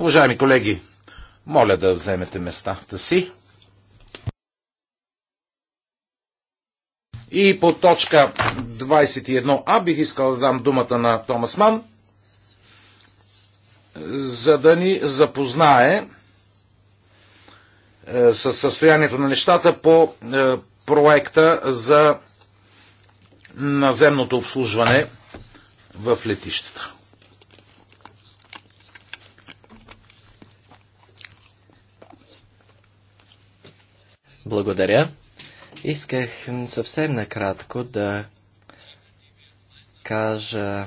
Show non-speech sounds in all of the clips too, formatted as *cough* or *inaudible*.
Уважаеми колеги, моля да вземете местата си. И по точка 21а бих искал да дам думата на Томас Ман, за да ни запознае със е, състоянието на нещата по е, проекта за наземното обслужване – в летищата. Благодаря. Исках съвсем накратко да кажа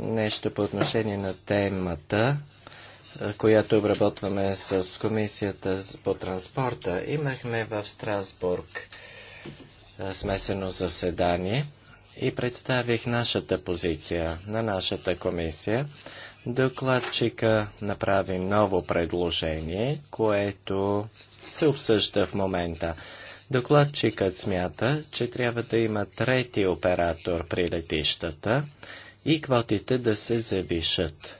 нещо по отношение на темата, която обработваме с Комисията по транспорта. Имахме в Страсбург смесено заседание и представих нашата позиция на нашата комисия. Докладчика направи ново предложение, което се обсъжда в момента. Докладчикът смята, че трябва да има трети оператор при летищата и квотите да се завишат.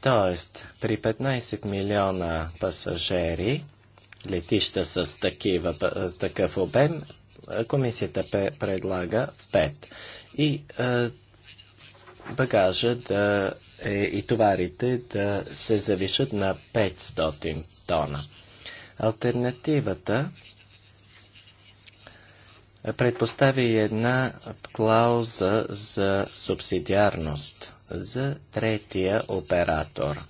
Тоест, при 15 милиона пасажери, летища с такива, такъв обем, Комисията предлага 5. И багажа да, е, и товарите да се завишат на 500 тона. Альтернативата предпостави една клауза за субсидиарност за третия оператор.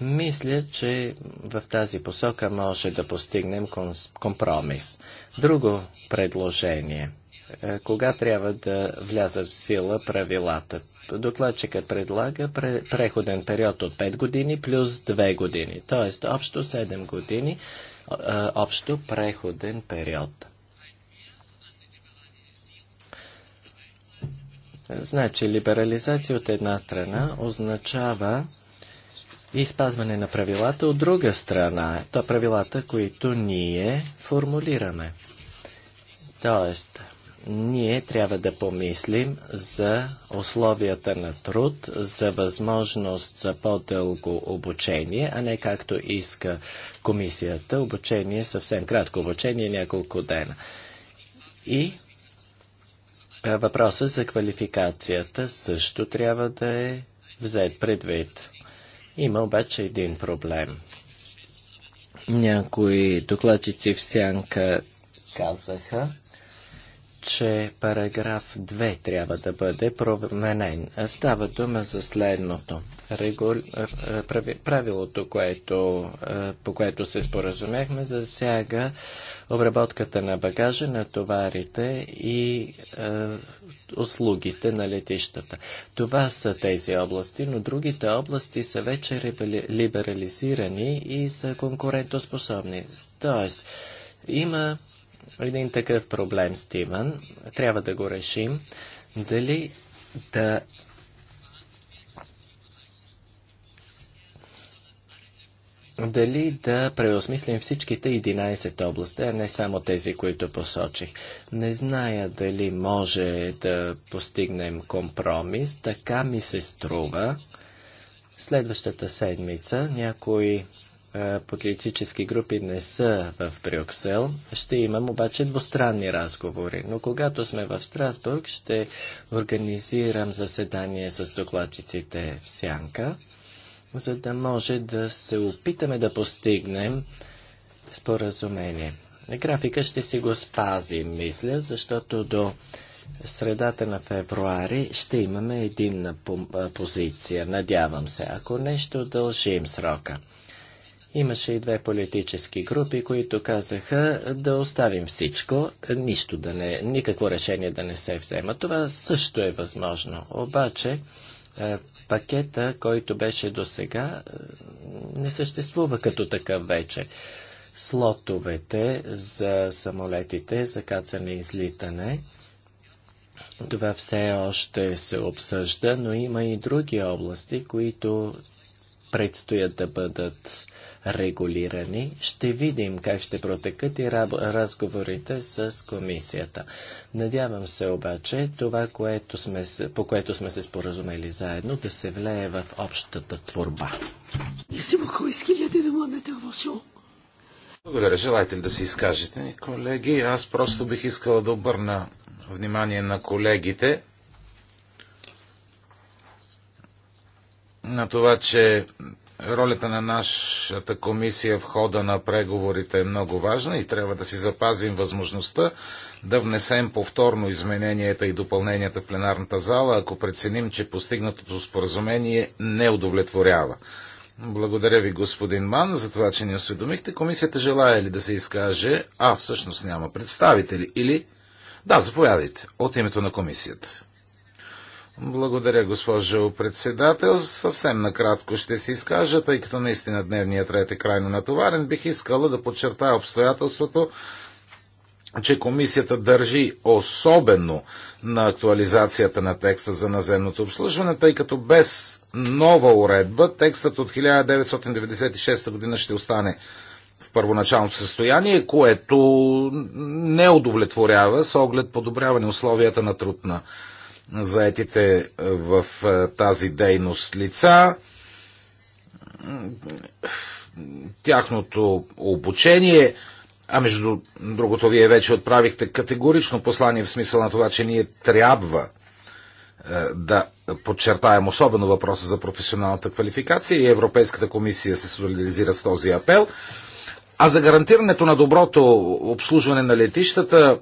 Мисля, че в тази посока може да постигнем компромис. Друго предложение. Е, кога трябва да влязат в сила правилата? Докладчикът предлага преходен период от 5 години плюс 2 години, т.е. общо 7 години, е, общо преходен период. Значи либерализация от една страна означава и спазване на правилата от друга страна, то правилата, които ние формулираме. Тоест, ние трябва да помислим за условията на труд, за възможност за по-дълго обучение, а не както иска комисията, обучение съвсем кратко обучение, няколко дена. И въпросът за квалификацията също трябва да е взет предвид. Има обаче един проблем. Някои докладчици в сянка казаха, че параграф 2 трябва да бъде променен. Става дума за следното. Правилото, което, е, по което се споразумяхме, засяга обработката на багажа, на товарите и е, услугите на летищата. Това са тези области, но другите области са вече либерализирани и са конкурентоспособни. Тоест, има един такъв проблем, Стивън. Трябва да го решим. Дали да дали да преосмислим всичките 11 области, а не само тези, които посочих. Не зная дали може да постигнем компромис, така ми се струва. Следващата седмица някои политически групи не са в Брюксел. Ще имам обаче двустранни разговори. Но когато сме в Страсбург, ще организирам заседание с докладчиците в Сянка, за да може да се опитаме да постигнем споразумение. Графика ще си го спазим, мисля, защото до средата на февруари ще имаме единна позиция, надявам се, ако нещо дължим срока. Имаше и две политически групи, които казаха да оставим всичко, нищо да не, никакво решение да не се взема. Това също е възможно. Обаче, е, пакета, който беше до сега, е, не съществува като такъв вече. Слотовете за самолетите, за кацане и излитане, това все още се обсъжда, но има и други области, които предстоят да бъдат регулирани. Ще видим как ще протекат и разговорите с комисията. Надявам се обаче това, което сме, по което сме се споразумели заедно, да се влее в общата творба. Благодаря. Желаете ли да се изкажете, колеги? Аз просто бих искала да обърна внимание на колегите на това, че Ролята на нашата комисия в хода на преговорите е много важна и трябва да си запазим възможността да внесем повторно измененията и допълненията в пленарната зала, ако преценим, че постигнатото споразумение не удовлетворява. Благодаря ви, господин Ман, за това, че ни осведомихте. Комисията желая ли да се изкаже? А, всъщност няма представители. Или... Да, заповядайте. От името на комисията. Благодаря, госпожо председател. Съвсем накратко ще се изкажа, тъй като наистина дневният ред е крайно натоварен. Бих искала да подчертая обстоятелството, че комисията държи особено на актуализацията на текста за наземното обслужване, тъй като без нова уредба текстът от 1996 година ще остане в първоначалното състояние, което не удовлетворява с оглед подобряване условията на труд на заетите е, в е, тази дейност лица, тяхното обучение, а между другото, вие вече отправихте категорично послание в смисъл на това, че ние трябва е, да подчертаем особено въпроса за професионалната квалификация и Европейската комисия се солидализира с този апел. А за гарантирането на доброто обслужване на летищата,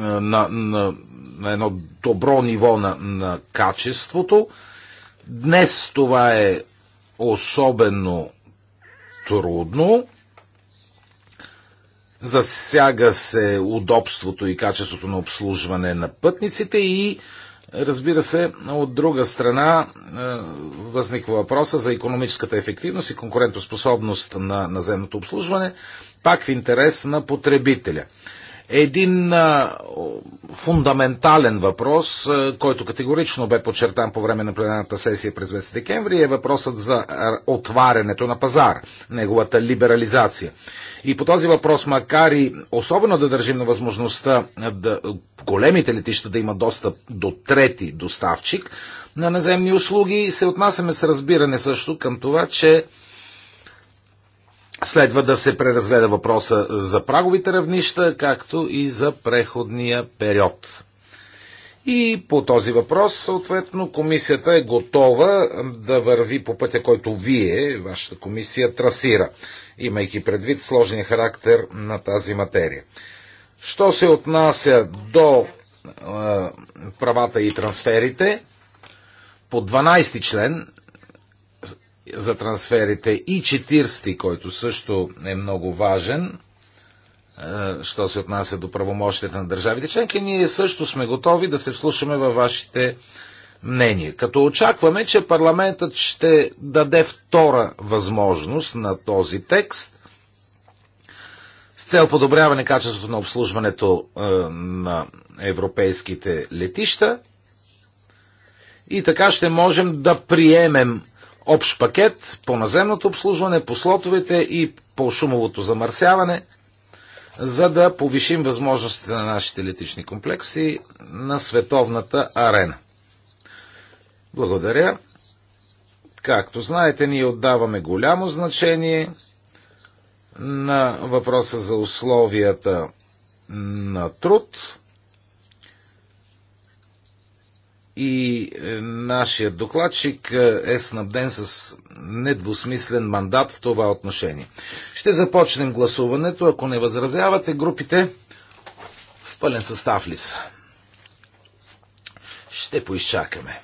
на, на на едно добро ниво на, на качеството. Днес това е особено трудно. Засяга се удобството и качеството на обслужване на пътниците и Разбира се, от друга страна е, възниква въпроса за економическата ефективност и конкурентоспособност на наземното обслужване, пак в интерес на потребителя. Един фундаментален въпрос, който категорично бе подчертан по време на пленарната сесия през 20 декември, е въпросът за отварянето на пазар, неговата либерализация. И по този въпрос, макар и особено да държим на възможността да, големите летища да имат достъп до трети доставчик на наземни услуги, се отнасяме с разбиране също към това, че Следва да се преразгледа въпроса за праговите равнища, както и за преходния период. И по този въпрос, съответно, комисията е готова да върви по пътя, който вие, вашата комисия, трасира, имайки предвид сложния характер на тази материя. Що се отнася до е, правата и трансферите, по 12 член за трансферите и 40, който също е много важен, е, що се отнася до правомощите на държавите членки, ние също сме готови да се вслушаме във вашите мнения. Като очакваме, че парламентът ще даде втора възможност на този текст с цел подобряване качеството на обслужването е, на европейските летища и така ще можем да приемем общ пакет по наземното обслужване, по слотовете и по шумовото замърсяване, за да повишим възможностите на нашите летични комплекси на световната арена. Благодаря. Както знаете, ние отдаваме голямо значение на въпроса за условията на труд. и е, нашият докладчик е, е снабден с недвусмислен мандат в това отношение. Ще започнем гласуването, ако не възразявате групите в пълен състав ли са. Ще поизчакаме.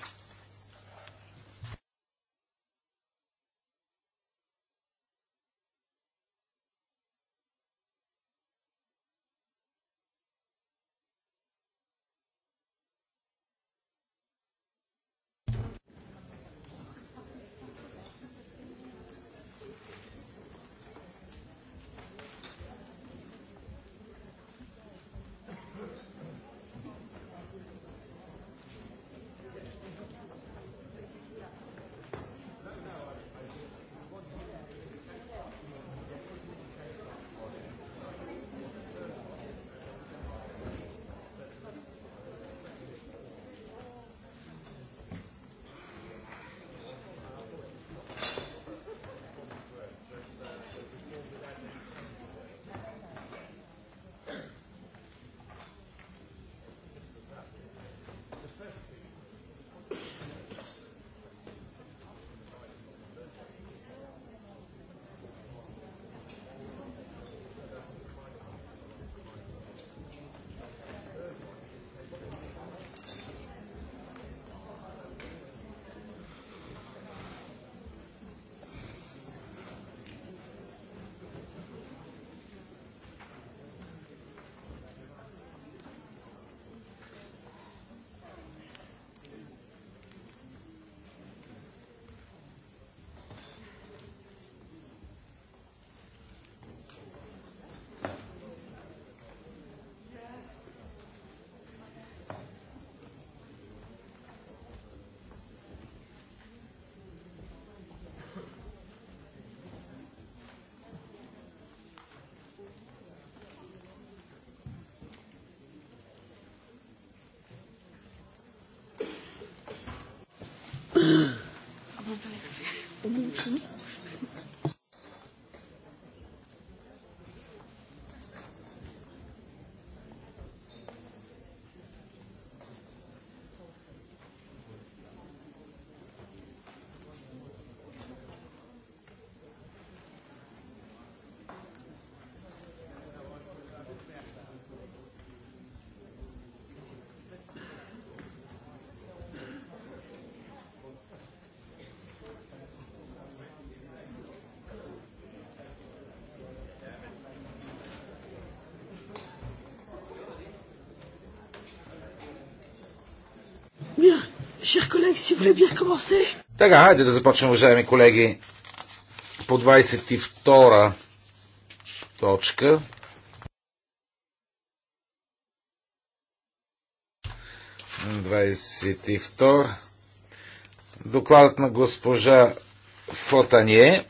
Thank you. Шер колеги, си вле бих Така, хайде да започнем, уважаеми колеги, по 22 точка. Докладът на госпожа Фотание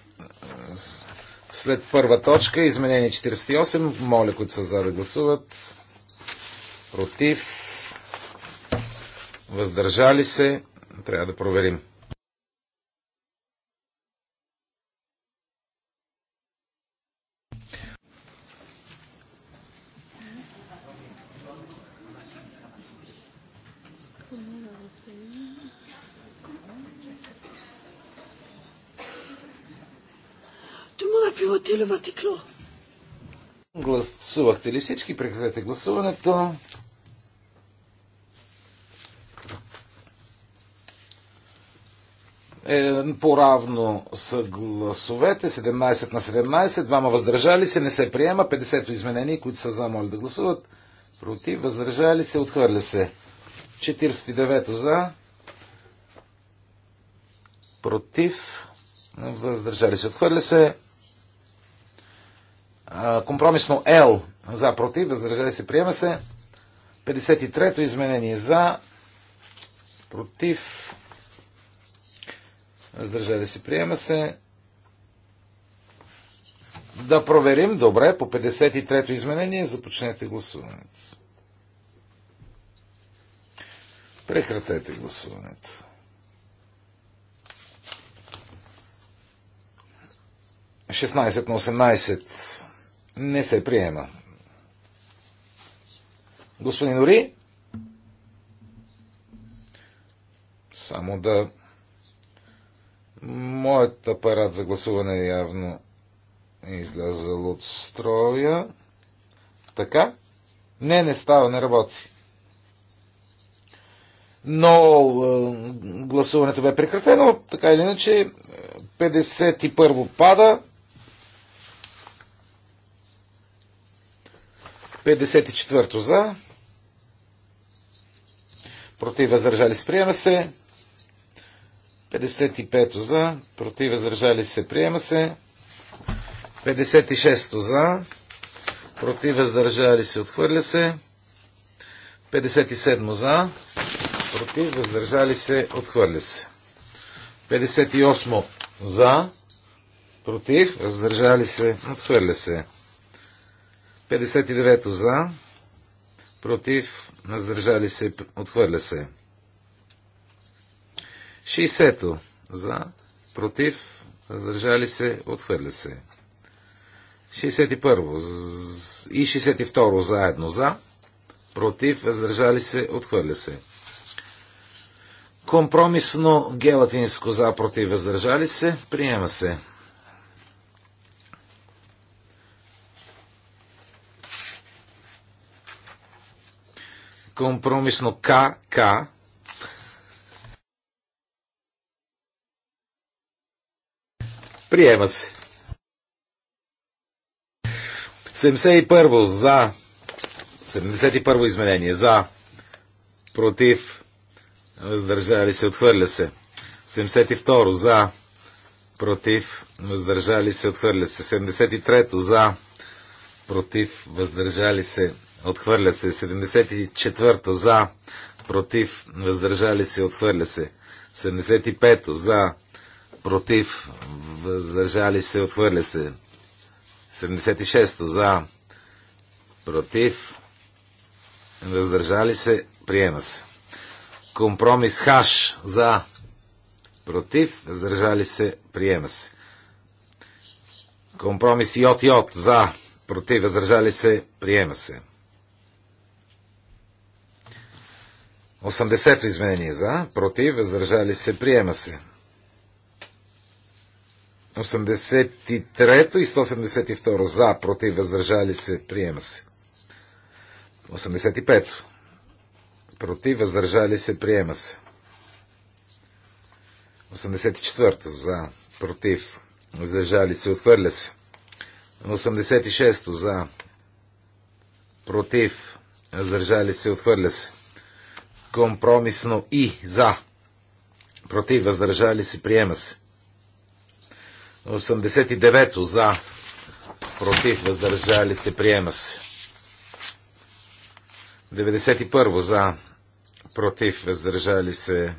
след първа точка, изменение 48, моля, които са за да гласуват, против, въздържали се, трябва да проверим. Гласувахте ли всички? Прекратете гласуването. е, по-равно са гласовете, 17 на 17, двама въздържали се, не се приема, 50-то изменение, които са за, моля да гласуват, против, въздържали се, отхвърля се. 49-то за, против, въздържали се, отхвърля се. Компромисно L за, против, въздържали се, приема се. 53-то изменение за, против, Въздържали се. Приема се. Да проверим. Добре, по 53-то изменение започнете гласуването. Прекратете гласуването. Шестнадесет на 18 не се приема. Господин Ори, само да Моят апарат за гласуване явно е излязъл от строя. Така? Не, не става, не работи. Но е, гласуването бе прекратено, така или иначе 51 е, пада. 54 за. Против възражали, сприема се. 55 за, против въздържали се, приема се. 56 за, против въздържали се, отхвърля се. 57 за, против въздържали се, отхвърля се. 58 за, против въздържали се, отхвърля се. 59 за, против въздържали се, отхвърля се. 60-то за, против, въздържали се, отхвърля се. 61-во и 62 заедно за, против, въздържали се, отхвърля се. Компромисно гелатинско за, против, въздържали се, приема се. Компромисно КК Приема се. 71 за. 71 изменение за. Против. Въздържали се. Отхвърля се. 72 за. Против. Въздържали се. Отхвърля се. 73 за. Против. Въздържали се. Отхвърля се. 74 за. Против. Въздържали се. Отхвърля се. 75 за против, въздържали се, отхвърля се. 76-то за, против, въздържали се, приема се. Компромис хаш за, против, въздържали се, приема се. Компромис йот йот за, против, въздържали се, приема се. 80-то изменение за, против, въздържали се, приема се. 83 и 172 за, против, въздържали се, приема се. 85 против, въздържали се, приема се. 84 за, против, въздържали се, отхвърля се. 86 за, против, въздържали се, отхвърля се. Компромисно и за, против, въздържали се, приема се. 89-то за, против, въздържали се, приема се. 91 за, против, въздържали се,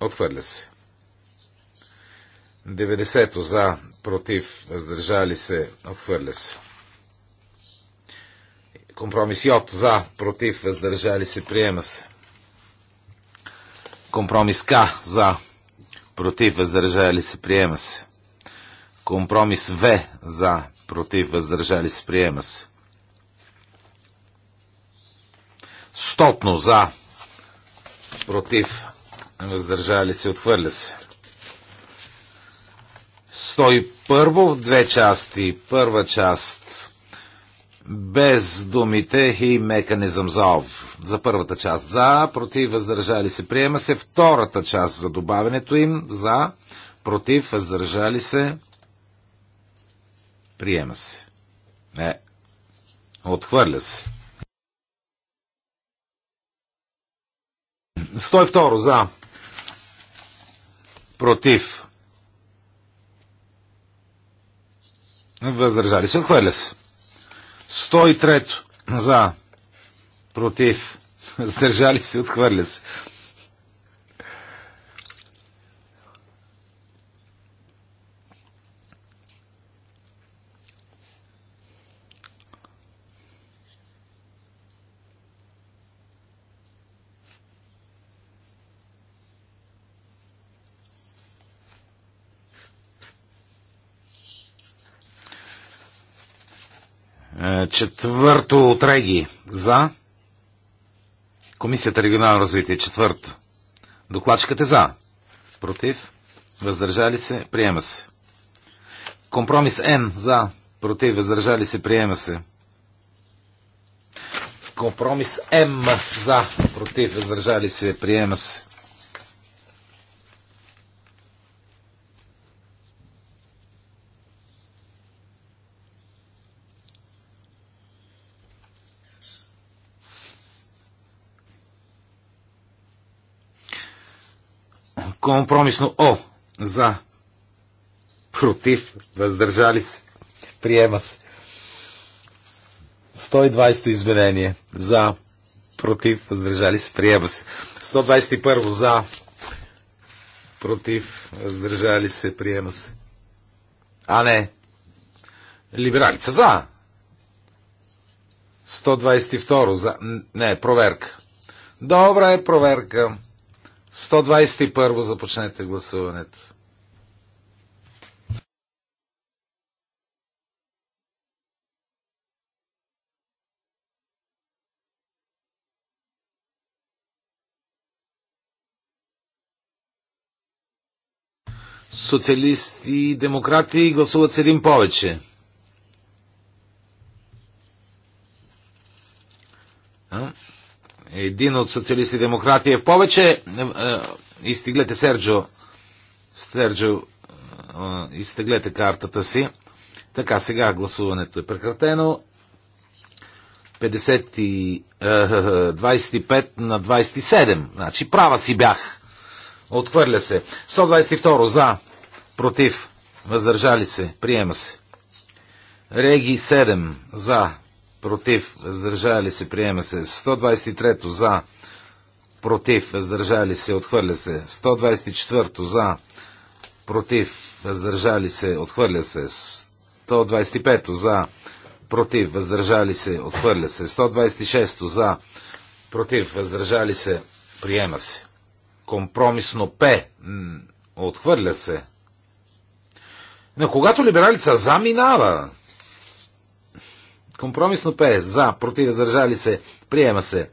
отхвърля се. 90 за, против, въздържали се, отхвърля се. Компромис Йот за, против, въздържали се, приема се. Компромис К за, против, въздържали се, приема се. Компромис В за, против, въздържали се, приема се. Стотно за, против, въздържали се, отхвърля се. 101 в две части. Първа част без думите и механизъм за ов. За първата част за, против, въздържали се, приема се. Втората част за добавянето им за, против, въздържали се, Приема се. Не. Отхвърля се. 102 за. Против. Въздържали се. Отхвърля се. 103 за. Против. *laughs* Въздържали се. Отхвърля се. Е, четвърто от Реги. За. Комисията регионално развитие. Четвърто. Докладчикът е за. Против. Въздържали се. Приема се. Компромис Н. За. Против. Въздържали се. Приема се. Компромис М. За. Против. Въздържали се. Приема се. Компромисно О. За. Против. Въздържали се. Приема се. 120 изменение. За. Против. Въздържали се. Приема се. 121 за. Против. Въздържали се. Приема се. А не. Либерали са за. 122 за. Не, проверка. Добре, проверка. 121 започнете гласуването. Социалисти и демократи гласуват с един повече. А? Един от социалисти демократи е в повече. Е, е, изтеглете Серджо. Серджо, е, изтеглете картата си. Така, сега гласуването е прекратено. 50 и, 25 на 27. Значи права си бях. Отхвърля се. 122 за. Против. Въздържали се. Приема се. Реги 7 за против, въздържали се, приема се. 123 за, против, въздържали се, отхвърля се. 124 за, против, въздържали се, отхвърля се. 125 за, против, въздържали се, отхвърля се. 126 за, против, въздържали се, приема се. Компромисно П, отхвърля се. Но когато либералица заминава, Компромисно П. За. Против. Въздържали се. Приема се.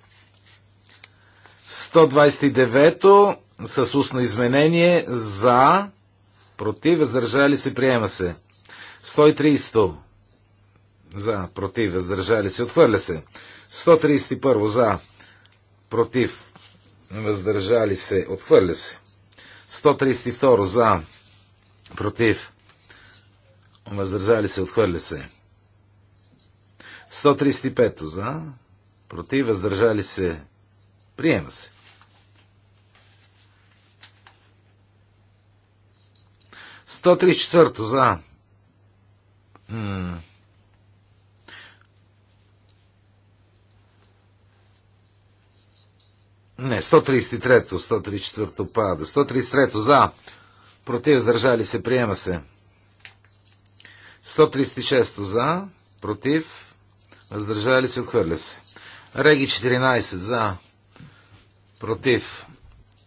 129-то с устно изменение. За. Против. Въздържали се. Приема се. 130-то. За. Против. Въздържали се. Отхвърля се. 131 За. Против. Въздържали се. Отхвърля се. 132 За. Против. Въздържали се. Отхвърля се. 135 за, против, въздържали се, приема се. 134 за. Не, 133-то, 134-то пада. 133-то за. Против, въздържали се, приема се. 136-то за. Против, Въздържали се, отхвърля се. Реги 14 за. Против.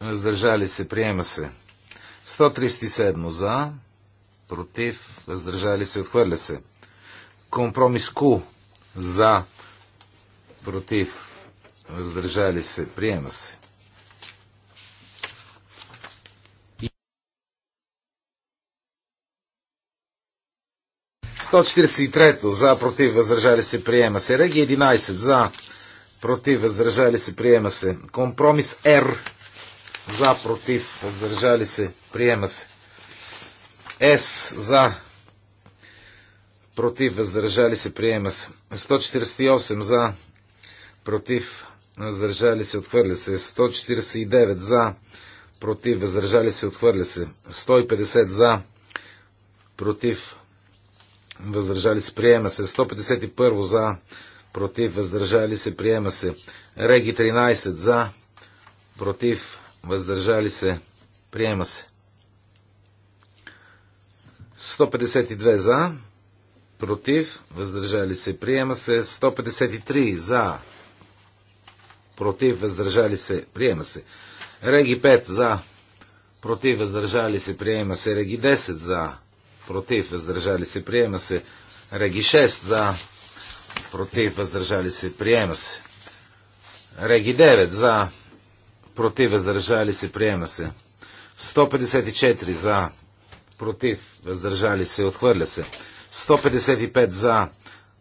Въздържали се, приема се. 137 за. Против. Въздържали се, отхвърля се. Компромис Ку за. Против. Въздържали се, приема се. 143 за, против, въздържали се, приема се. Реги 11 за, против, въздържали се, приема се. Компромис Р за, против, въздържали се, приема се. С за, против, въздържали се, приема се. 148 за, против, въздържали се, отхвърля се. 149 за, против, въздържали се, отхвърля се. 150 за, против, въздържали се, приема се. 151 за, против, въздържали се, приема се. Реги 13 за, против, въздържали се, приема се. 152 за, против, въздържали се, приема се. 153 за, против, въздържали се, приема се. Реги 5 за, против, въздържали се, приема се. Реги 10 за, против, въздържали се, приема се. Реги 6 за, против, въздържали се, приема се. Реги 9 за, против, въздържали се, приема се. 154 за, против, въздържали се, отхвърля се. 155 за,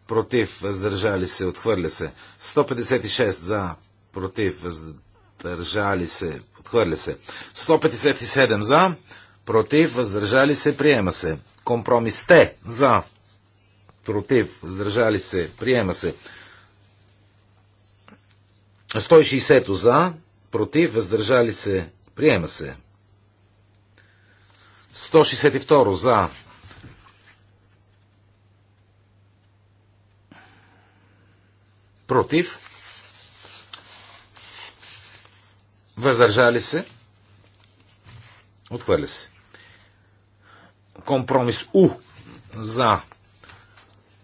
против, въздържали се, отхвърля се. 156 за, против, въздържали се, отхвърля се. 157 за, против, въздържали се, приема се. Компромис Те за, против, въздържали се, приема се. 160 за, против, въздържали се, приема се. 162 за, против, въздържали се, отхвърля се. Компромис У за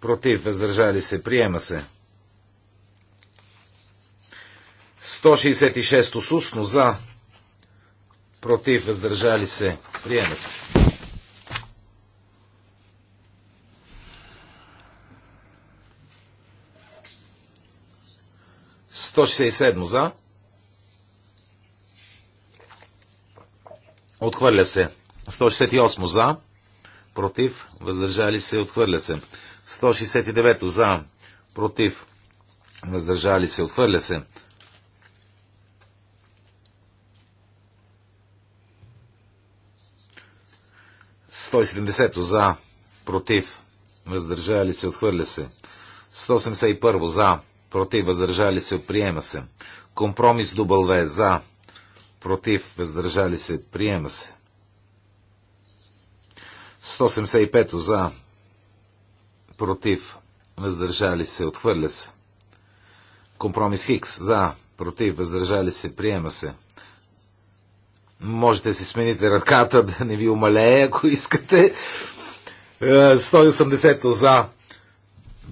против въздържали се приема се. 166 сусно за против въздържали се приема се. Сто за. Отхвърля се. 168 за против, въздържали се, отхвърля се. 169 за, против, въздържали се, отхвърля се. за, против, въздържали се, отхвърля се. 181 за, против, въздържали се, приема се. Компромис W за, против, въздържали се, приема се. 175 за, против, въздържали се, отхвърля се. Компромис Хикс за, против, въздържали се, приема се. Можете да си смените ръката, *laughs* да не ви умалее, ако искате. 180 е, за,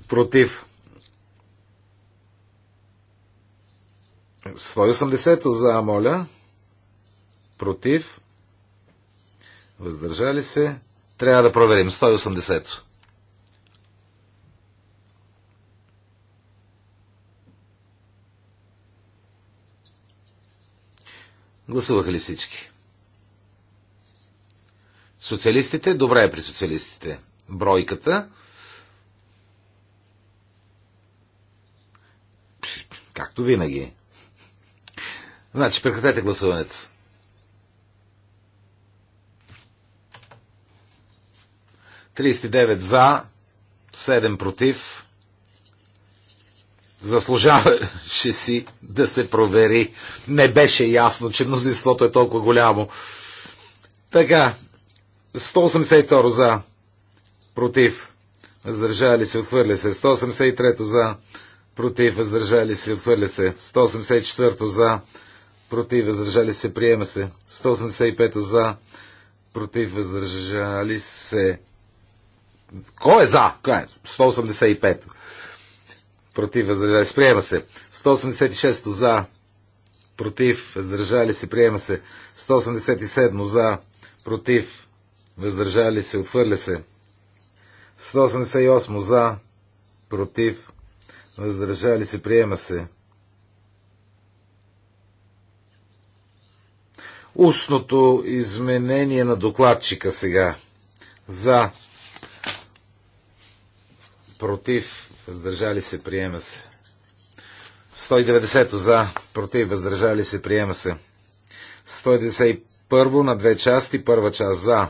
против. 180 за, моля. Против. Въздържали се. Трябва да проверим. 180 Гласуваха ли всички? Социалистите? Добре е при социалистите. Бройката. Както винаги. Значи, прекратете гласуването. 39 за, 7 против. Заслужаваше си да се провери. Не беше ясно, че мнозинството е толкова голямо. Така, 182 за, против, въздържали се, отхвърля се. 183 за, против, въздържали се, отхвърля се. 184 за, против, въздържали се, приема се. 185 за, против, въздържали се. Кой е за? Ко е? 185. Против, въздържали се. Приема се. 186 за. Против, въздържали се. Приема се. 187 за. Против, въздържали се. Отхвърля се. 188 за. Против, въздържали се. Приема се. Устното изменение на докладчика сега. За против, въздържали се, приема се. 190 за, против, въздържали се, приема се. 191 на две части, първа част за,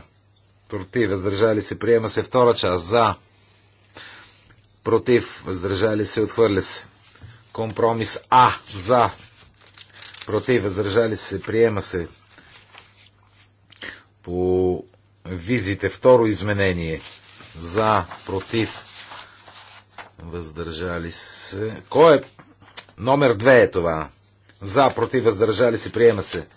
против, въздържали се, приема се, втора част за, против, въздържали се, отхвърля се. Компромис А, за, против, въздържали се, приема се. По визите второ изменение, за, против, въздържали се. Кой е? Номер 2 е това. За, против, въздържали се, приема се.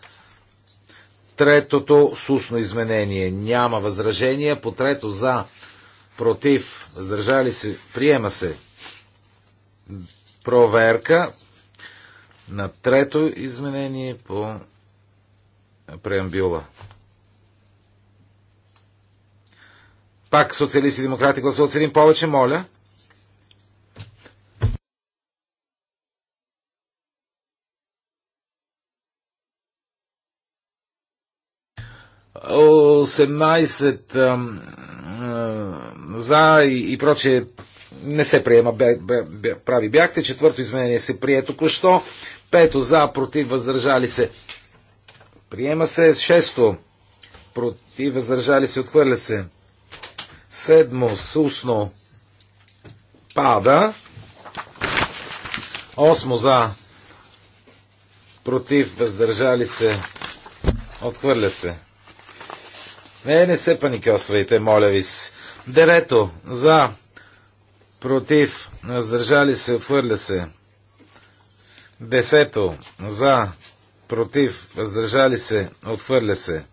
Третото сусно изменение. Няма възражение. По трето за, против, въздържали се, приема се. Проверка на трето изменение по преамбюла. Пак социалисти и демократи гласуват с един повече, моля. 18 за и, и прочее не се приема, бе, бе, бе, прави бяхте. Четвърто изменение се прие току-що. Пето за, против, въздържали се. Приема се. Шесто против, въздържали се, отхвърля се. Седмо, сусно, пада. Осмо за, против, въздържали се, отхвърля се. Не, не се паникосвайте, моля ви се. Девето. За. Против. Въздържали се. Отхвърля се. Десето. За. Против. Въздържали се. Отхвърля се.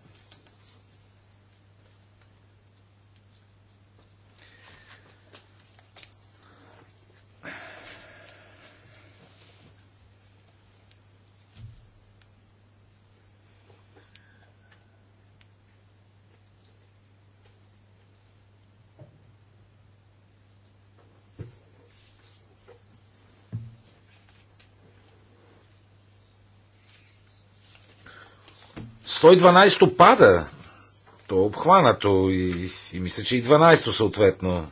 112-то пада. То е обхванато и, и мисля, че и 12-то съответно.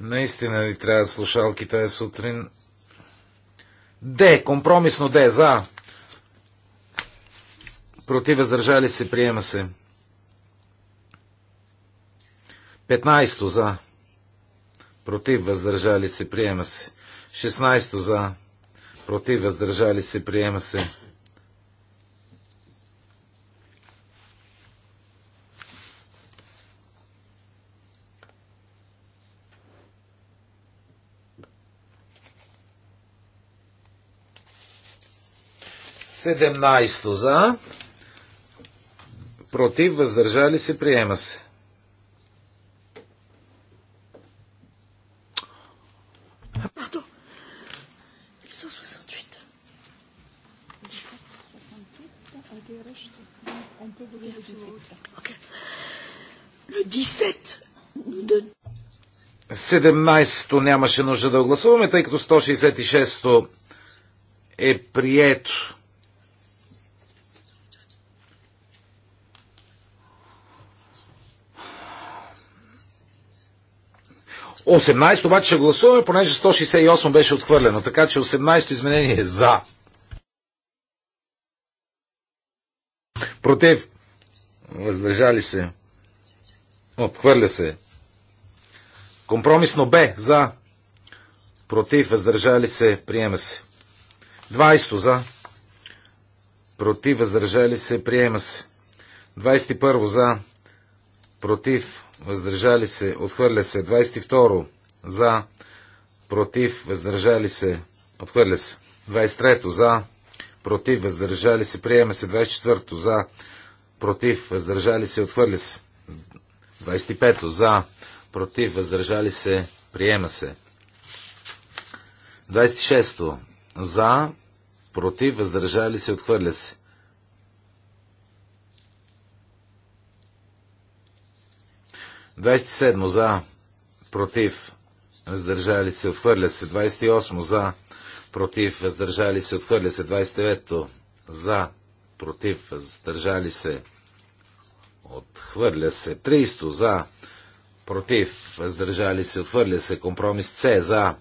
Наистина ли трябва да слушалки тази сутрин? Д, компромисно Д, за. Против въздържали се, приема се. 15 за. Против въздържали се, приема се. 16 за против, въздържали се, приема се. Седемнайсто за, против, въздържали се, приема се. 17 то нямаше нужда да гласуваме, тъй като 166-то е прието. Осемнайсто обаче ще гласуваме, понеже 168 беше отхвърлено, така че 18-то изменение е за. Против. Въздържали се. Отхвърля се. Компромисно Б. За. Против. Въздържали се. Приема се. 20 за. Против. Въздържали се. Приема се. 21 за. Против. Въздържали се. Отхвърля се. 22 за. Против. Въздържали се. Отхвърля се. 23 за. Против. Въздържали се. Приема се. 24 за. Против. Въздържали се. Отхвърля се. 25 за, против, въздържали се, приема се. 26 за, против, въздържали се, отхвърля се. 27 за, против, въздържали се, отхвърля се. 28 за, против, въздържали се, отхвърля се. 29 за, против, въздържали се, Отхвърля се. тристо за. Против. Въздържали се. Отхвърля се. Компромис С за.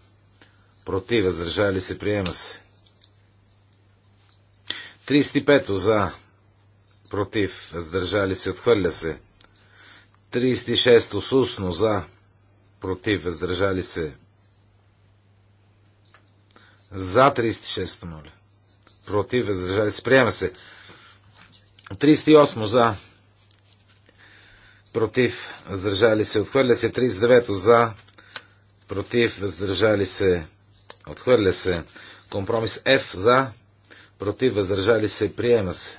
Против. Въздържали се. Приема се. 35 за. Против. Въздържали се. Отхвърля се. 36 сусно за. Против. Въздържали се. За 36 моля. Против. Въздържали се. Приема се. 38 за против, въздържали се, отхвърля се. 39 за, против, въздържали се, отхвърля се. Компромис F за, против, въздържали се, приема се.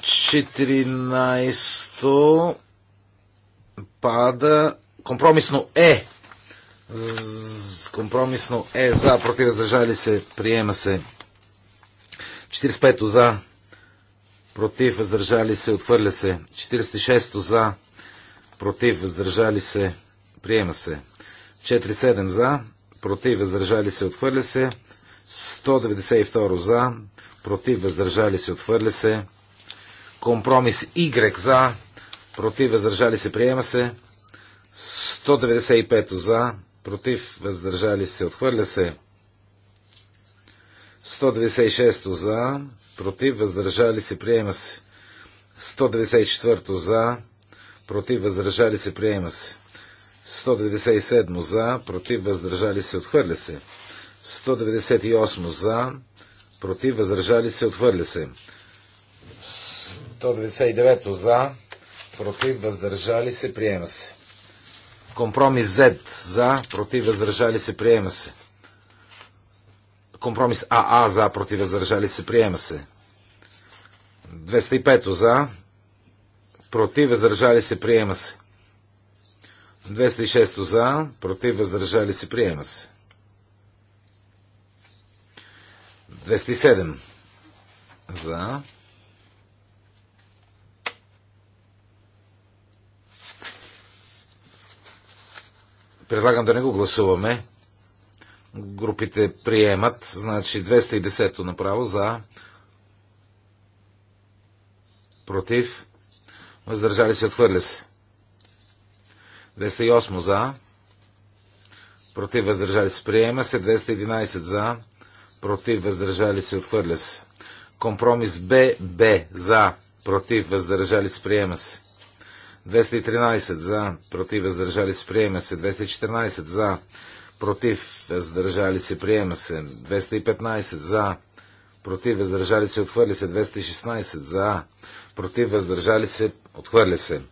14 пада компромисно Е. компромисно Е за, против, въздържали се, приема се. 45 за, против, въздържали се, отхвърля се. 46 за, против, въздържали се, приема се. 47 за, против, въздържали се, отхвърля се. 192 за, против, въздържали се, отхвърля се. Компромис Y за, против, въздържали се, приема се. 195 за, против, въздържали се, отхвърля се. 196 за, против, въздържали се, приема се. 194 за, против, въздържали се, приема се. 197 за, против, въздържали се, отхвърля се. 198 за, против, въздържали се, отхвърля се. 199 за, против, въздържали се, приема се. Компромис Z за, против, въздържали се, приема се. Компромис АА за, против, въздържали се, приема се. 205 за, против, въздържали се, приема се. 206 за, против, въздържали се, приема се. 207 за. Предлагам да не го гласуваме групите приемат. Значи 210-то направо за против. Въздържали се, отхвърля се. 208 за. Против, въздържали се, приема се. 211 за. Против, въздържали се, отхвърля се. Компромис Б, Б, за. Против, въздържали се, приема се. 213 за. Против, въздържали се, приема се. 214 за против, въздържали се, приема се. 215 за, против, въздържали се, отхвърли се. 216 за, против, въздържали се, отхвърли се.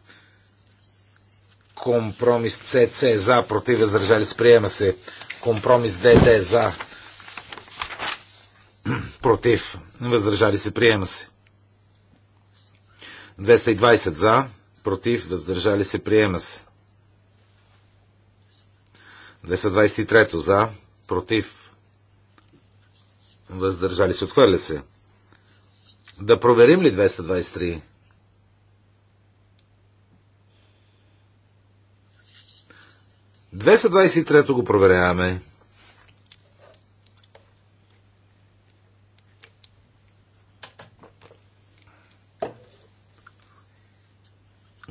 Компромис ЦЦ за, против, въздържали се, приема се. Компромис ДД *clears throat* за, против, въздържали се, приема се. 220 за, против, въздържали се, приема се. 223 за, против, въздържали се, отхвърля се. Да проверим ли 223? 223 го проверяваме.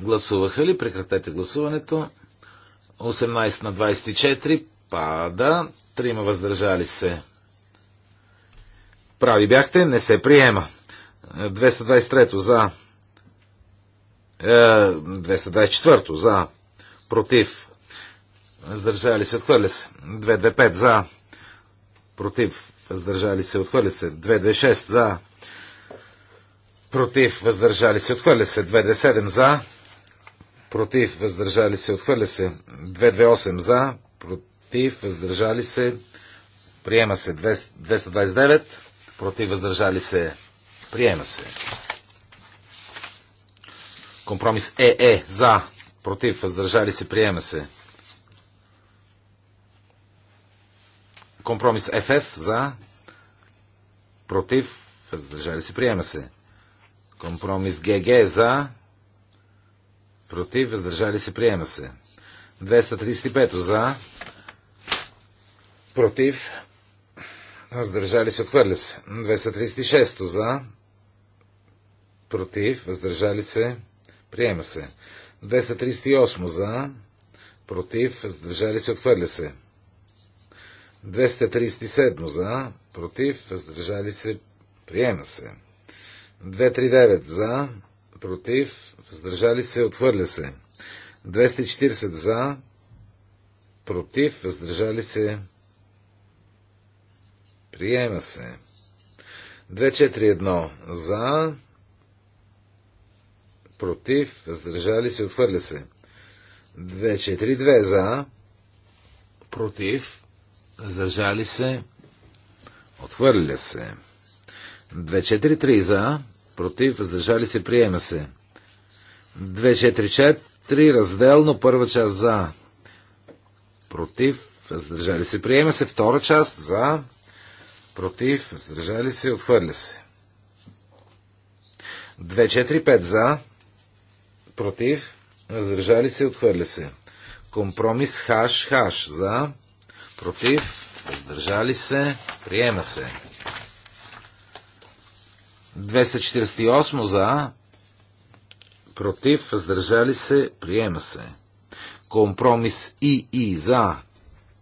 Гласуваха ли? Прекратете гласуването. 18 на 24 пада. Трима въздържали се. Прави бяхте, не се приема. 223 за. 224 е, за. Против. Въздържали се, отхвърля се. 225 за. Против. Въздържали се, отхвърля се. 226 за. Против. Въздържали се, отхвърля се. 227 за против, въздържали се, отхвърля се. 228 за, против, въздържали се, приема се. 229, против, въздържали се, приема се. Компромис Е, Е, за, против, въздържали се, приема се. Компромис ФФ, за, против, въздържали се, приема се. Компромис ГГ, за, против, въздържали се, приема се. 235 за, против, въздържали се, отхвърля се. 236 за, против, въздържали се, приема се. 238 за, против, въздържали се, отхвърля се. 237 за, против, въздържали се, приема се. 239 за, против, въздържали се, отхвърля се. 240 за, против, въздържали се, приема се. 241 за, против, въздържали се, отхвърля се. 242 за, против, въздържали се, отхвърля се. 243 за, против, въздържали се, приема се. 244 разделно, първа част за, против, въздържали се. Приема се втора част за, против, въздържали се, отхвърля се. 245 за, против, въздържали се, отхвърля се. Компромис хаш, хаш за, против, въздържали се, приема се. 248 за, против, въздържали се, приема се. Компромис и и за,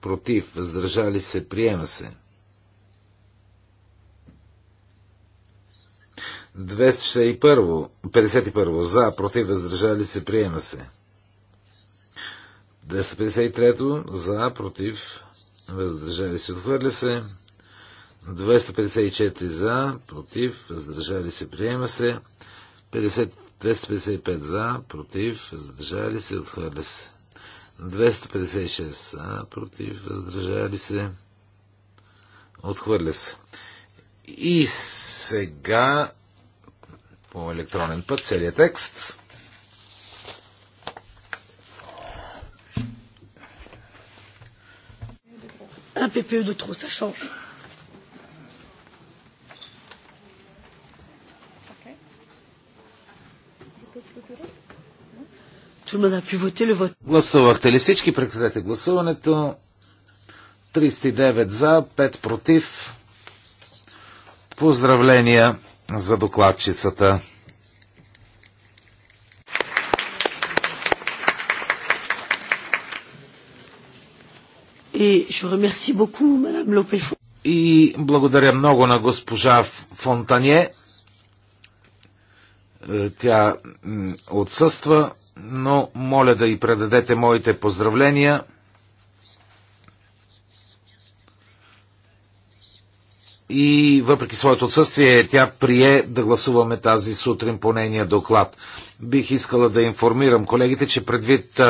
против, въздържали се, приема се. 261, 51 за, против, въздържали се, приема се. 253 за, против, въздържали се, отхвърля се. 254 за, против, въздържали се, приема се. 255 за, против, въздържали се, отхвърля се. 256 за, против, въздържали се, отхвърля се. И сега по електронен път целият текст. Un plus de trop, ça change. Гласувахте ли всички? Прекратете гласуването. 39 за, 5 против. Поздравления за докладчицата. И благодаря много на госпожа Фонтанье. Е, тя отсъства но моля да й предадете моите поздравления. И въпреки своето отсъствие, тя прие да гласуваме тази сутрин по нейния доклад. Бих искала да информирам колегите, че предвид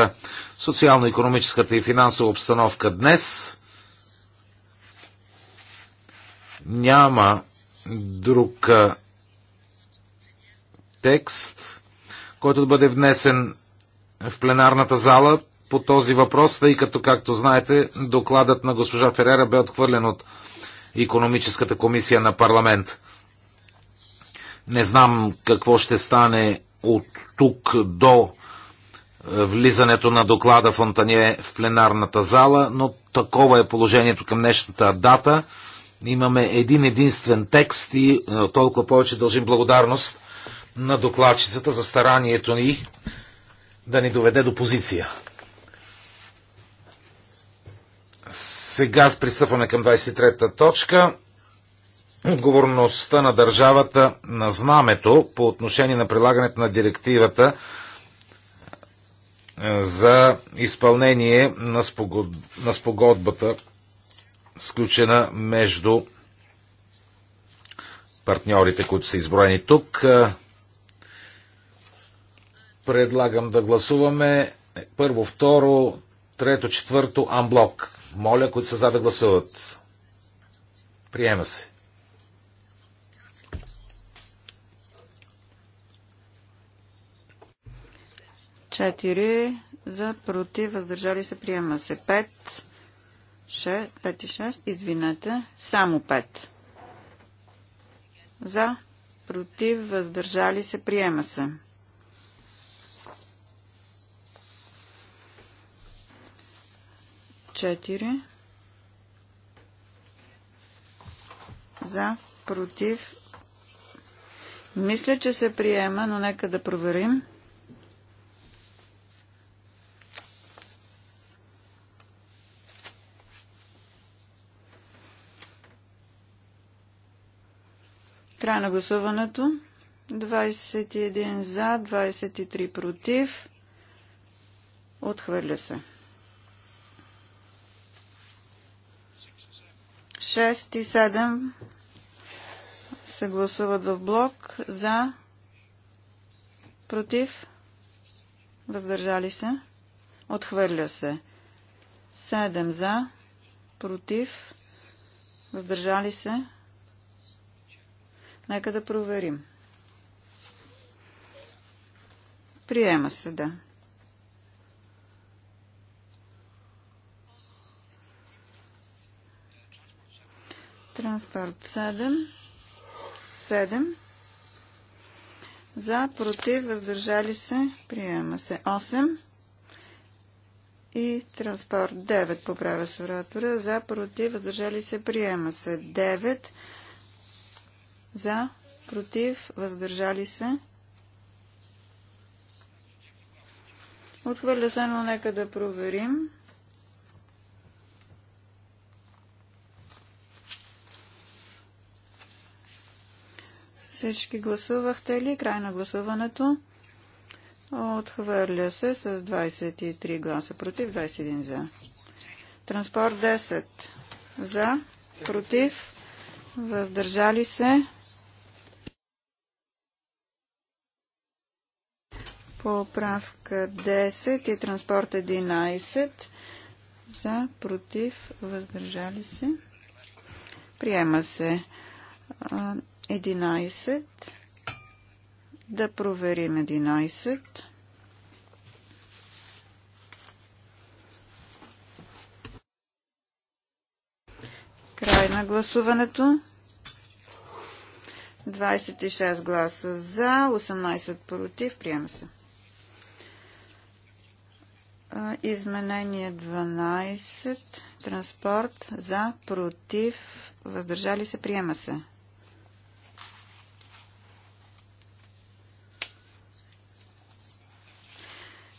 социално-економическата и финансова обстановка днес няма друг текст, който да бъде внесен в пленарната зала по този въпрос, тъй като, както знаете, докладът на госпожа Ферера бе отхвърлен от економическата комисия на парламент. Не знам какво ще стане от тук до е, влизането на доклада Фонтание в пленарната зала, но такова е положението към днешната дата. Имаме един единствен текст и е, толкова повече дължим благодарност на докладчицата за старанието ни да ни доведе до позиция. Сега пристъпваме към 23-та точка. Отговорността на държавата на знамето по отношение на прилагането на директивата е, за изпълнение на, спогод... на спогодбата, сключена между партньорите, които са изброени тук. Предлагам да гласуваме първо, второ, трето, четвърто амблок. Моля, които са за да гласуват. Приема се. Четири за против, въздържали се, приема се. Пет, шест, пет и шест, извинете, само пет. За, против, въздържали се, приема се. 4 за, против. Мисля, че се приема, но нека да проверим. Край на гласуването. 21 за, 23 против. Отхвърля се. 6 и 7 се гласуват в блок за, против, въздържали се, отхвърля се. 7 за, против, въздържали се. Нека да проверим. Приема се, да. Транспорт 7. 7. За, против, въздържали се, приема се 8. И транспорт 9 поправя се вратора. За, против, въздържали се, приема се 9. За, против, въздържали се. Отхвърля се, но нека да проверим. Всички гласувахте ли? Край на гласуването. Отхвърля се с 23 гласа против, 21 за. Транспорт 10 за, против, въздържали се. Поправка 10 и транспорт 11 за, против, въздържали се. Приема се. 11. Да проверим 11. Край на гласуването. 26 гласа за, 18 против. Приема се. Изменение 12. Транспорт за, против, въздържали се, приема се.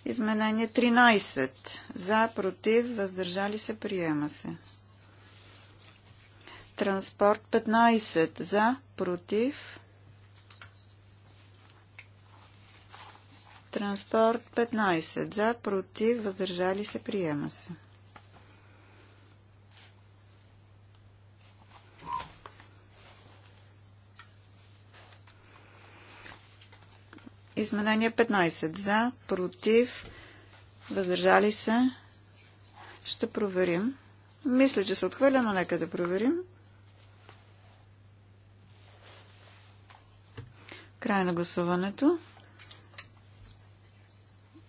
Изменение 13. За, против, въздържали се, приема се. Транспорт 15. За, против. Транспорт 15. За, против, въздържали се, приема се. Изменение 15. За, против, въздържали се. Ще проверим. Мисля, че се отхвърля, но нека да проверим. Край на гласуването.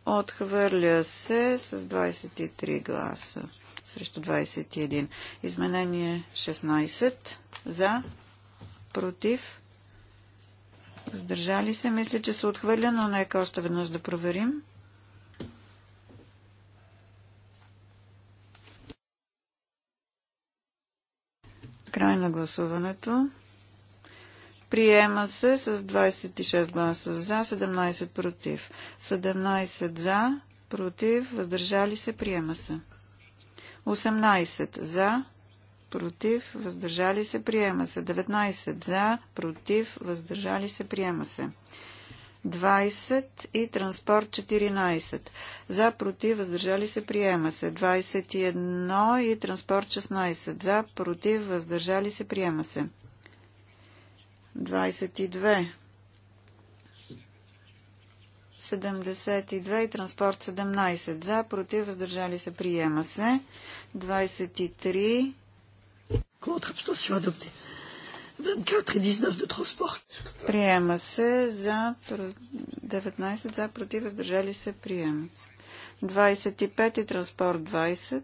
Отхвърля се с 23 гласа срещу 21. Изменение 16 за, против, Въздържали се. Мисля, че се отхвърля, но нека още веднъж да проверим. Край на гласуването. Приема се с 26 гласа за, 17 против. 17 за, против, въздържали се, приема се. 18 за, против, въздържали се, приема се. 19 за, против, въздържали се, приема се. 20 и транспорт 14. За, против, въздържали се, приема се. 21 и транспорт 16. За, против, въздържали се, приема се. 22. 72 и транспорт 17. За, против, въздържали се, приема се. 23 Contre, abstention adopté. 24 и 19 de transport. Приема се за 19 за против, въздържали се, приема се. 25 и транспорт 20.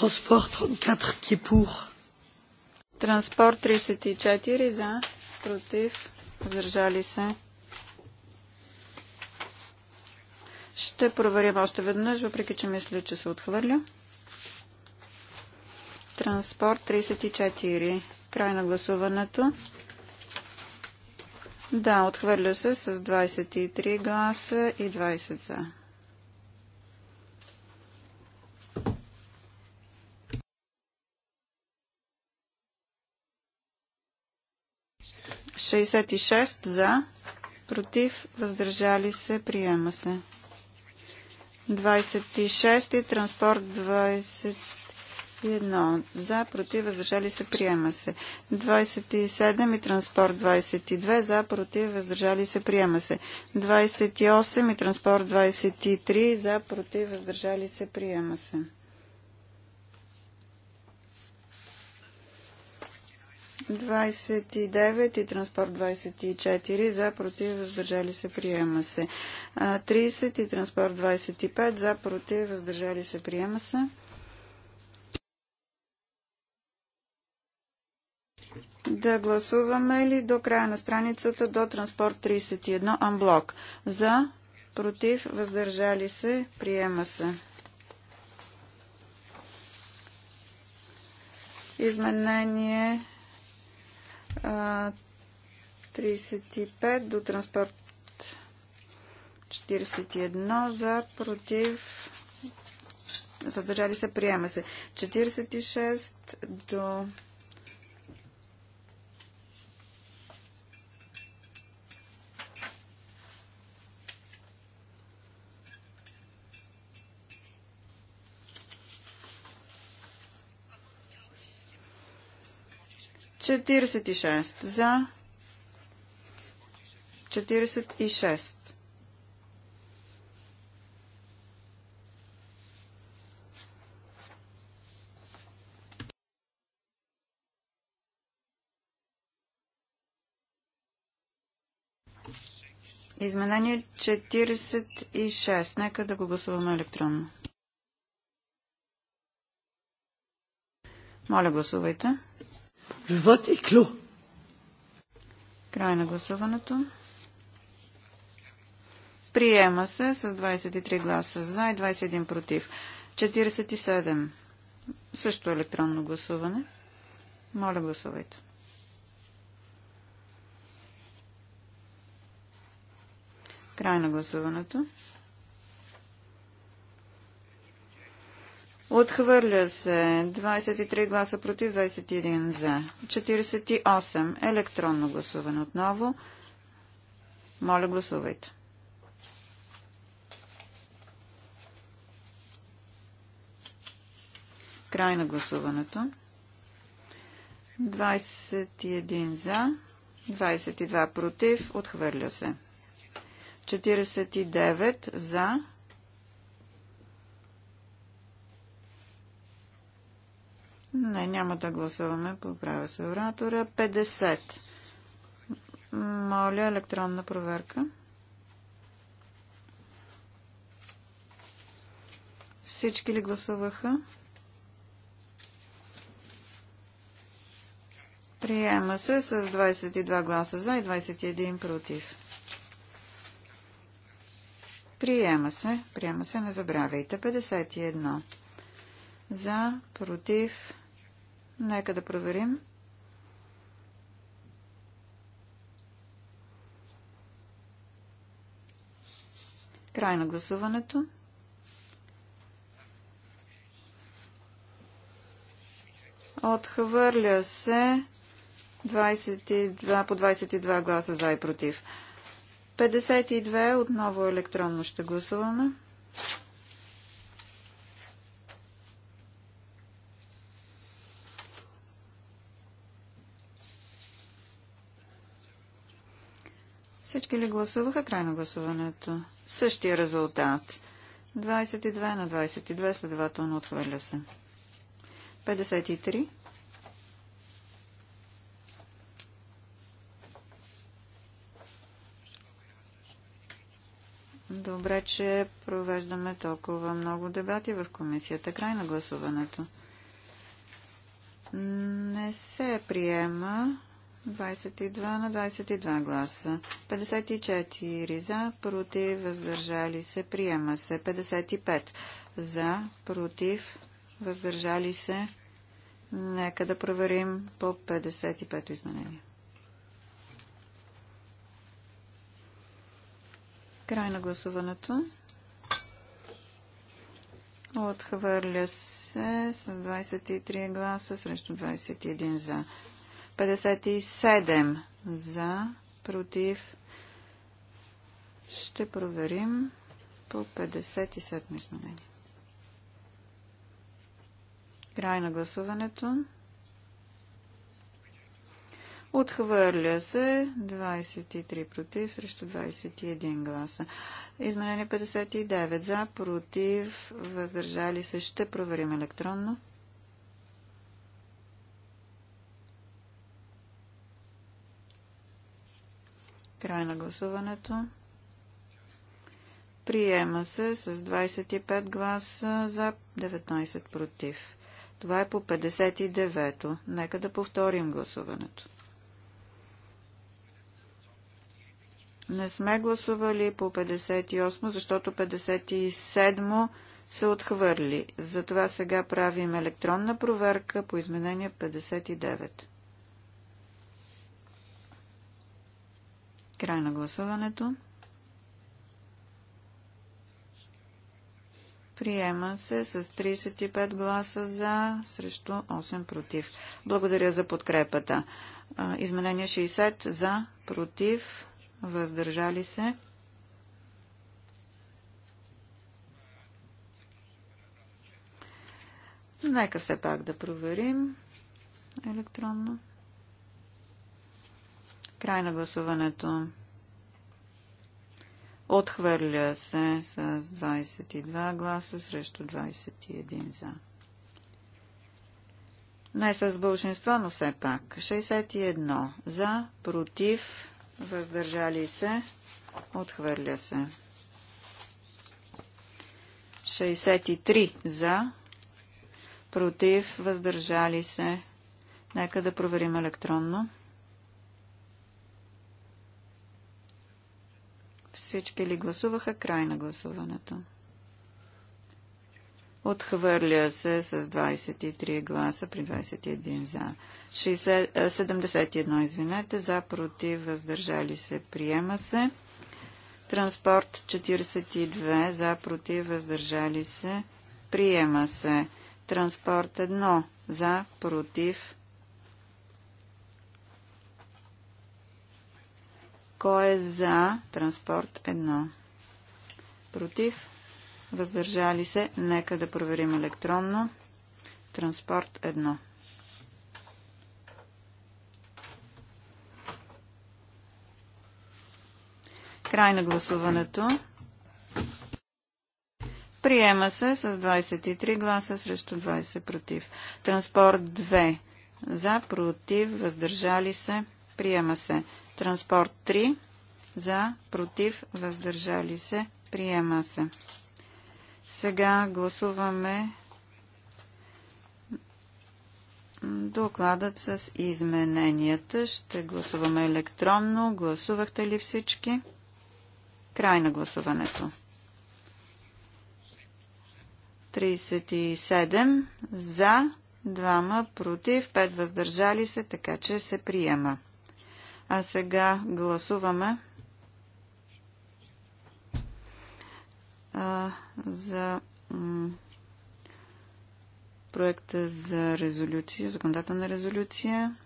Транспорт 34, ки est Транспорт 34 за, против, задържали се. Ще проверим още веднъж, въпреки че мисля, че се отхвърля. Транспорт 34. Край на гласуването. Да, отхвърля се с 23 гласа и 20 за. 66 за, против, въздържали се, приема се. 26 и транспорт 21 за, против, въздържали се, приема се. 27 и транспорт 22 за, против, въздържали се, приема се. 28 и транспорт 23 за, против, въздържали се, приема се. 29 и транспорт 24 за против въздържали се приема се. 30 и транспорт 25 за против въздържали се приема се. Да гласуваме ли до края на страницата до транспорт 31 амблок? За, против, въздържали се, приема се. Изменение 35 до транспорт 41 за, против, въздържали се, приема се. 46 до 46 за 46. Изменение 46. Нека да го гласуваме електронно. Моля, гласувайте. Le vote est clos. Край на гласуването. Приема се с 23 гласа за и 21 против. 47. Също електронно гласуване. Моля, гласувайте. Край на гласуването. Отхвърля се 23 гласа против, 21 за. 48. Електронно гласуване отново. Моля, гласувайте. Край на гласуването. 21 за, 22 против, отхвърля се. 49 за, Не, няма да гласуваме. Поправя се оратора. 50. Моля, електронна проверка. Всички ли гласуваха? Приема се с 22 гласа за и 21 против. Приема се. Приема се, не забравяйте. 51 за, против, Нека да проверим. Край на гласуването. Отхвърля се 22, по 22 гласа за и против. 52 отново електронно ще гласуваме. Всички ли гласуваха край на гласуването? Същия резултат. 22 на 22, следователно отхвърля се. 53. Добре, че провеждаме толкова много дебати в комисията. Край на гласуването. Не се приема. 22 на 22 гласа. 54 за, против, въздържали се, приема се. 55 за, против, въздържали се. Нека да проверим по 55 изменение. Край на гласуването. Отхвърля се с 23 гласа срещу 21 за. 57 за, против. Ще проверим по 57 изменения. Край на гласуването. Отхвърля се 23 против срещу 21 гласа. Изменение 59 за, против, въздържали се. Ще проверим електронно. Край на гласуването. Приема се с 25 гласа за 19 против. Това е по 59-то. Нека да повторим гласуването. Не сме гласували по 58, защото 57 се отхвърли. Затова сега правим електронна проверка по изменение 59. Край на гласуването. Приема се с 35 гласа за, срещу 8 против. Благодаря за подкрепата. Изменение 60 за, против, въздържали се. Нека все пак да проверим електронно. Край на гласуването. Отхвърля се с 22 гласа срещу 21 за. Не с бълшинство, но все пак. 61 за, против, въздържали се, отхвърля се. 63 за, против, въздържали се. Нека да проверим електронно. Всички ли гласуваха? Край на гласуването. Отхвърля се с 23 гласа при 21 за. 60, 71, е, извинете, за, против, въздържали се, приема се. Транспорт 42, за, против, въздържали се, приема се. Транспорт 1, за, против, Кой е за транспорт 1? Против? Въздържали се? Нека да проверим електронно. Транспорт 1. Край на гласуването. Приема се с 23 гласа срещу 20 против. Транспорт 2. За, против, въздържали се. Приема се. Транспорт 3 за, против, въздържали се, приема се. Сега гласуваме докладът с измененията. Ще гласуваме електронно. Гласувахте ли всички? Край на гласуването. 37 за, 2 против, 5 въздържали се, така че се приема. А сега гласуваме а, за проекта за резолюция, законодателна резолюция.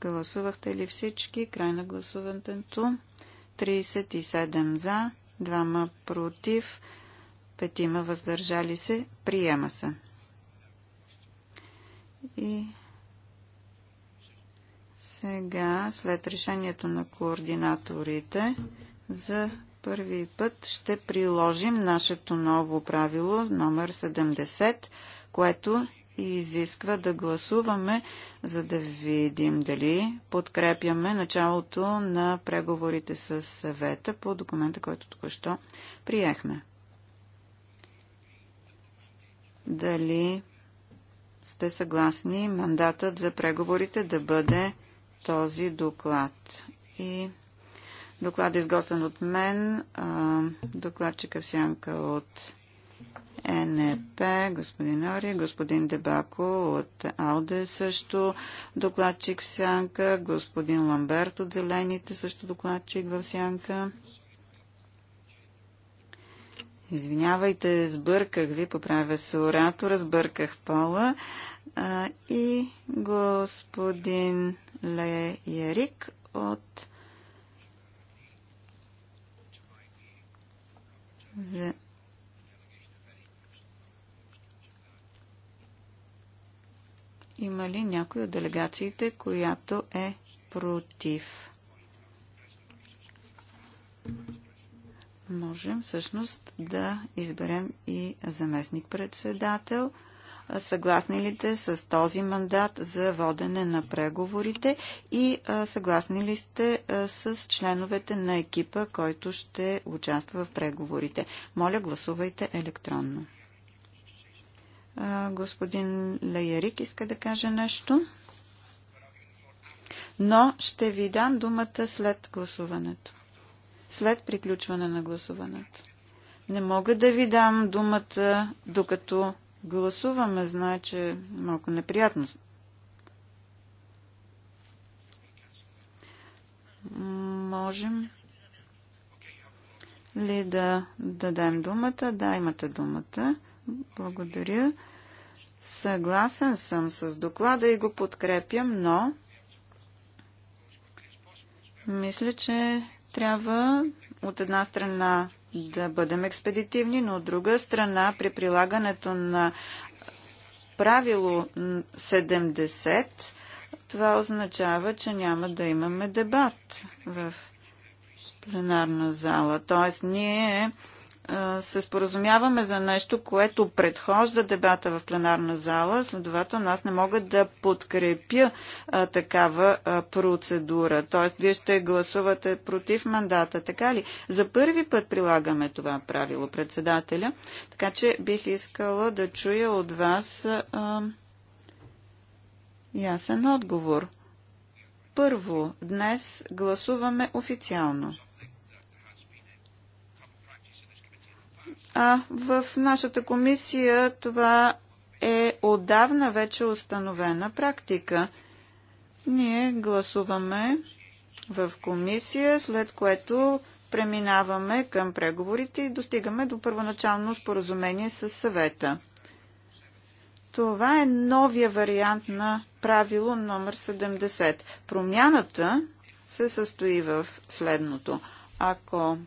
Гласувахте ли всички? Край на гласуването. 37 за, 2 против, 5 въздържали се. Приема се. И сега, след решението на координаторите, за първи път ще приложим нашето ново правило номер 70, което изисква да гласуваме, за да видим дали подкрепяме началото на преговорите с съвета по документа, който току-що приехме. Дали сте съгласни мандатът за преговорите да бъде този доклад. И доклад е изготвен от мен, докладчика в сянка от НЕП, господин Ори, господин Дебако от АЛДЕ също докладчик в сянка, господин Ламберт от Зелените също докладчик в сянка. Извинявайте, сбърках ви, поправя се оратора, сбърках пола. А, и господин Ле Ерик от за Има ли някой от делегациите, която е против? Можем всъщност да изберем и заместник председател. Съгласни ли сте с този мандат за водене на преговорите и съгласни ли сте с членовете на екипа, който ще участва в преговорите? Моля, гласувайте електронно. Господин Леярик иска да каже нещо. Но ще ви дам думата след гласуването. След приключване на гласуването. Не мога да ви дам думата, докато гласуваме, знае, че малко неприятно. Можем ли да дадем думата? Да, имате думата. Благодаря. Съгласен съм с доклада и го подкрепям, но мисля, че трябва от една страна да бъдем експедитивни, но от друга страна при прилагането на правило 70 това означава, че няма да имаме дебат в пленарна зала. Тоест, ние се споразумяваме за нещо, което предхожда дебата в пленарна зала, следователно аз не мога да подкрепя а, такава а, процедура. Тоест, вие ще гласувате против мандата, така ли? За първи път прилагаме това правило председателя, така че бих искала да чуя от вас а, ясен отговор. Първо, днес гласуваме официално. А в нашата комисия това е отдавна вече установена практика. Ние гласуваме в комисия, след което преминаваме към преговорите и достигаме до първоначално споразумение с съвета. Това е новия вариант на правило номер 70. Промяната се състои в следното. Ако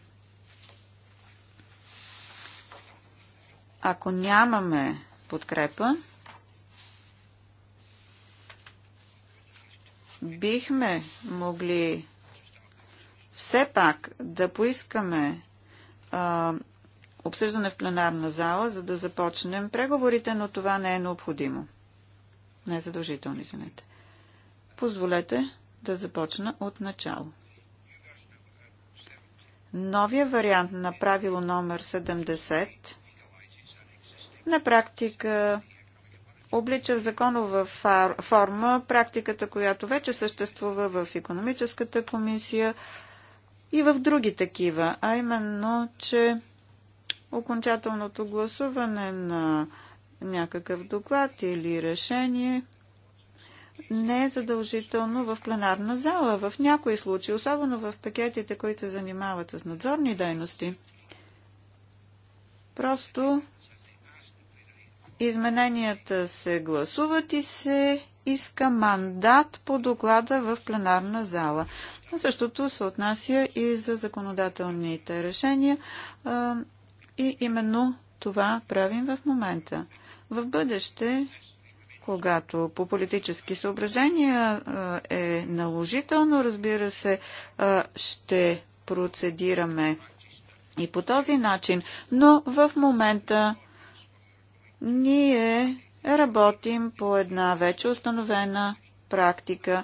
Ако нямаме подкрепа, бихме могли все пак да поискаме а, обсъждане в пленарна зала, за да започнем преговорите, но това не е необходимо. Не е задължително, извинете. Позволете да започна от начало. Новия вариант на правило номер 70 на практика облича в законова форма практиката, която вече съществува в економическата комисия и в други такива, а именно, че окончателното гласуване на някакъв доклад или решение не е задължително в пленарна зала. В някои случаи, особено в пакетите, които се занимават с надзорни дейности, просто Измененията се гласуват и се иска мандат по доклада в пленарна зала. същото се отнася и за законодателните решения. И именно това правим в момента. В бъдеще, когато по политически съображения е наложително, разбира се, ще процедираме и по този начин, но в момента ние работим по една вече установена практика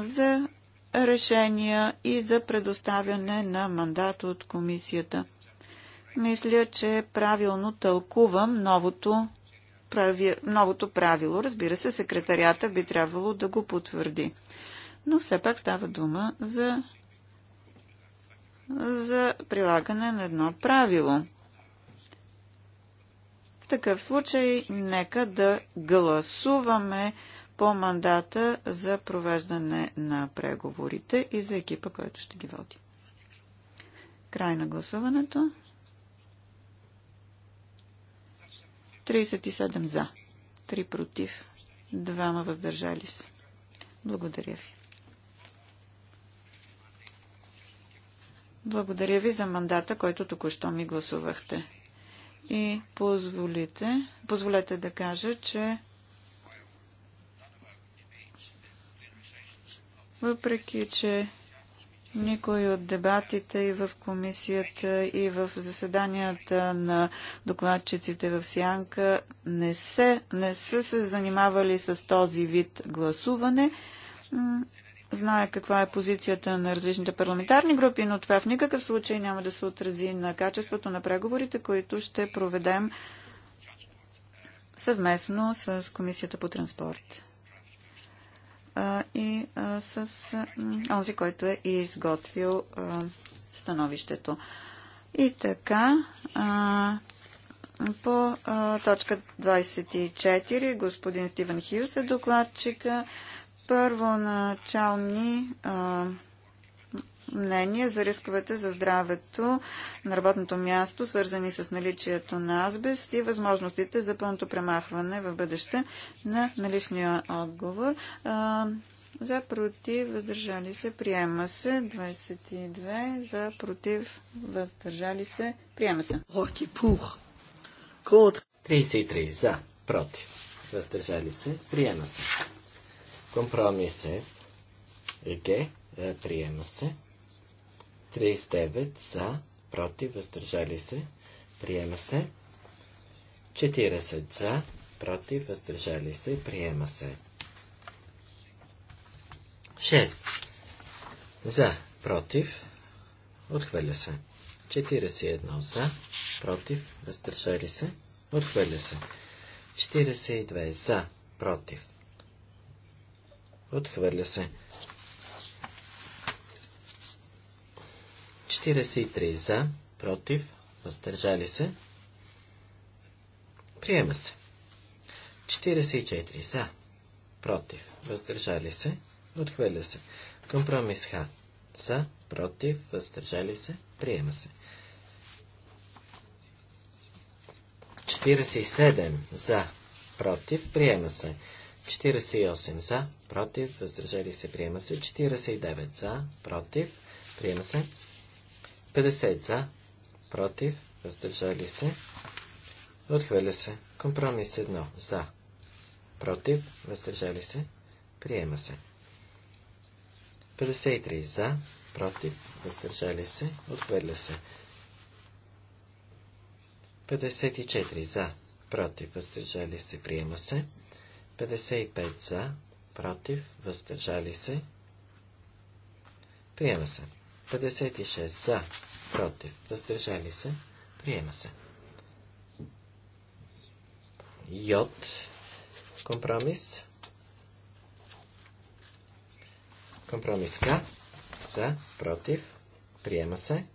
за решения и за предоставяне на мандат от комисията. Мисля, че правилно тълкувам новото, прави, новото правило. Разбира се, секретарията би трябвало да го потвърди. Но все пак става дума за, за прилагане на едно правило – такъв случай нека да гласуваме по мандата за провеждане на преговорите и за екипа, който ще ги води. Край на гласуването. 37 за, 3 против, 2 въздържали се. Благодаря ви. Благодаря ви за мандата, който току-що ми гласувахте и позволите, позволете да кажа, че въпреки, че никой от дебатите и в комисията, и в заседанията на докладчиците в Сянка не, се, не са се занимавали с този вид гласуване. Зная каква е позицията на различните парламентарни групи, но това в никакъв случай няма да се отрази на качеството на преговорите, които ще проведем съвместно с Комисията по транспорт и с онзи, който е изготвил становището. И така, по точка 24 господин Стивен Хюс е докладчика първоначални а, мнения за рисковете за здравето на работното място, свързани с наличието на азбест и възможностите за пълното премахване в бъдеще на наличния отговор. А, за против, въздържали се, приема се. 22. За против, въздържали се, приема се. 33. За против, въздържали се, приема се. Компромис е Г. Е, приема се. 39 за, против, въздържали се. Приема се. 40 за, против, въздържали се. Приема се. 6. За, против, отхвърля се. 41 за, против, въздържали се, отхвърля се. 42 за, против, Отхвърля се. 43 за, против, въздържали се. Приема се. 44 за, против, въздържали се. Отхвърля се. Компромис Х. За, против, въздържали се. Приема се. 47 за, против, приема се. 48 за, против, въздържали се, приема се. 49 за, против, приема се. 50 за, против, въздържали се, отхвърля се. Компромис 1 за, против, въздържали се, приема се. 53 за, против, въздържали се, отхвърля се. 54 за, против, въздържали се, приема се. 55 за, против, въздържали се. Приема се. 56 за, против, въздържали се. Приема се. Йод. Компромис. Компромис К. За, против, приема се.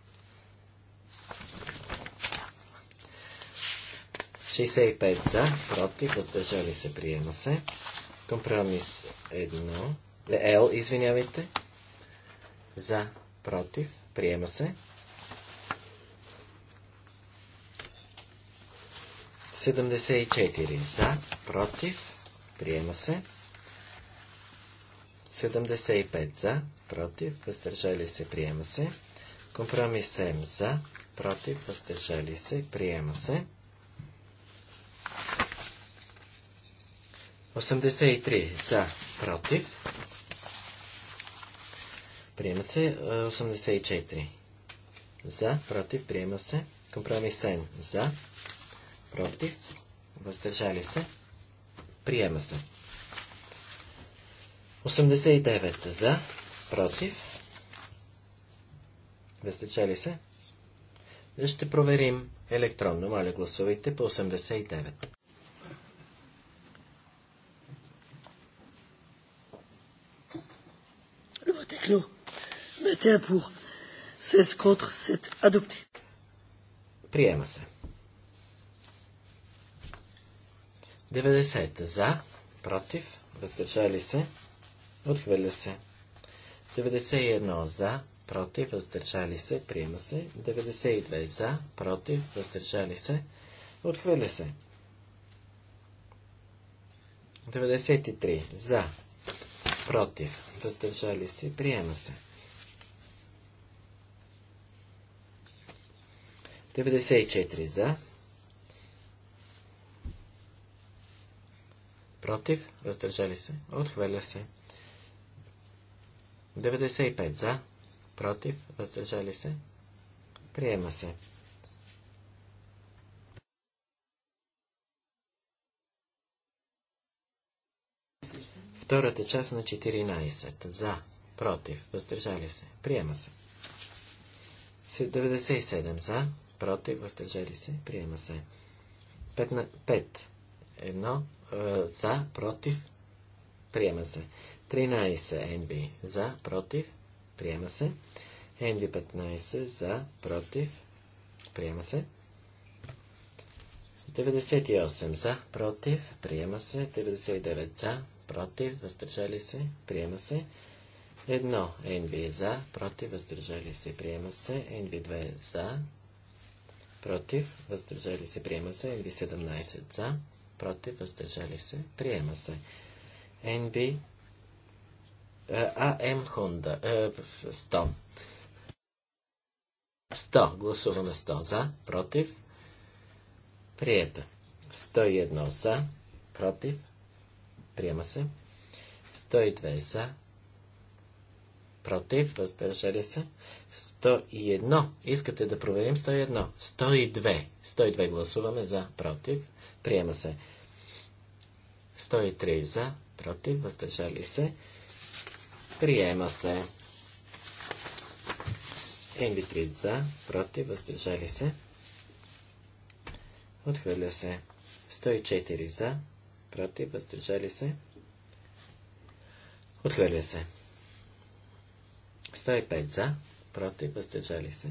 65 за, против, въздържали се, приема се. Компромис 1, е, Л, извинявайте, за, против, приема се. 74 за, против, приема се. 75 за, против, въздържали се, приема се. Компромис 7 за, против, въздържали се, приема се. 83 за, против. Приема се 84. За, против, приема се. Компромис 7. За, против, въздържали се. Приема се. 89 за, против, въздържали се. Ще проверим електронно. Моля, гласувайте по 89. Scrutin clos. 21 pour, 16 contre, 7 adopté. Приема се. 90 за, против, въздържали се, отхвърля се. 91 за, против, въздържали се, приема се. 92 за, против, въздържали се, отхвърля се. 93 за, против, въздържали се, приема се. 94 за, против, въздържали се, отхвърля се. 95 за, против, въздържали се, приема се. Втората част на 14. За. Против. Въздържали се. Приема се. 97 за. Против. Въздържали се. Приема се. 5. 5. Едно. Е, за. Против. Приема се. 13 НВ. За. Против. Приема се. НВ 15. За. Против. Приема се. 98 за, против, приема се, 99 за, против, въздържали се, приема се. Едно, NV за, против, въздържали се, приема се. NV2 за, против, въздържали се, приема се. NV17 за, против, въздържали се, приема се. NV АМ Хунда 100. 100. Гласуваме 100 за, против. Прието. 101 за, против. Приема се. 102 за. Против. Въздържали се. 101. Искате да проверим 101. 102. 102 гласуваме за. Против. Приема се. 103 за. Против. Въздържали се. Приема се. МВ3 за. Против. Въздържали се. Отхвърля се. 104 за против, въздържали се. Отхвърля се. 105 за, против, въздържали се.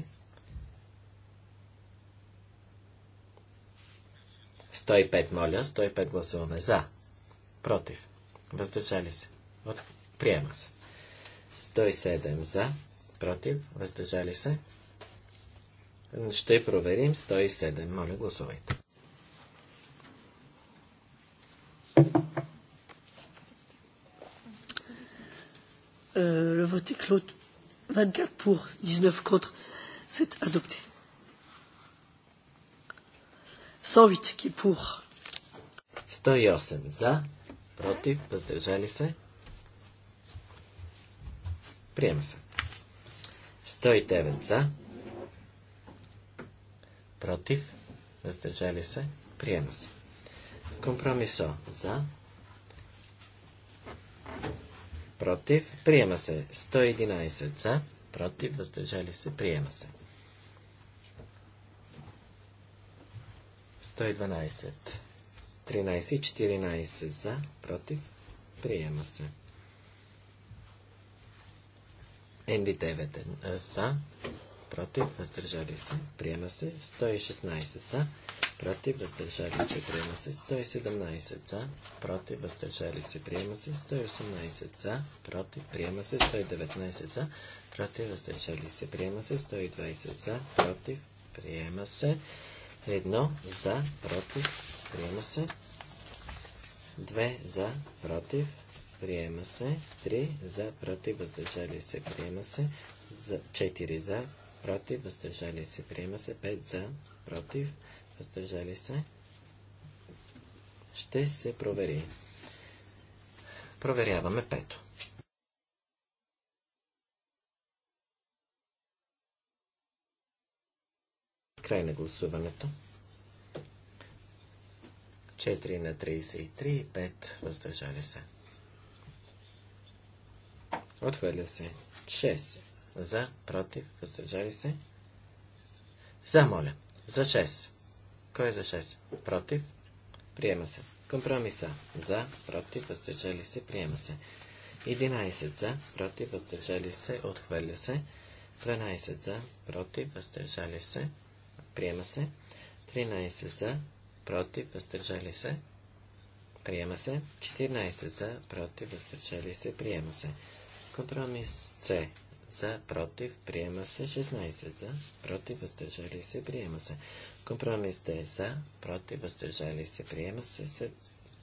105, моля, 105 гласуваме за, против, въздържали се. От... Приема се. 107 за, против, въздържали се. Ще проверим 107. Моля, гласувайте. Euh, le vote est clos. 24 pour, 19 contre. C'est adopté. 108 qui pour. 108 за, против, въздържали се. Приема се. 109 за, против, въздържали се. Приема се. Компромисо. За. Против. Приема се. 111 за. Против. Въздържали се. Приема се. 112. 13 и 14 за. Против. Приема се. NV9 е, за. Против. Въздържали се. Приема се. 116 за против, въздържали се, приема се 117 за, против, въздържали се, приема се 118 за, против, приема се 119 за, против, въздържали се, приема се 120 за, против, приема се 1 за, против, приема се 2 за, против, приема се 3 за, против, въздържали се, приема се 4 за, против, въздържали се, приема се 5 за, против, въздържали се. Ще се провери. Проверяваме пето. Край на гласуването. 4 на 33 5 въздържали се. Отхвърля се. 6 за, против, въздържали се. За, моля. За 6. Кой е за 6? Против? Приема се. Компромиса. За, против, въздържали се, приема се. 11 за, против, въздържали се, отхвърля се. 12 за, против, въздържали се, приема се. 13 за, против, въздържали се, приема се. 14 за, против, въздържали се, приема се. Компромис С. За, против, приема се. 16 за, против, въздържали се, приема се. Компромис е за, против, въздържали се, приема се.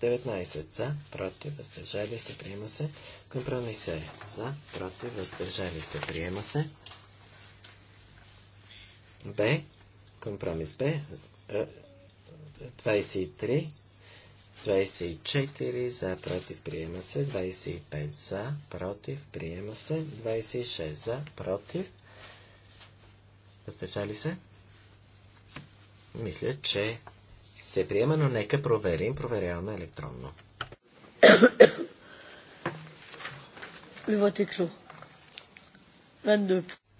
19 за, против, въздържали се, приема се. Компромис Е за, против, въздържали се, приема се. Б, компромис Б, 23 е, 24 за, против, приема се. 25 за, против, приема се. 26 за, против. Въздържали се? Мисля, че се приема, но нека проверим. Проверяваме електронно.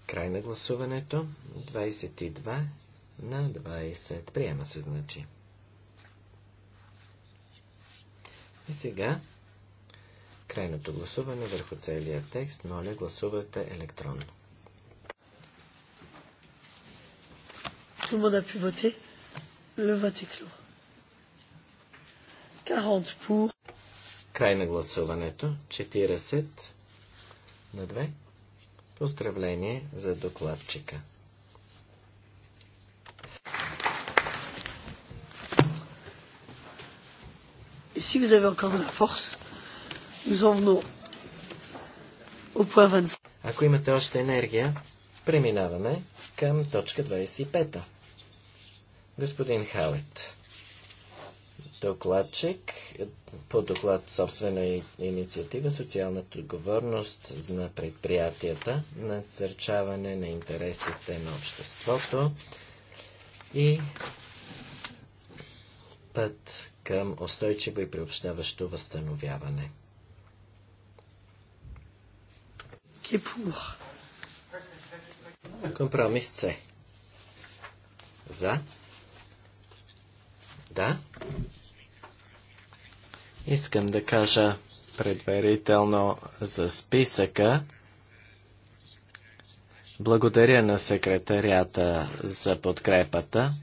Край на гласуването. 22 на 20. Приема се, значи. И сега крайното гласуване върху целия текст. Моля, гласувате електронно. tout le monde a pu voter, le vote est clos. 40 pour. Край на гласуването. 40 на 2. Поздравление за докладчика. И си vous avez encore de la force, Ако имате още енергия, преминаваме към точка 25. Господин Халет, докладчик по доклад собствена инициатива социалната отговорност на предприятията, насърчаване на интересите на обществото и път към устойчиво и приобщаващо възстановяване. Компромис С. За. Да. Искам да кажа предварително за списъка. Благодаря на секретарията за подкрепата.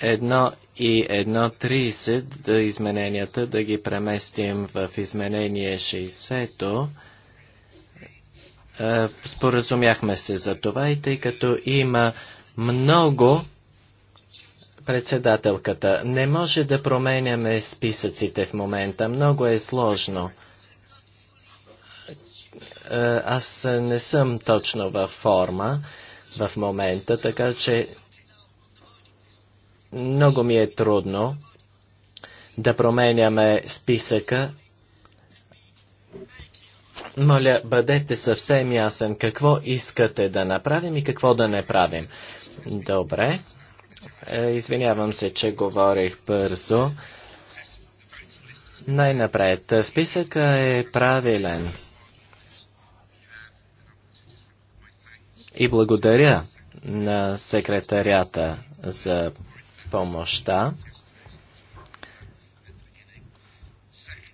Едно и 1.30 да измененията да ги преместим в изменение 60-то. Е, споразумяхме се за това и тъй като има много Председателката, не може да променяме списъците в момента. Много е сложно. Е, аз не съм точно във форма в момента, така че много ми е трудно да променяме списъка. Моля, бъдете съвсем ясен какво искате да направим и какво да не правим. Добре, е, извинявам се, че говорих бързо. Най-напред. Списъка е правилен. И благодаря на секретарята за помощта.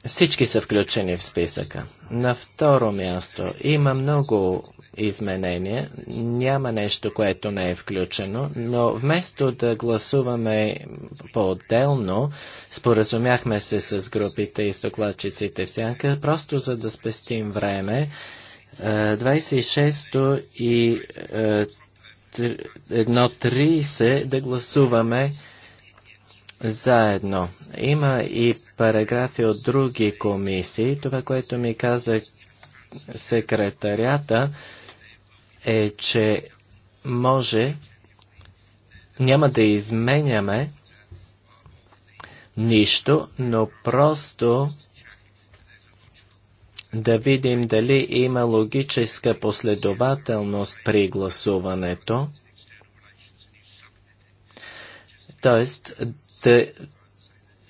Всички са включени в списъка. На второ място има много изменения. Няма нещо, което не е включено, но вместо да гласуваме по-отделно, споразумяхме се с групите и с докладчиците в сянка, просто за да спестим време. 26 е, и 1.30 е, да гласуваме заедно. Има и параграфи от други комисии. Това, което ми каза секретарята, е, че може няма да изменяме нищо, но просто да видим дали има логическа последователност при гласуването. Тоест, да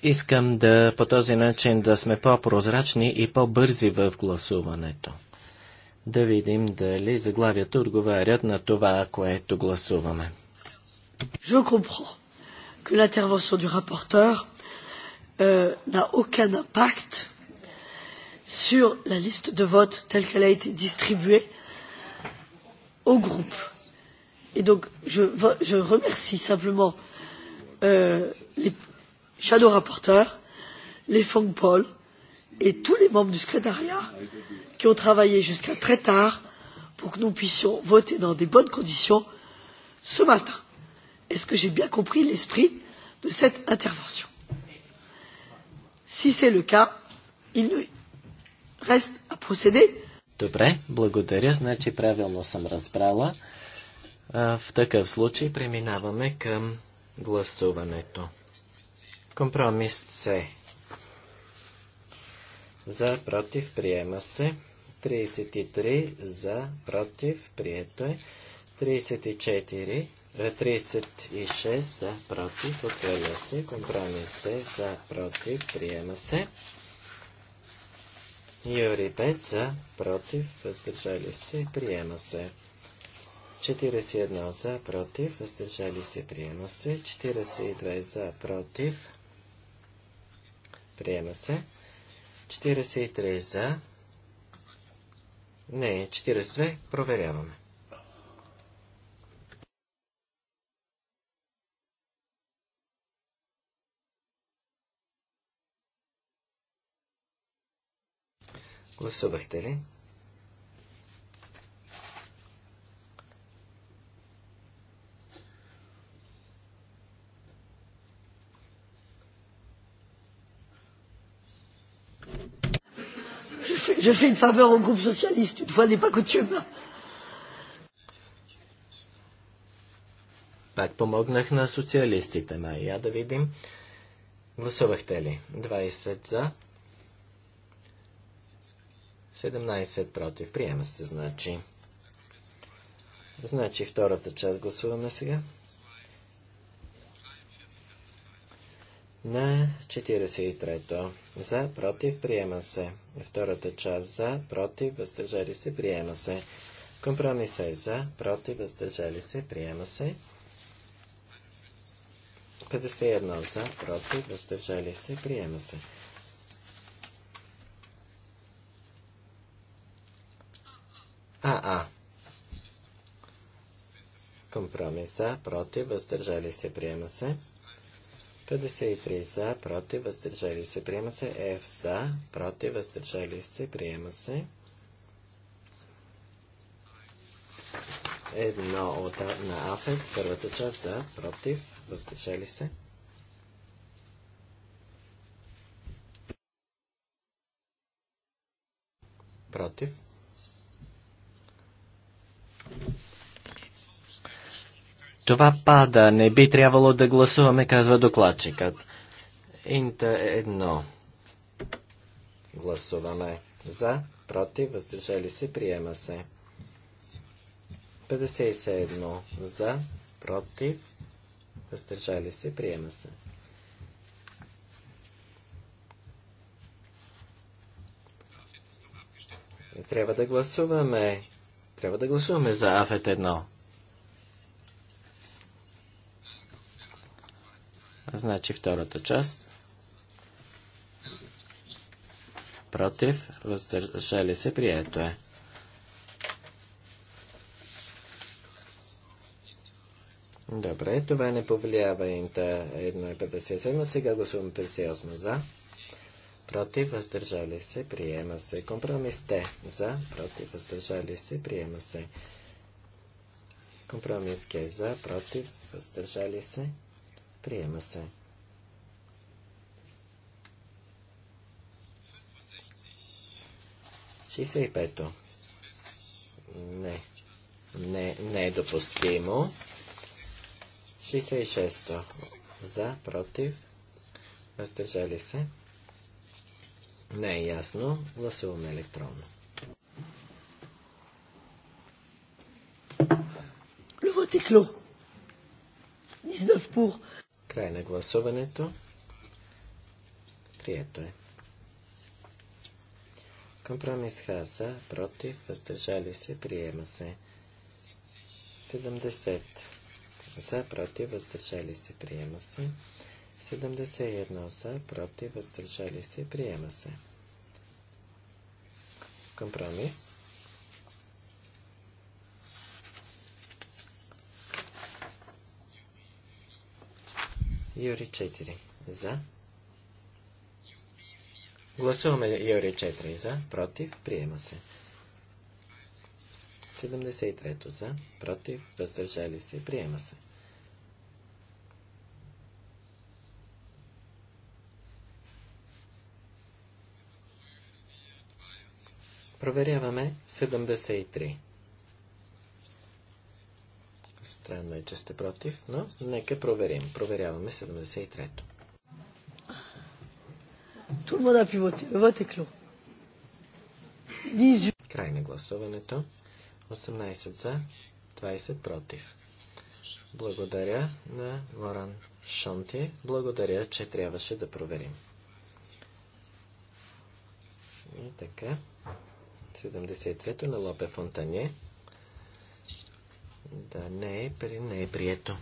искам да по този начин да сме по-прозрачни и по-бързи в гласуването да видим дали заглавията отговарят на това, което гласуваме. Je comprends que l'intervention du rapporteur euh, n'a aucun impact sur la liste de vote telle qu'elle a été distribuée au groupe. Et donc, je, je remercie simplement euh, les shadow rapporteurs, les Fong Paul et tous les membres du secrétariat qui ont travaillé jusqu'à très tard pour que nous puissions voter dans des bonnes conditions ce matin. Est-ce que j'ai bien compris l'esprit de cette intervention Si c'est le cas, il nous reste à procéder. Добре, благодаря. Значи правилно съм разбрала. В такъв случай преминаваме към гласуването. Компромис С за, против, приема се. 33 за, против, прието е. 34, 36 е, за, против, отхвърля се. Компромисите за, против, приема се. Юри 5 за, против, въздържали се, приема се. 41 за, против, въздържали се, приема се. 42 за, против, приема се. 43 за. Не, 42. Проверяваме. Гласувахте ли? Je fais une faveur au groupe socialiste, une fois n'est pas coutume. Пак помогнах на социалистите, Майя, да видим. Гласувахте ли? 20 за, 17 против. Приема се, значи. Значи втората част гласуваме сега. на 43-то. За, против, приема се. Втората част за, против, въздържали се, приема се. Компромиса е за, против, въздържали се, приема се. 51 за, против, въздържали се, приема се. АА. Компромиса, против, въздържали се, приема се. 53 за, против, въздържали се, приема се. F за, против, въздържали се, приема се. Едно от, на АФЕК, първата част за, против, въздържали се. Против. Това пада, не би трябвало да гласуваме, казва докладчикът. Инта едно. Гласуваме за, против, въздържали се, приема се. 51 за, против, въздържали се, приема се. Трябва да гласуваме. Трябва да гласуваме за АФЕТ 1. Значи втората част. Против, въздържали се, прието е. Добре, това не повлиява инта 1,57. Сега гласуваме 58 за. Против, въздържали се, приема се. Компромис Т. За, против, въздържали се, приема се. Компромис Г. За, против, въздържали се, Приема се. 65-то. Не. Не, не е допустимо. 66-то. За, против. Въздържали се. Не е ясно. Гласуваме електронно. Le vote est clos. 19 pour, Край на гласуването. Прието е. Компромис Хаса, против, въздържали се, приема се. 70. За, против, въздържали се, приема се. 71. За, против, въздържали се, приема се. Компромис. Юри 4. За. Гласуваме Юри 4. За. Против. Приема се. 73. За. Против. Въздържали се. Приема се. Проверяваме 73. Странно е, че сте против, но нека проверим. Проверяваме 73-то. Турма да пивоти. Вътекло. Край на гласуването. 18 за, 20 против. Благодаря на Лоран Шонти. Благодаря, че трябваше да проверим. И така. 73-то на Лопе Фонтане. Да, не е, при не е прието.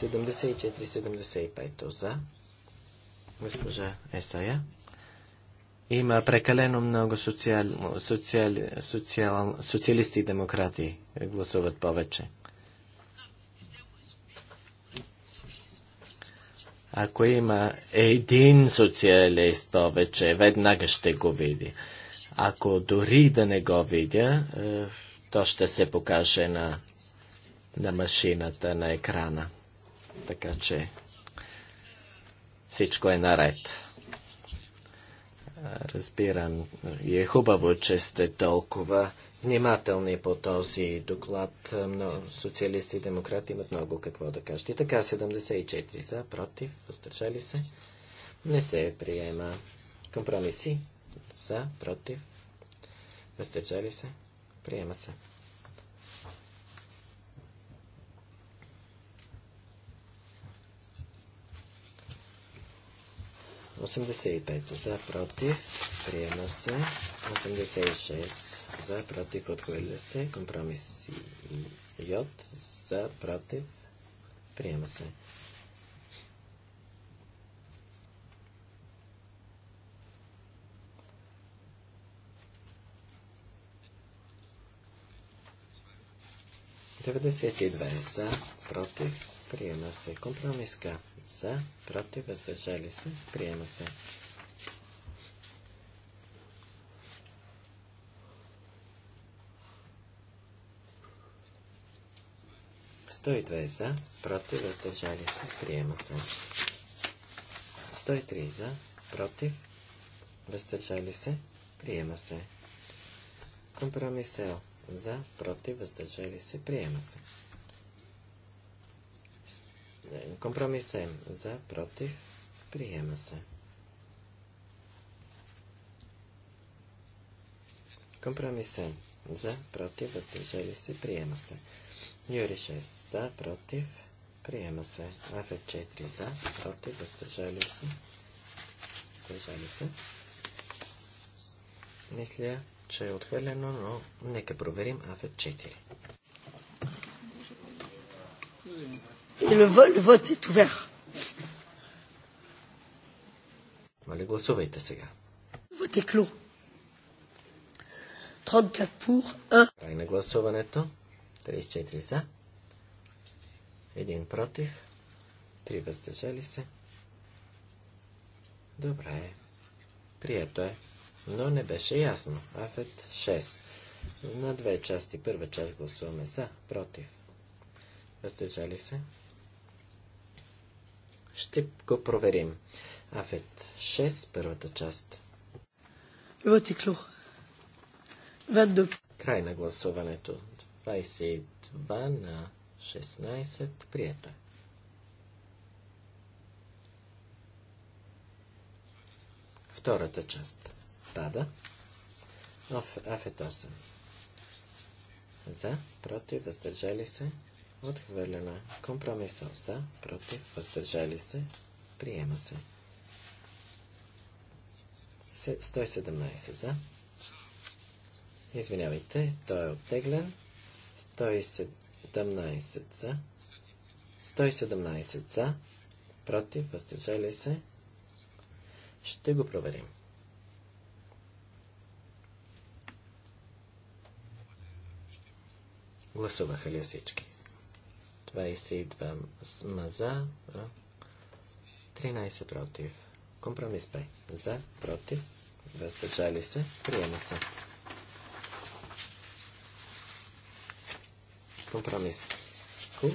74-75 за госпожа Есая. Има прекалено много социал, социал, социал, социалисти и демократи гласуват повече. Ако има един социалист повече, веднага ще го види. Ако дори да не го видя, е, то ще се покаже на, на машината, на екрана. Така че всичко е наред. Разбирам. И е хубаво, че сте толкова внимателни по този доклад. Но социалисти и демократи имат много какво да кажат. И така, 74 за, против, въздържали се. Не се приема. Компромиси за, против, въздържали се. Приема се. Осемдесет за против. Приема се. 86 за против. Отхвърля се. Компромис Йод за против. Приема се. 92 за, против, приема се. Компромиска за, против, въздържали се, приема се. Сто две за, против, въздържали се, приема се. 103 за, против, въздържали се, приема се. Компромисел за, против, въздържали се, приема се. Компромис е. За, против, приема се. Компромис е. За, против, въздържали се, приема се. Юри 6. За, против, приема се. Афет е 4. За, против, въздържали се. Въздържали се. Мисля, че е отхвърлено, но нека проверим АФЕ 4. Le vote, le vote Моля, гласувайте сега. Вот е кло. 34 pour, 1. Край на гласуването. 34 за. Един против. Три въздържали се. Добре. Прието е но не беше ясно. Афет 6. На две части. Първа част гласуваме за, против. Въздържали се? Ще го проверим. Афет 6, първата част. Е Край на гласуването. 22 на 16. Прието е. Втората част. Отпада. Афет 8. За, против, въздържали се. Отхвърлена. Компромисъл. За, против, въздържали се. Приема се. 117 за. Извинявайте, той е оттеглен. 117 за. 117 за. Против, въздържали се. Ще го проверим. Гласуваха ли всички? 22 маза, 13 против. Компромис Б. За, против, въздържали се, приема се. Компромис Cool.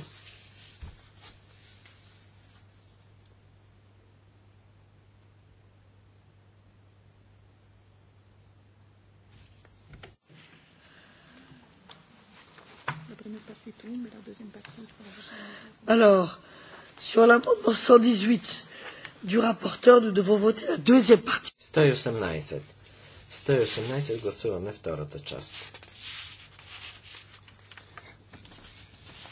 Alors, sur l'amendement 118 du rapporteur, nous devons voter la deuxième partie. 118. 118 гласуваме втората част.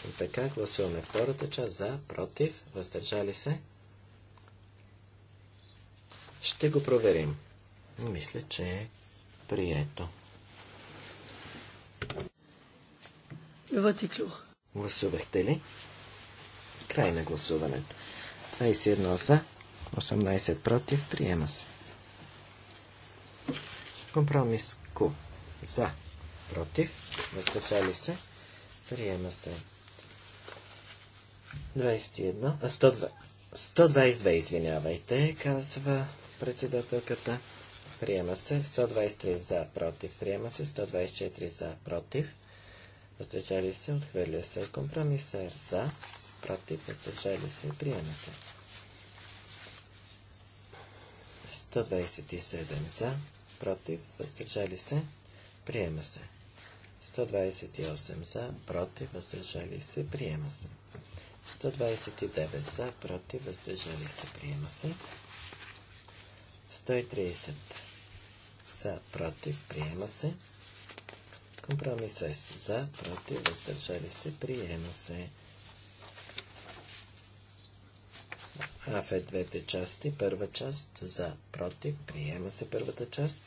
И така гласуваме втората част за, против, въздържали се. Ще го проверим. Мисля, че е прието. Гласувахте ли? Край на гласуването. 21 за, 18 против, приема се. Компромис Q. За, против, въздържали се, приема се. 21, а 102, 122, извинявайте, казва председателката. Приема се. 123 за, против. Приема се. 124 за, против. Възвечали се. Отхвърля се. Компромисър за, против, въздържали се, приема се. 127 за, против, въздържали се, приема се. 128 за, против, въздържали се, приема се. 129 за, против, въздържали се, приема се. 130 за, против, приема се. Компромисът е за, против, въздържали се, приема се. е двете части. Първа част за, против, приема се първата част.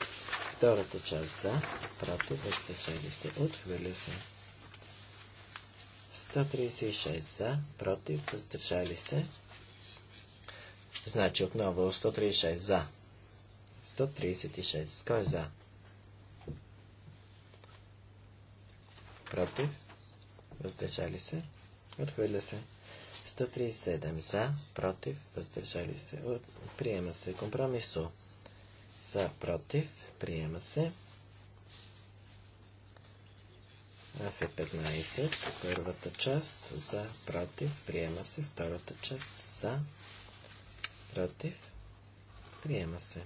Втората част за, против, въздържали се, отхвърля се. 136 за, против, въздържали се. Значи отново 136 за. 136. Кой е за? Против. Въздържали се. Отхвърля се. 137 за, против, въздържали се, приема се. Компромисо за, против, приема се. АФ 15, първата част за, против, приема се. Втората част за, против, приема се.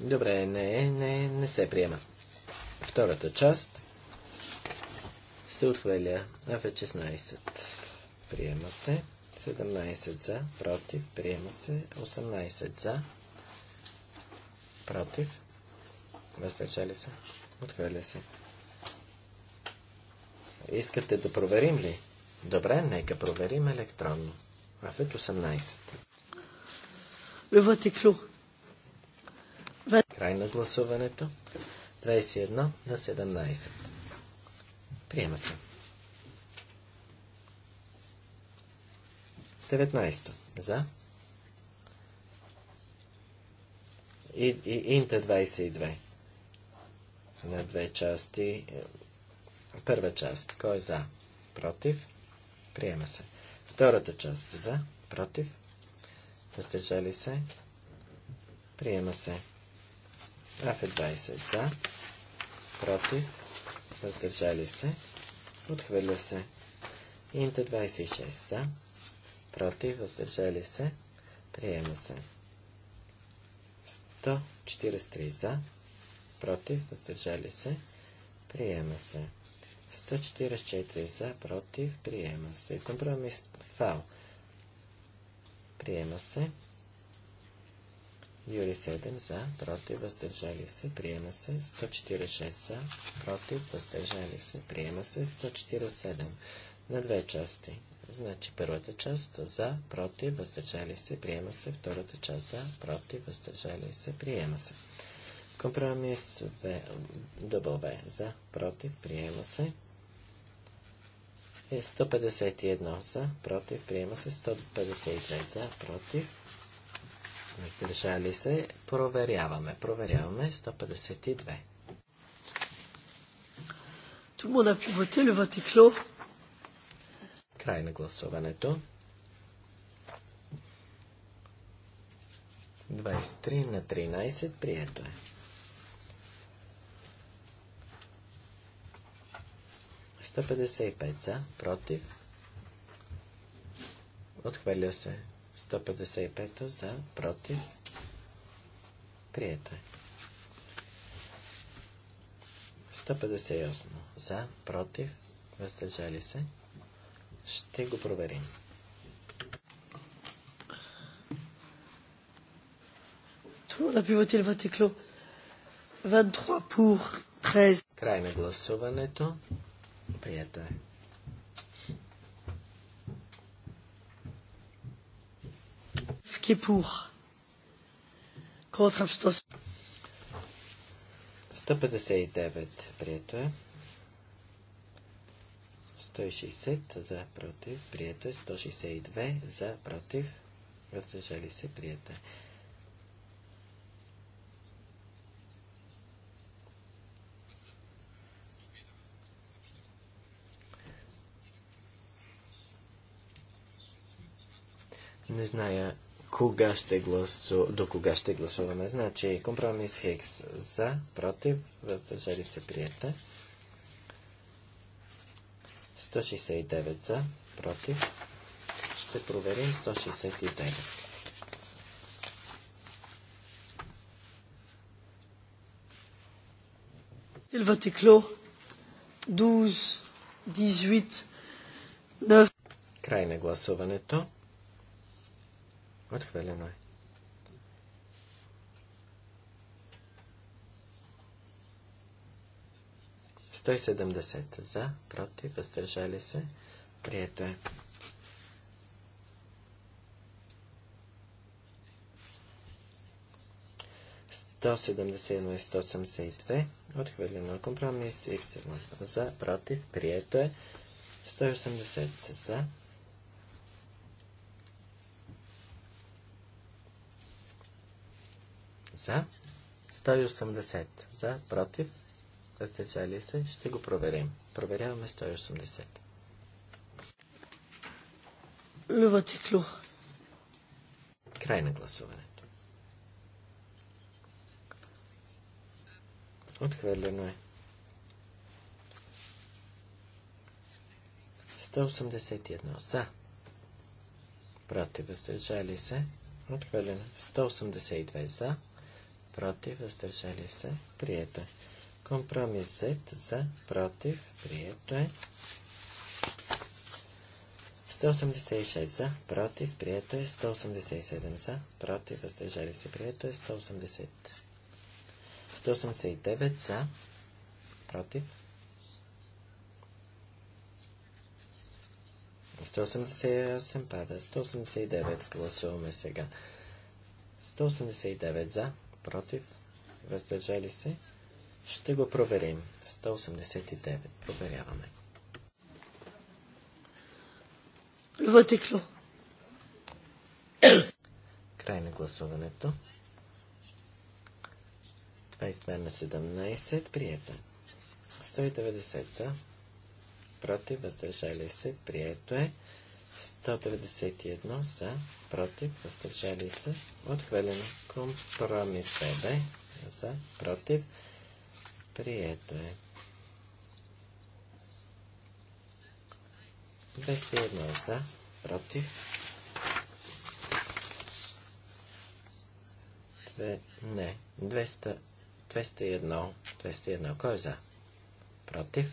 Добре, не, не, не се приема. Втората част се отхвърля. АФ-16. Приема се. 17 за. Против. Приема се. 18 за. Против. Възвечали се. Отхвърля се. Искате да проверим ли? Добре, нека проверим електронно. АФ-18. е клюк. Край на гласуването. 21 на 17. Приема се. 19. За. И, и, инта 22. На две части. Първа част. Кой е за? Против. Приема се. Втората част. За. Против. Въздържали се. Приема се. Афет 20 за, против, въздържали се, отхвърля се. Инта 26 за, против, въздържали се, приема се. 143 за, против, въздържали се, приема се. 144 за, против, приема се. Компромис фал. Приема се. Юри 7 за, против, въздържали се, приема се. 146 за, против, въздържали се, приема се. 147 на две части. Значи първата част за, против, въздържали се, приема се. Втората част за, против, въздържали се, приема се. Компромис В, W за, против, приема се. Е 151 за, против, приема се. 152 за, против, въздържали се, проверяваме. Проверяваме 152. Tout le monde a pu Край на гласуването. 23 на 13 прието е. 155 за, против. Отхвърля се. 155 за, против. Прието е. 158 за, против. Въздържали се. Ще го проверим. Да пивате кло. вътекло? 23 пух 13. Край на гласуването. Прието е. qui est pour, contre, abstention. 159 прието е. 160 за против, прието е. 162 за против, въздържали се, прието е. Не зная кога ще гласу... до кога ще гласуваме. Значи компромис Хикс за, против, въздържали се прието. 169 е. за, против. Ще проверим 169. Il vote clos. 12, 18, 9. Край на гласуването. Wat wil hy nou? Стой седемдесет за, против, въздържали се, прието е. Сто седемдесет едно и сто семдесет и две, отхвърлено е компромис, и за, против, прието е. Сто и осемдесет. за, за, 180 за, против, въздържали се, ще го проверим. Проверяваме 180. Лъватикло. Край на гласуването. Отхвърлено е. 181 за. Против въздържали се. Отхвърлено. 182 за против, въздържали се, прието е. Компромис Z за, против, прието е. 186 за, против, прието е. 187 за, против, въздържали се, прието е. 180. 189 за, против. 188 пада. 189 гласуваме сега. 189 за, против, въздържали се. Ще го проверим. 189. Проверяваме. Вътекло. Край на гласуването. 22 на 17. Прието. 190 за. Против, въздържали се. Прието е. 191 за, против, въздържали се, отхвърлено. Компромис ББ за, против, прието е. 201 за, против. 2, не, 200, 201, 201, кой е за? Против,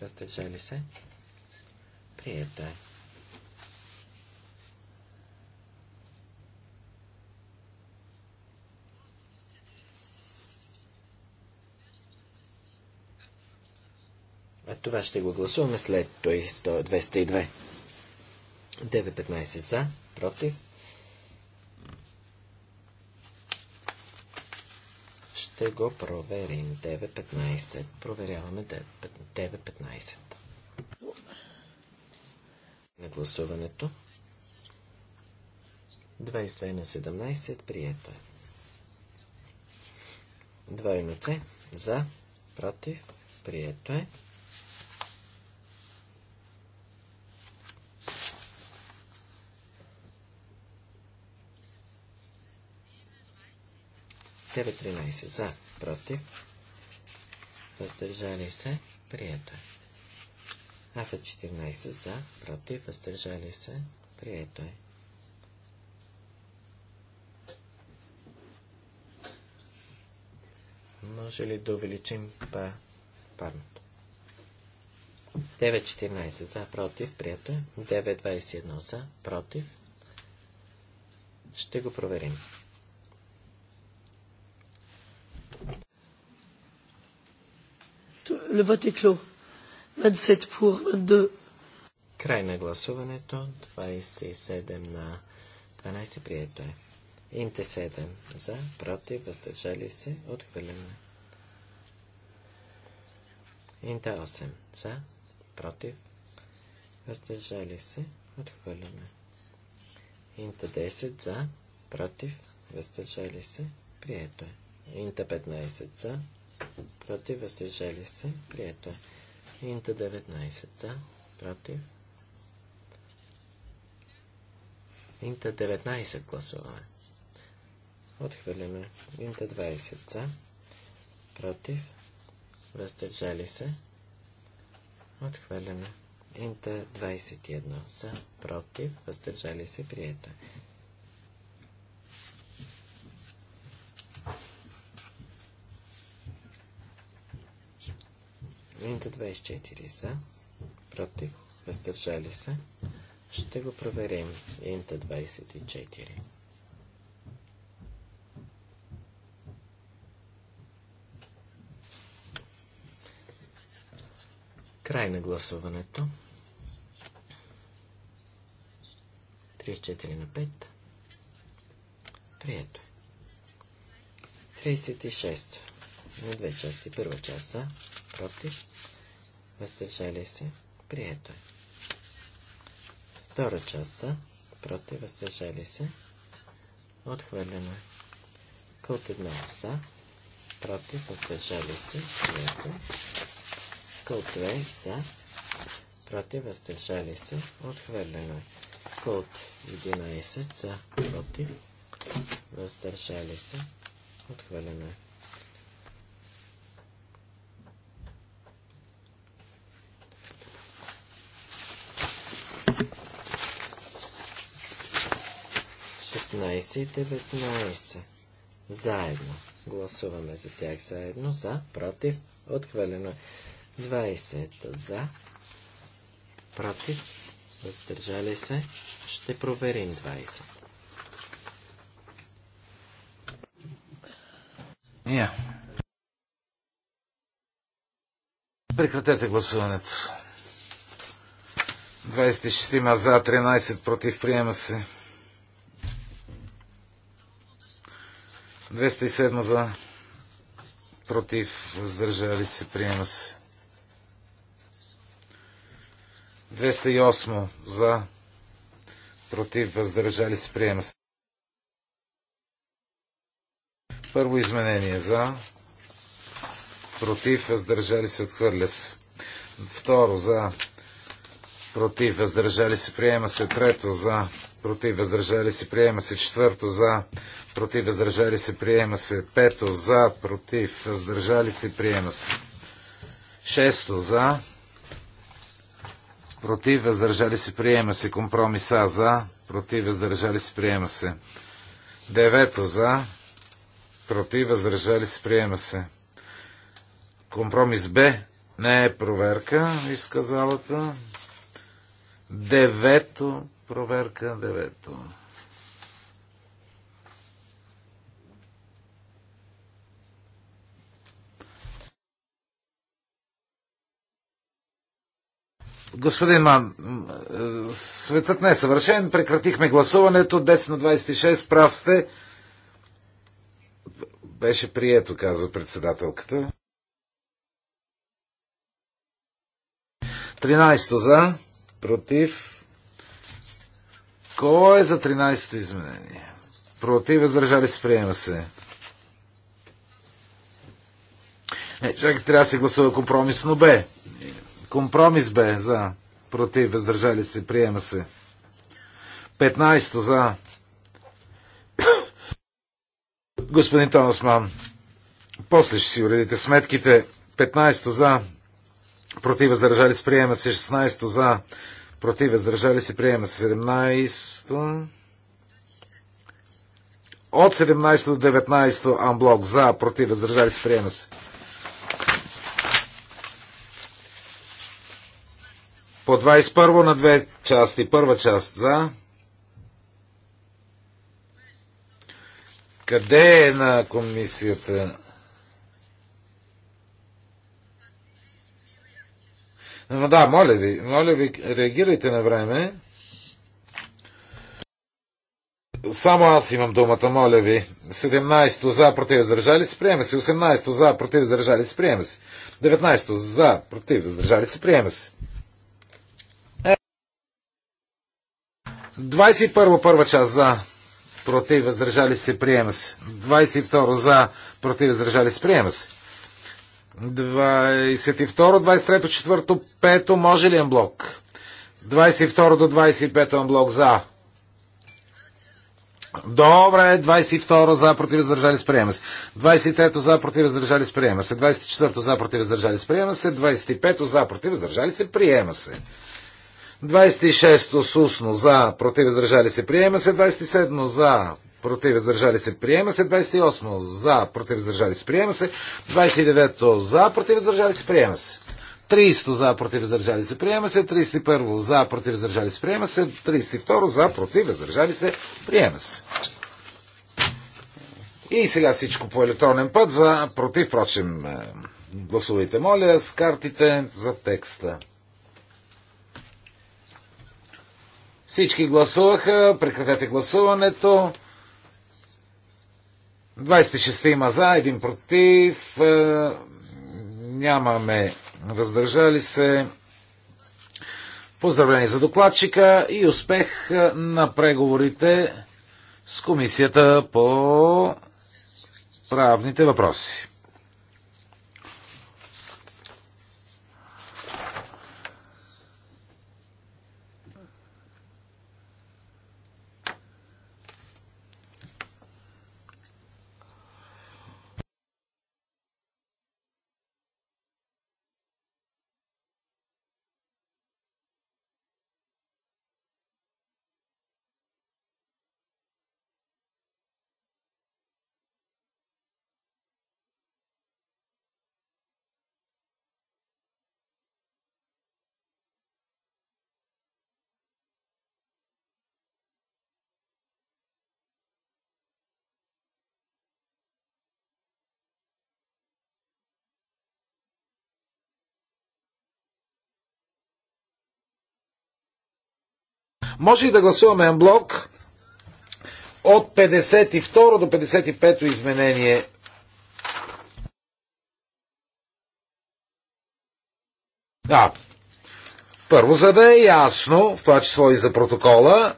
въздържали се, прието е. Това ще го гласуваме след 202. 9.15 за, против. Ще го проверим. 9.15. Проверяваме 9.15. На гласуването. 22 на 17. Прието е. 2 на За. Против. Прието е. 9.13 за, против, въздържали се, прието е. АФА 14 за, против, въздържали се, прието е. Може ли да увеличим па, парното? 9.14 за, против, прието е. 9.21 за, против. Ще го проверим. Le vote est clos. 27 pour, 22. Край на гласуването. 27 на 12 прието е. Инте 7 за, против, въздържали се, отхвърлено. Е. Инте 8 за, против, въздържали се, отхвърляме. Инта 10 за, против, въздържали се, прието е. Инта 15 за, против, въздържали се, прието е. Инта 19 за, против. Инта 19 гласуваме. Отхвърляме. Инта 20 за, против, въздържали се, отхвърляме. Инта 21 за, против, въздържали се, прието е. Инта 24 за, против, въздържали се. Ще го проверим. Инта 24. Край на гласуването. 34 на 5. Прието. 36. На две части. Първа част са против, въздържали се, прието е. Втора част са, против, въздържали се, отхвърлено е. Кълт едно са, против, въздържали се, прието е. Кълт 2 са, против, въздържали се, отхвърлено е. Кълт 11 са, против, въздържали се, отхвърлено е. 18 и 19. Заедно. Гласуваме за тях заедно. За, против, отхвърлено. 20 е. за, против, въздържали се. Ще проверим 20. Yeah. Прекратете гласуването. 26 за, 13 против, приема се. 207 за против, въздържали се, приема се. 208 за против, въздържали се, приема се. Първо изменение за против, въздържали се, отхвърля се. Второ за против, въздържали се, приема се. Трето за, против, въздържали се, приема се. Четвърто за, против, въздържали се, приема се. Пето за, против, въздържали се, приема се. Шесто за, против, въздържали се, приема се. Компромиса за, против, въздържали се, приема се. Девето за, против, въздържали се, приема се. Компромис Б не е проверка, Изказалата. Девето, проверка, девето. Господин Ман, светът не е съвършен. Прекратихме гласуването. 10 на 26. Прав сте. Беше прието, казва председателката. 13 за. Против. Кой е за 13-то изменение? Против, въздържали се, приема се. Не, чакай, трябва да се гласува компромисно Б. Компромис Б за. Против, въздържали се, приема се. 15-то за. Господин Томасман, после ще си уредите сметките. 15-то за против въздържали се приема се 16 за, против въздържали се приема се 17 от 17 до 19 амблок за, против въздържали се приема се. По 21 на две части. Първа част за. Къде е на комисията? Но да, моля ви, моля ви, реагирайте на време. Само аз имам думата, моля ви. 17 за, против, въздържали се, приема се. 18 за, против, въздържали се, приема се. 19 за, против, въздържали се, приема се. 21 е. първа част за, против, въздържали се, приема се. 22 за, против, въздържали се, приема се. 22, 23, 4, 5 може ли блок? 22 до 25 блок за. Добре, 22 за, против, издържали с приема се. 23 за, против, издържали с приема се. 24 за, против, издържали с приема се. 25 за, против, издържали се, приема се. 26 сусно за, против, издържали се, приема се. 27 за, против въздържали се, приема се. 28 за, против въздържали се, приема се. 29 за, против въздържали се, приема се. 30 за, против въздържали се, приема се. 31 за, против въздържали се, приема се. 32 за, против въздържали се, приема се. И сега всичко по електронен път за против, прочим, е, гласувайте, моля, с картите за текста. Всички гласуваха, прекратете гласуването. 26 има за, един против, е, нямаме въздържали се. Поздравление за докладчика и успех на преговорите с Комисията по правните въпроси. Може и да гласуваме анблок от 52 до 55 изменение Да. Първо, за да е ясно, в това число и за протокола,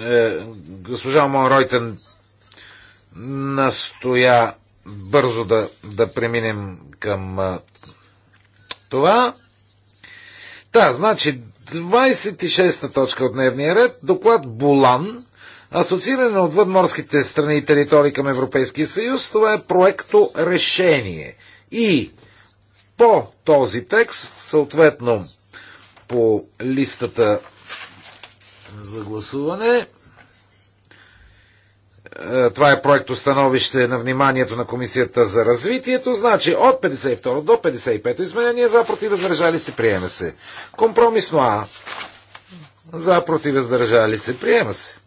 е, госпожа Монройтен настоя бързо да, да преминем към това. Та, значи, 26-та точка от дневния ред, доклад Булан, асоцииране на въдморските страни и територии към Европейския съюз, това е проекто решение. И по този текст, съответно по листата за гласуване, е, това е проект установище на вниманието на Комисията за развитието. Значи от 52 до 55 изменение за против въздържали се приема се. Компромисно А. За против въздържали се приема се.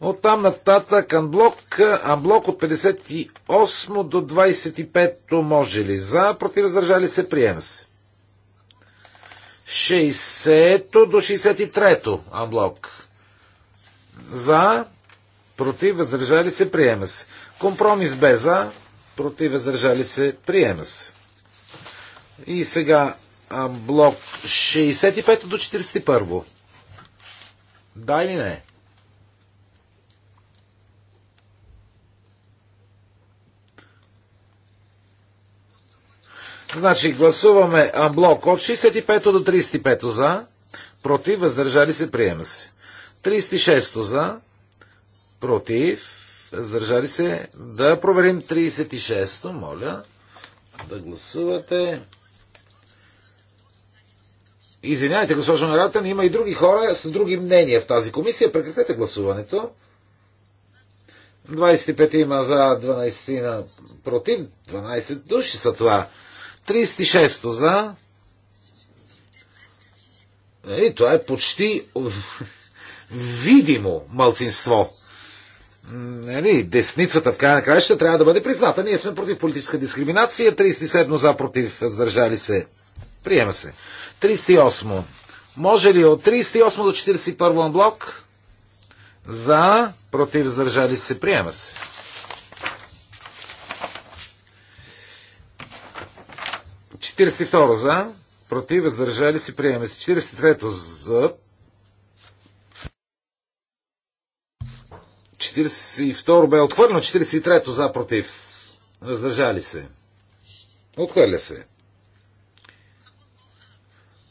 От там нататък анблок, анблок от 58 до 25 може ли? За против въздържали се приема се. 60 до 63 анблок за, против, въздържали се, приема се. Компромис бе за, против, въздържали се, приема се. И сега блок 65 до 41. Да или не? Значи гласуваме блок от 65 до 35 за, против, въздържали се, приема се. 36 за, против, въздържали се. Да проверим 36-то, моля. Да гласувате. Извинявайте, госпожо Наратен, има и други хора с други мнения в тази комисия. Прекратете гласуването. 25 има за 12 на против. 12 души са това. 36 за. И е, това е почти видимо мълцинство. Нали, десницата в края на краища трябва да бъде призната. Ние сме против политическа дискриминация. 37 за против въздържали се. Приема се. 38. Може ли от 38 до 41 блок? За, против, сдържали се. Приема се. Четиридесет второ за, против, въздържали се, приема се. Четиридесет трето за, 42 бе отхвърлено, 43 за против. Въздържали се. Отхвърля се.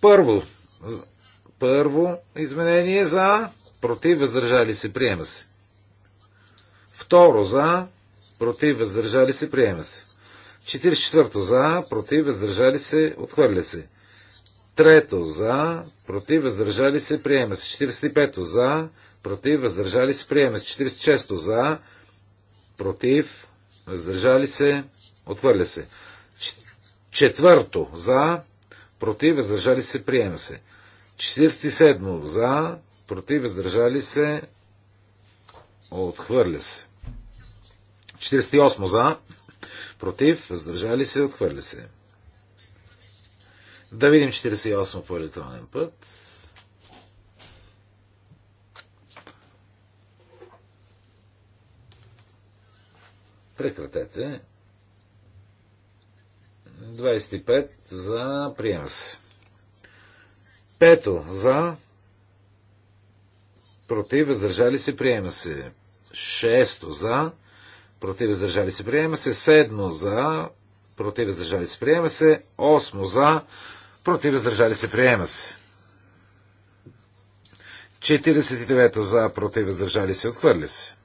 Първо. Първо изменение за против въздържали се. Приема се. Второ за против въздържали се. Приема се. 44 за против въздържали се. Отхвърля се. Трето за, против, въздържали се, приема се. 45 за, против, въздържали се, приема се. 46 за, против, въздържали се, отвърля се. Четвърто за, против, въздържали се, приема се. 47 за, против, въздържали се, отхвърля се. 48 за, против, въздържали се, отхвърля се. Да видим 48 по електронен път. Прекратете. 25 за приема се. Пето за против въздържали се приема се. Шесто за против въздържали се приема се. Седмо за против въздържали се приема се. Осмо за Против въздържали се. Приема се. 49-то за, против въздържали се. Отхвърля се.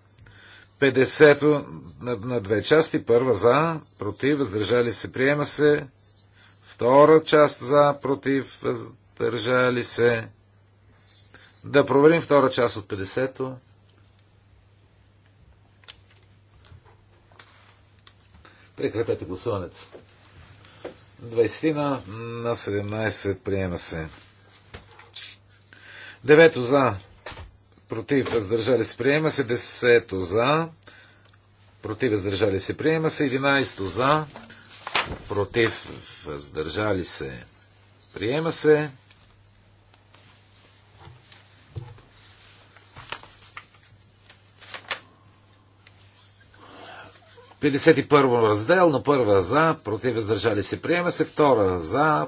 50-то на, на две части. Първа за, против въздържали се. Приема се. Втора част за, против въздържали се. Да проверим втора част от 50-то. Прекратете гласуването. 20 на, на 17 приема се. Девето за. Против въздържали се приема се. Десето за. Против въздържали се приема се. Единайсто за. Против въздържали се приема се. 51 раздел на първа за, против въздържали се, приема се, втора за,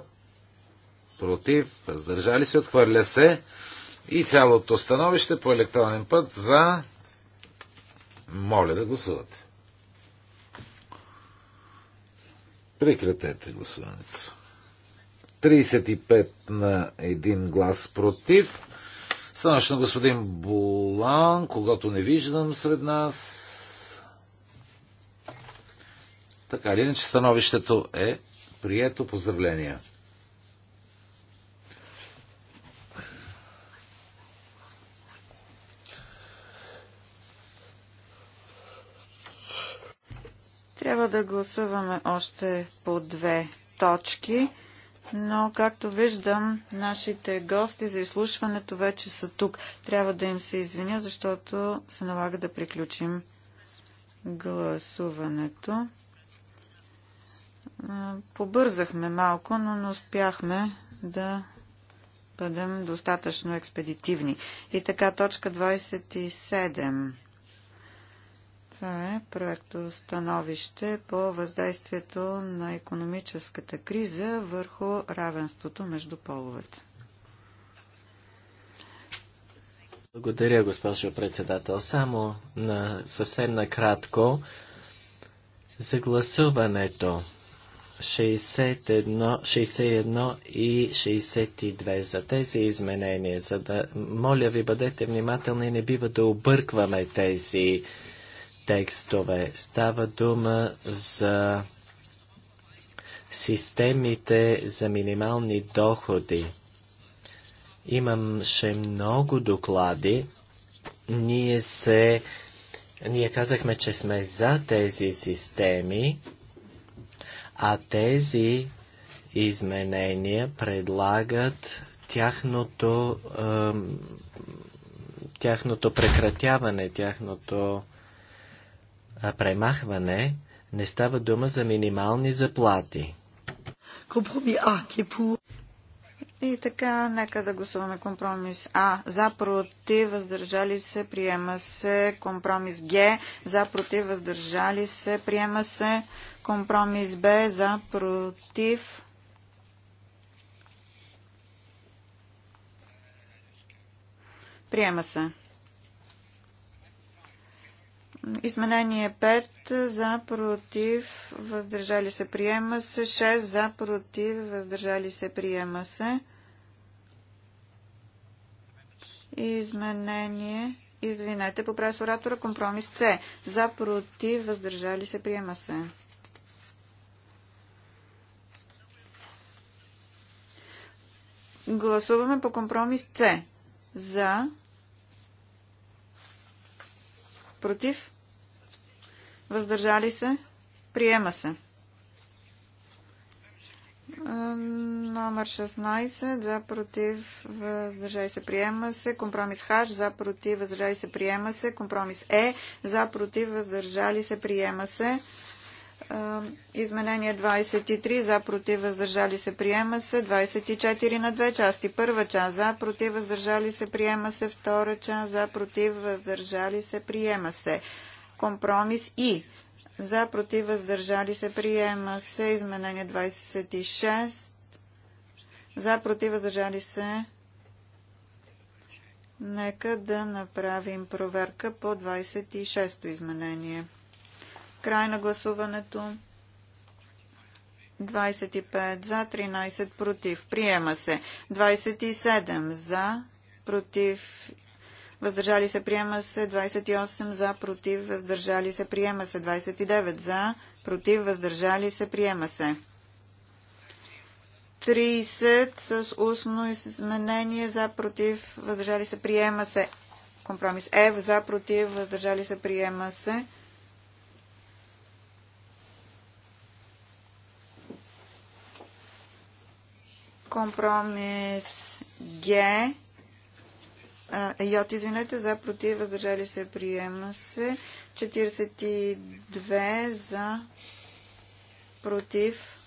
против въздържали се, отхвърля се и цялото становище по електронен път за. Моля да гласувате. Прекратете гласуването. 35 на 1 глас против. Становище на господин Болан, когато не виждам сред нас. Така или иначе становището е прието. Поздравления! Трябва да гласуваме още по две точки, но както виждам, нашите гости за изслушването вече са тук. Трябва да им се извиня, защото се налага да приключим гласуването. Побързахме малко, но не успяхме да бъдем достатъчно експедитивни. И така, точка 27. Това е проекто становище по въздействието на економическата криза върху равенството между половете. Благодаря, госпожо председател. Само на, съвсем накратко за гласуването. 61, 61 и 62 за тези изменения. За да, моля ви, бъдете внимателни, не бива да объркваме тези текстове. Става дума за системите за минимални доходи. Имаше много доклади. Ние се... Ние казахме, че сме за тези системи, а тези изменения предлагат тяхното, е, тяхното прекратяване, тяхното е, премахване. Не става дума за минимални заплати. Е И така, нека да гласуваме компромис А. За, против, въздържали се, приема се. Компромис Г. За, против, въздържали се, приема се. Компромис Б за против. Приема се. Изменение 5 за против, въздържали се, приема се. 6 за против, въздържали се, приема се. Изменение. Извинете, попрес оратора компромис С. За против, въздържали се, приема се. Гласуваме по компромис С. За. Против. Въздържали се. Приема се. Номер 16. За против. Въздържали се. Приема се. Компромис Х. За против. Въздържали се. Приема се. Компромис Е. за против. Въздържали се. Приема се. Изменение 23 за против въздържали се приема се. 24 на две части. Първа част за против въздържали се приема се. Втора част за против въздържали се приема се. Компромис и за против въздържали се приема се. Изменение 26 за против въздържали се. Нека да направим проверка по 26-то изменение. Край на гласуването. 25 за, 13 против. Приема се. 27 за, против. Въздържали се, приема се. 28 за, против. Въздържали се, приема се. 29 за, против. Въздържали се, приема се. 30 с устно изменение за, против. Въздържали се, приема се. Компромис F е за, против. Въздържали се, приема се. Компромис Г. Йот, извинете, за против, въздържали се, приема се. 42 за против.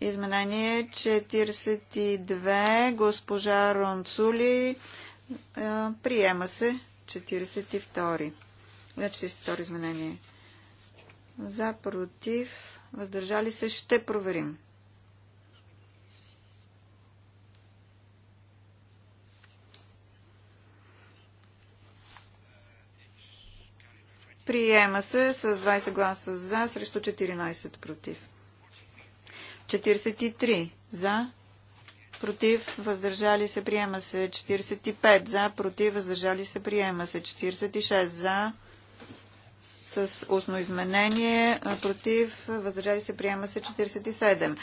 Изменение 42. Госпожа Ронцули. Приема се. 42. На 42 изменение. За, против, въздържали се, ще проверим. Приема се с 20 гласа за срещу 14 против. 43 за, против, въздържали се, приема се 45 за, против, въздържали се, приема се 46 за, с устно изменение, против, въздържали се, приема се 47.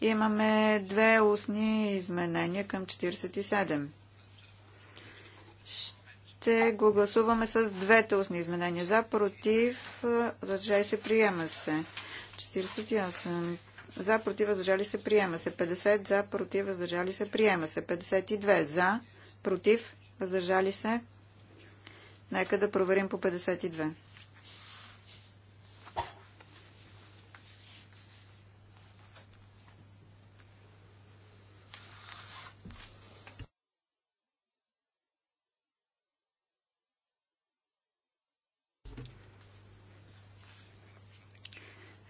Имаме две устни изменения към 47 ще го гласуваме с двете устни изменения. За, против, въздържали се, приема се. 48. За, против, въздържали се, приема се. 50. За, против, въздържали се, приема се. 52. За, против, въздържали се. Нека да проверим по 52.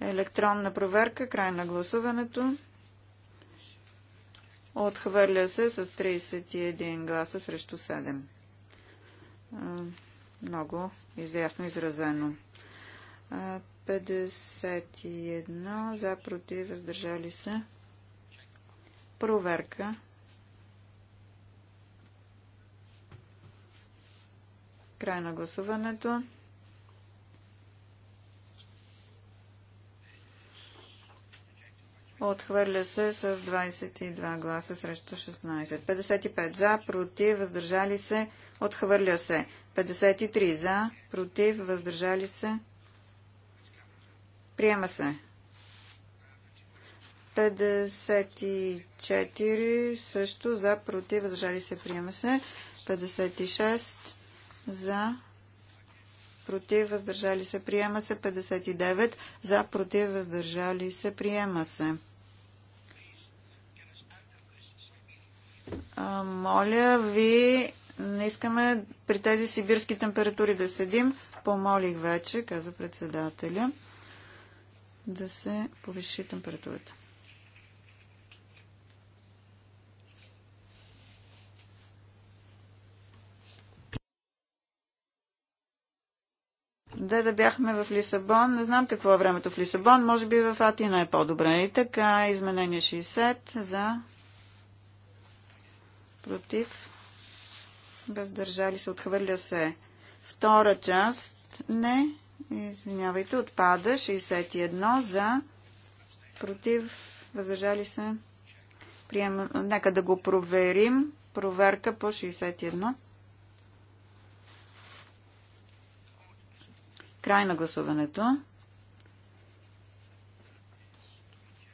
Електронна проверка, край на гласуването. Отхвърля се с 31 гласа срещу 7. Много изясно изразено. 51 за против, въздържали се. Проверка. Край на гласуването. Отхвърля се с 22 гласа срещу 16. 55 за, против, въздържали се. Отхвърля се. 53 за, против, въздържали се. Приема се. 54 също за, против, въздържали се. Приема се. 56 за, против, въздържали се, приема се. 59 за, против, въздържали се, приема се. А, моля ви, не искаме при тези сибирски температури да седим. Помолих вече, каза председателя, да се повиши температурата. да, да бяхме в Лисабон. Не знам какво е времето в Лисабон. Може би в Атина е по-добре. И така, изменение 60 за против. Въздържали се. Отхвърля се. Втора част. Не. Извинявайте. Отпада. 61 за против. Въздържали се. Приема... Нека да го проверим. Проверка по 61. Край на гласуването.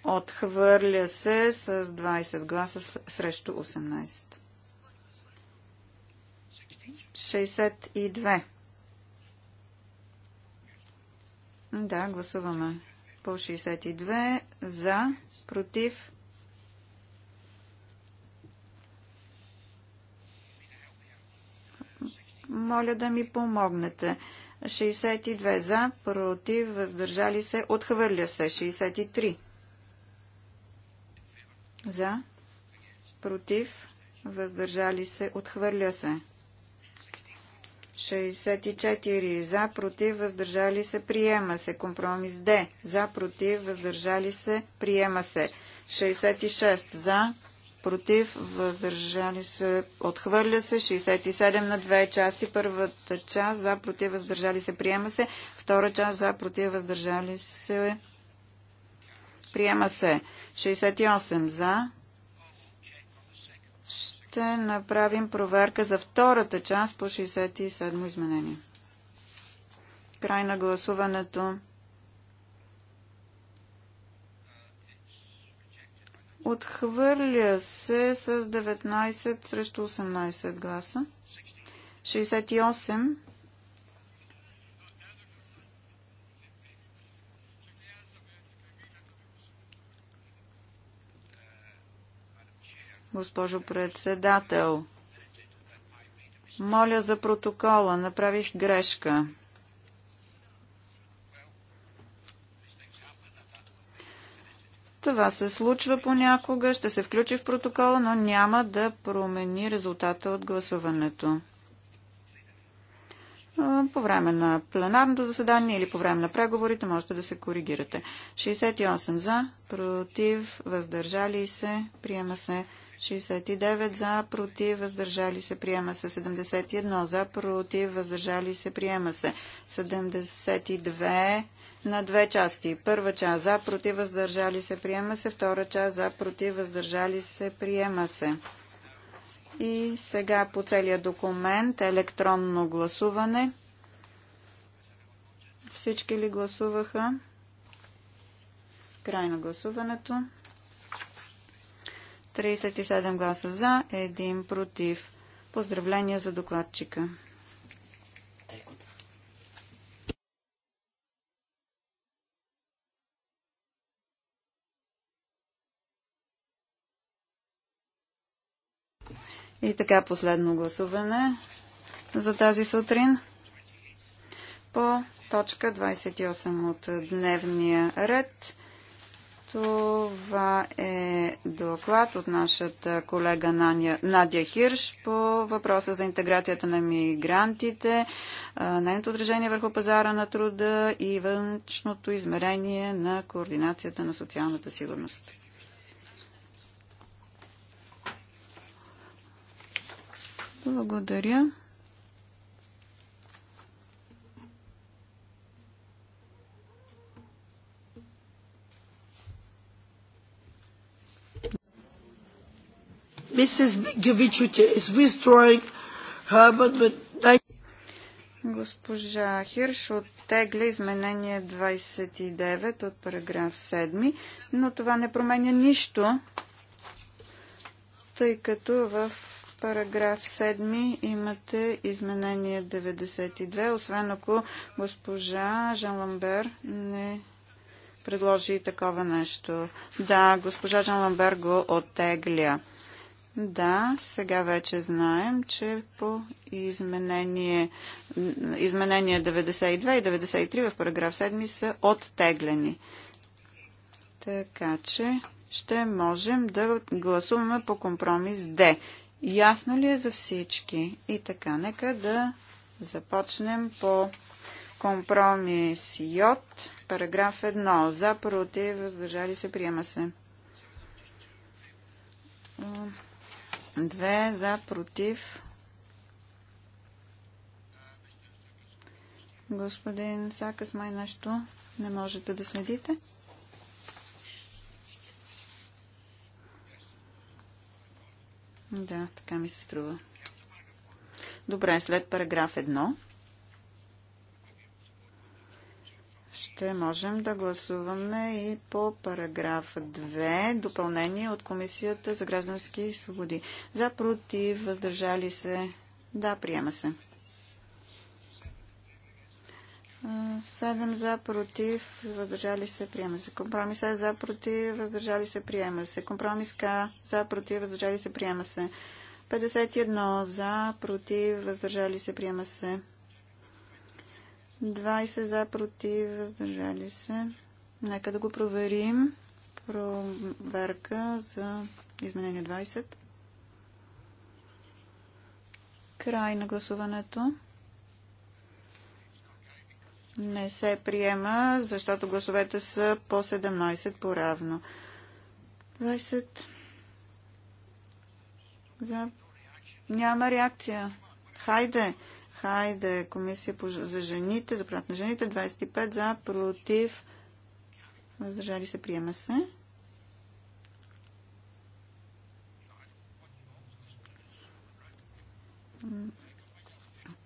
Отхвърля се с 20 гласа срещу 18. 62. Да, гласуваме по 62. За, против. Моля да ми помогнете. 62 за, против, въздържали се, отхвърля се. 63 за, против, въздържали се, отхвърля се. 64 за, против, въздържали се, приема се. Компромис Д. За, против, въздържали се, приема се. 66 за, против, въздържали се, отхвърля се, 67 на две части, първата част за, против, въздържали се, приема се, втора част за, против, въздържали се, приема се, 68 за. Ще направим проверка за втората част по 67 изменение. Край на гласуването. Отхвърля се с 19 срещу 18 гласа. 68. Госпожо председател, моля за протокола. Направих грешка. Това се случва понякога, ще се включи в протокола, но няма да промени резултата от гласуването. По време на пленарното заседание или по време на преговорите можете да се коригирате. 68 за, против, въздържали се, приема се 69 за, против, въздържали се, приема се. 71 за, против, въздържали се, приема се. 72 на две части. Първа част за, против, въздържали се, приема се. Втора част за, против, въздържали се, приема се. И сега по целия документ електронно гласуване. Всички ли гласуваха? Край на гласуването. 37 гласа за, 1 против. Поздравления за докладчика. И така последно гласуване за тази сутрин по точка 28 от дневния ред. Това е доклад от нашата колега Надя Хирш по въпроса за интеграцията на мигрантите, нейното отражение върху пазара на труда и външното измерение на координацията на социалната сигурност. Благодаря. Mrs. Гевичуте is withdrawing her amendment. Госпожа Хирш оттегля изменение 29 от параграф 7, но това не променя нищо, тъй като в параграф 7 имате изменение 92, освен ако госпожа Жан Ламбер не предложи такова нещо. Да, госпожа Жан Ламбер го оттегля. Да, сега вече знаем, че по изменение, изменение 92 и 93 в параграф 7 са оттеглени. Така че ще можем да гласуваме по компромис Д. Ясно ли е за всички? И така, нека да започнем по компромис Й, параграф 1. За, против, въздържали се, приема се. 2 за, против. Господин Сакас, май нещо не можете да следите. Да, така ми се струва. Добре, след параграф 1. ще можем да гласуваме и по параграф 2, допълнение от Комисията за граждански свободи. За, против, въздържали се. Да, приема се. 7 за, против, въздържали се, приема се. Компромис Е за, против, въздържали се, приема се. Компромис К за, против, въздържали се, приема се. 51 за, против, въздържали се, приема се. 20 за, против, въздържали се. Нека да го проверим. Проверка за изменение 20. Край на гласуването. Не се приема, защото гласовете са по 17 по-равно. 20. За... Няма реакция. Хайде! Хайде, комисия за жените, за правата на жените, 25 за, против, въздържали се, приема се.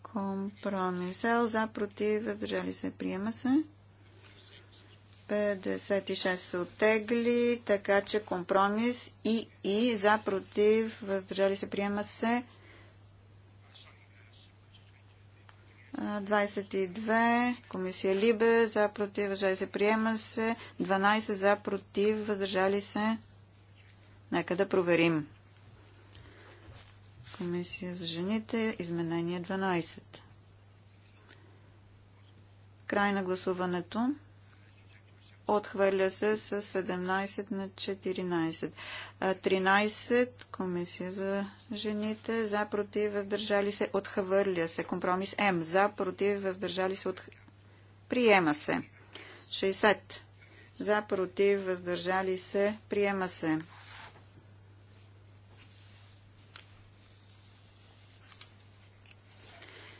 Компромис. Ел за, против, въздържали се, приема се. 56 се оттегли, така че компромис и и за, против, въздържали се, приема се. 22, комисия Либе, за, против, въздържали се, приема се. 12 за, против, въздържали се. Нека да проверим. Комисия за жените, изменение 12. Край на гласуването. Отхвърля се с 17 на 14. 13. Комисия за жените. За, против, въздържали се. Отхвърля се. Компромис М. За, против, въздържали се. отх... Приема се. 60. За, против, въздържали се. Приема се.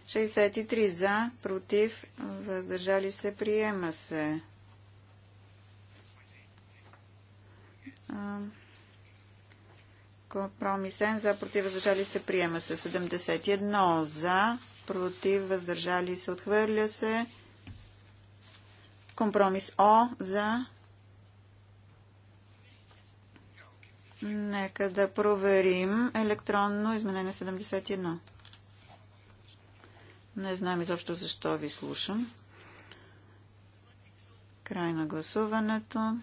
Шестдесет три за, против, въздържали се, приема се. компромисен за против въздържали се приема се 71 за против въздържали се отхвърля се компромис О за Нека да проверим електронно изменение 71. Не знам изобщо защо ви слушам. Край на гласуването.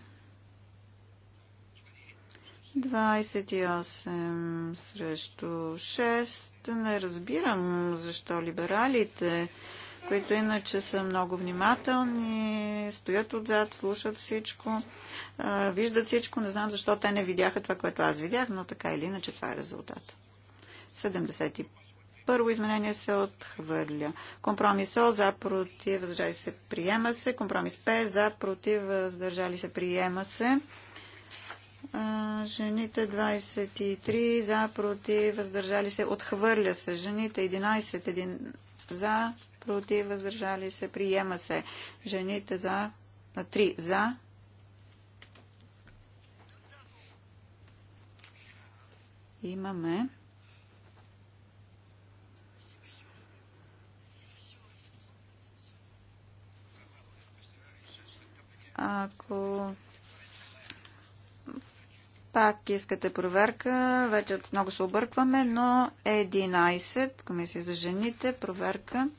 28 срещу 6. Не разбирам защо либералите, които иначе са много внимателни, стоят отзад, слушат всичко, виждат всичко. Не знам защо те не видяха това, което аз видях, но така или иначе това е резултат. 75. Първо изменение се отхвърля. Компромис О за против, въздържали се, приема се. Компромис П за против, въздържали се, приема се. Жените 23 за, против, въздържали се, отхвърля се. Жените 11 1, за, против, въздържали се, приема се. Жените за, 3 за. Имаме. Ако пак искате проверка. Вече много се объркваме, но 11. Комисия за жените. Проверка.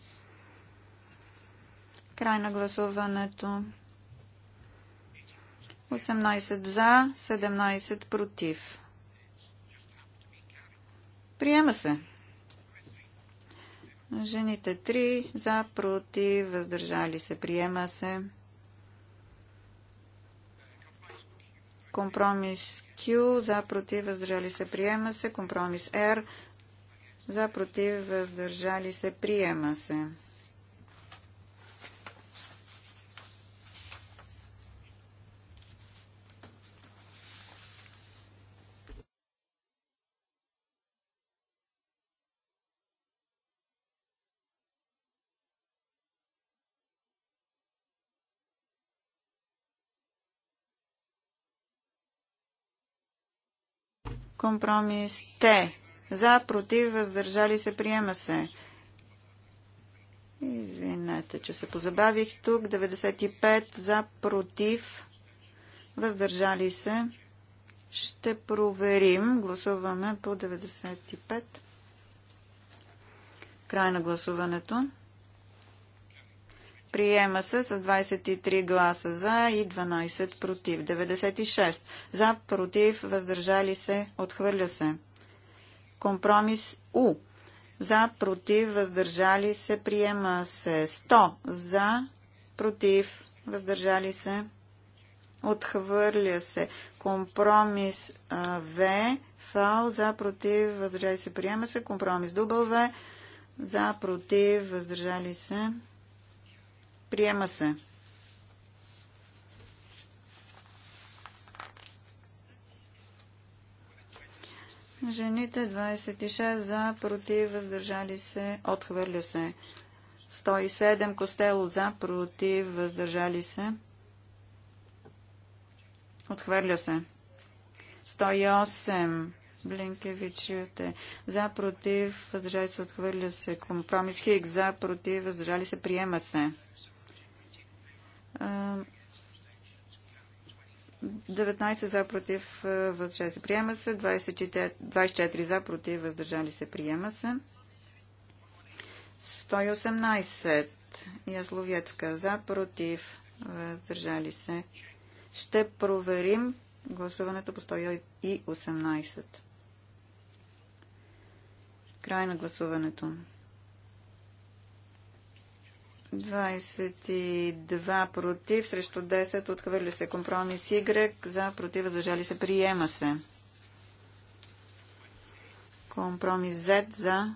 Край на гласуването. 18 за, 17 против. Приема се. Жените 3 за, против, въздържали се. Приема се. Компромис Q за против въздържали се приема се. Компромис R за против въздържали се приема се. Компромис Т. За, против, въздържали се, приема се. Извинете, че се позабавих тук. 95 за, против, въздържали се. Ще проверим. Гласуваме по 95. Край на гласуването. Приема се с 23 гласа за и 12 против. 96. За, против, въздържали се, отхвърля се. Компромис У. За, против, въздържали се, приема се. 100. За, против, въздържали се, отхвърля се. Компромис В. Фал. За, против, въздържали се, приема се. Компромис В. За, против, въздържали се, Приема се. Жените 26 за, против, въздържали се, отхвърля се. 107 Костело за, против, въздържали се. Отхвърля се. 108 Блинкевичите за, против, въздържали се, отхвърля се. Компромис Хиг за, против, въздържали се, приема се. 19 за против въздържали се приема се, 24, 24 за против въздържали се приема се, 118 Ясловецка за против въздържали се. Ще проверим гласуването по 118. Край на гласуването. 22 против срещу 10. Отхвърля се компромис Y. За против въздържали се. Приема се. Компромис Z. За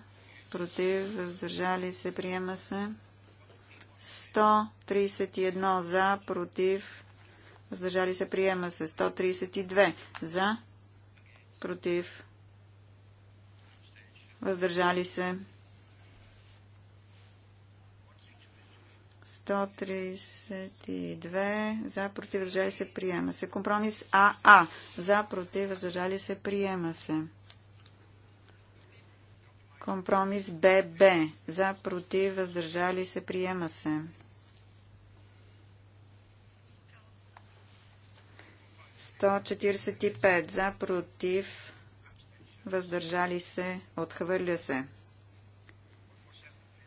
против въздържали се. Приема се. 131 за против въздържали се. Приема се. 132 за против въздържали се. 132 за против въздържали се приема се. Компромис АА за против въздържали се приема се. Компромис ББ за против въздържали се приема се. 145 за против въздържали се отхвърля се.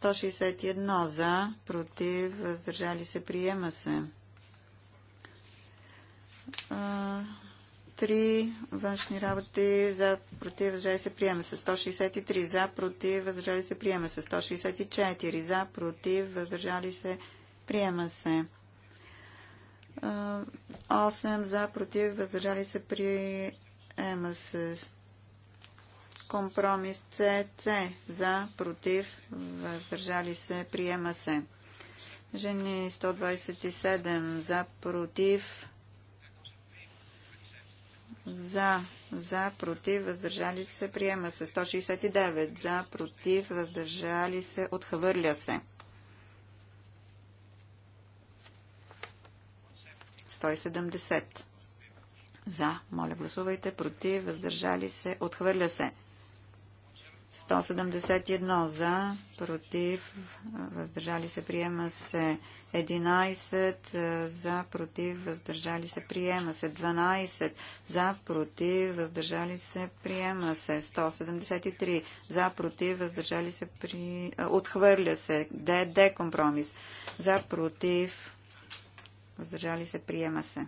161 за, против, въздържали се, приема се. 3 външни работи за, против, въздържали се, приема се. 163 за, против, въздържали се, приема се. 164 за, против, въздържали се, приема се. 8 за, против, въздържали се, приема се. Компромис CC за, против, въздържали се, приема се. Жени 127 за, против, за, за, против, въздържали се, приема се. 169 за, против, въздържали се, отхвърля се. 170 за, моля гласувайте, против, въздържали се, отхвърля се. 171 за, против, въздържали се, приема се 11 е, за, против, въздържали се, приема се 12 за, против, въздържали се, приема се 173 за, против, въздържали се, при... Е, отхвърля се ДД компромис за, против, въздържали се, приема се.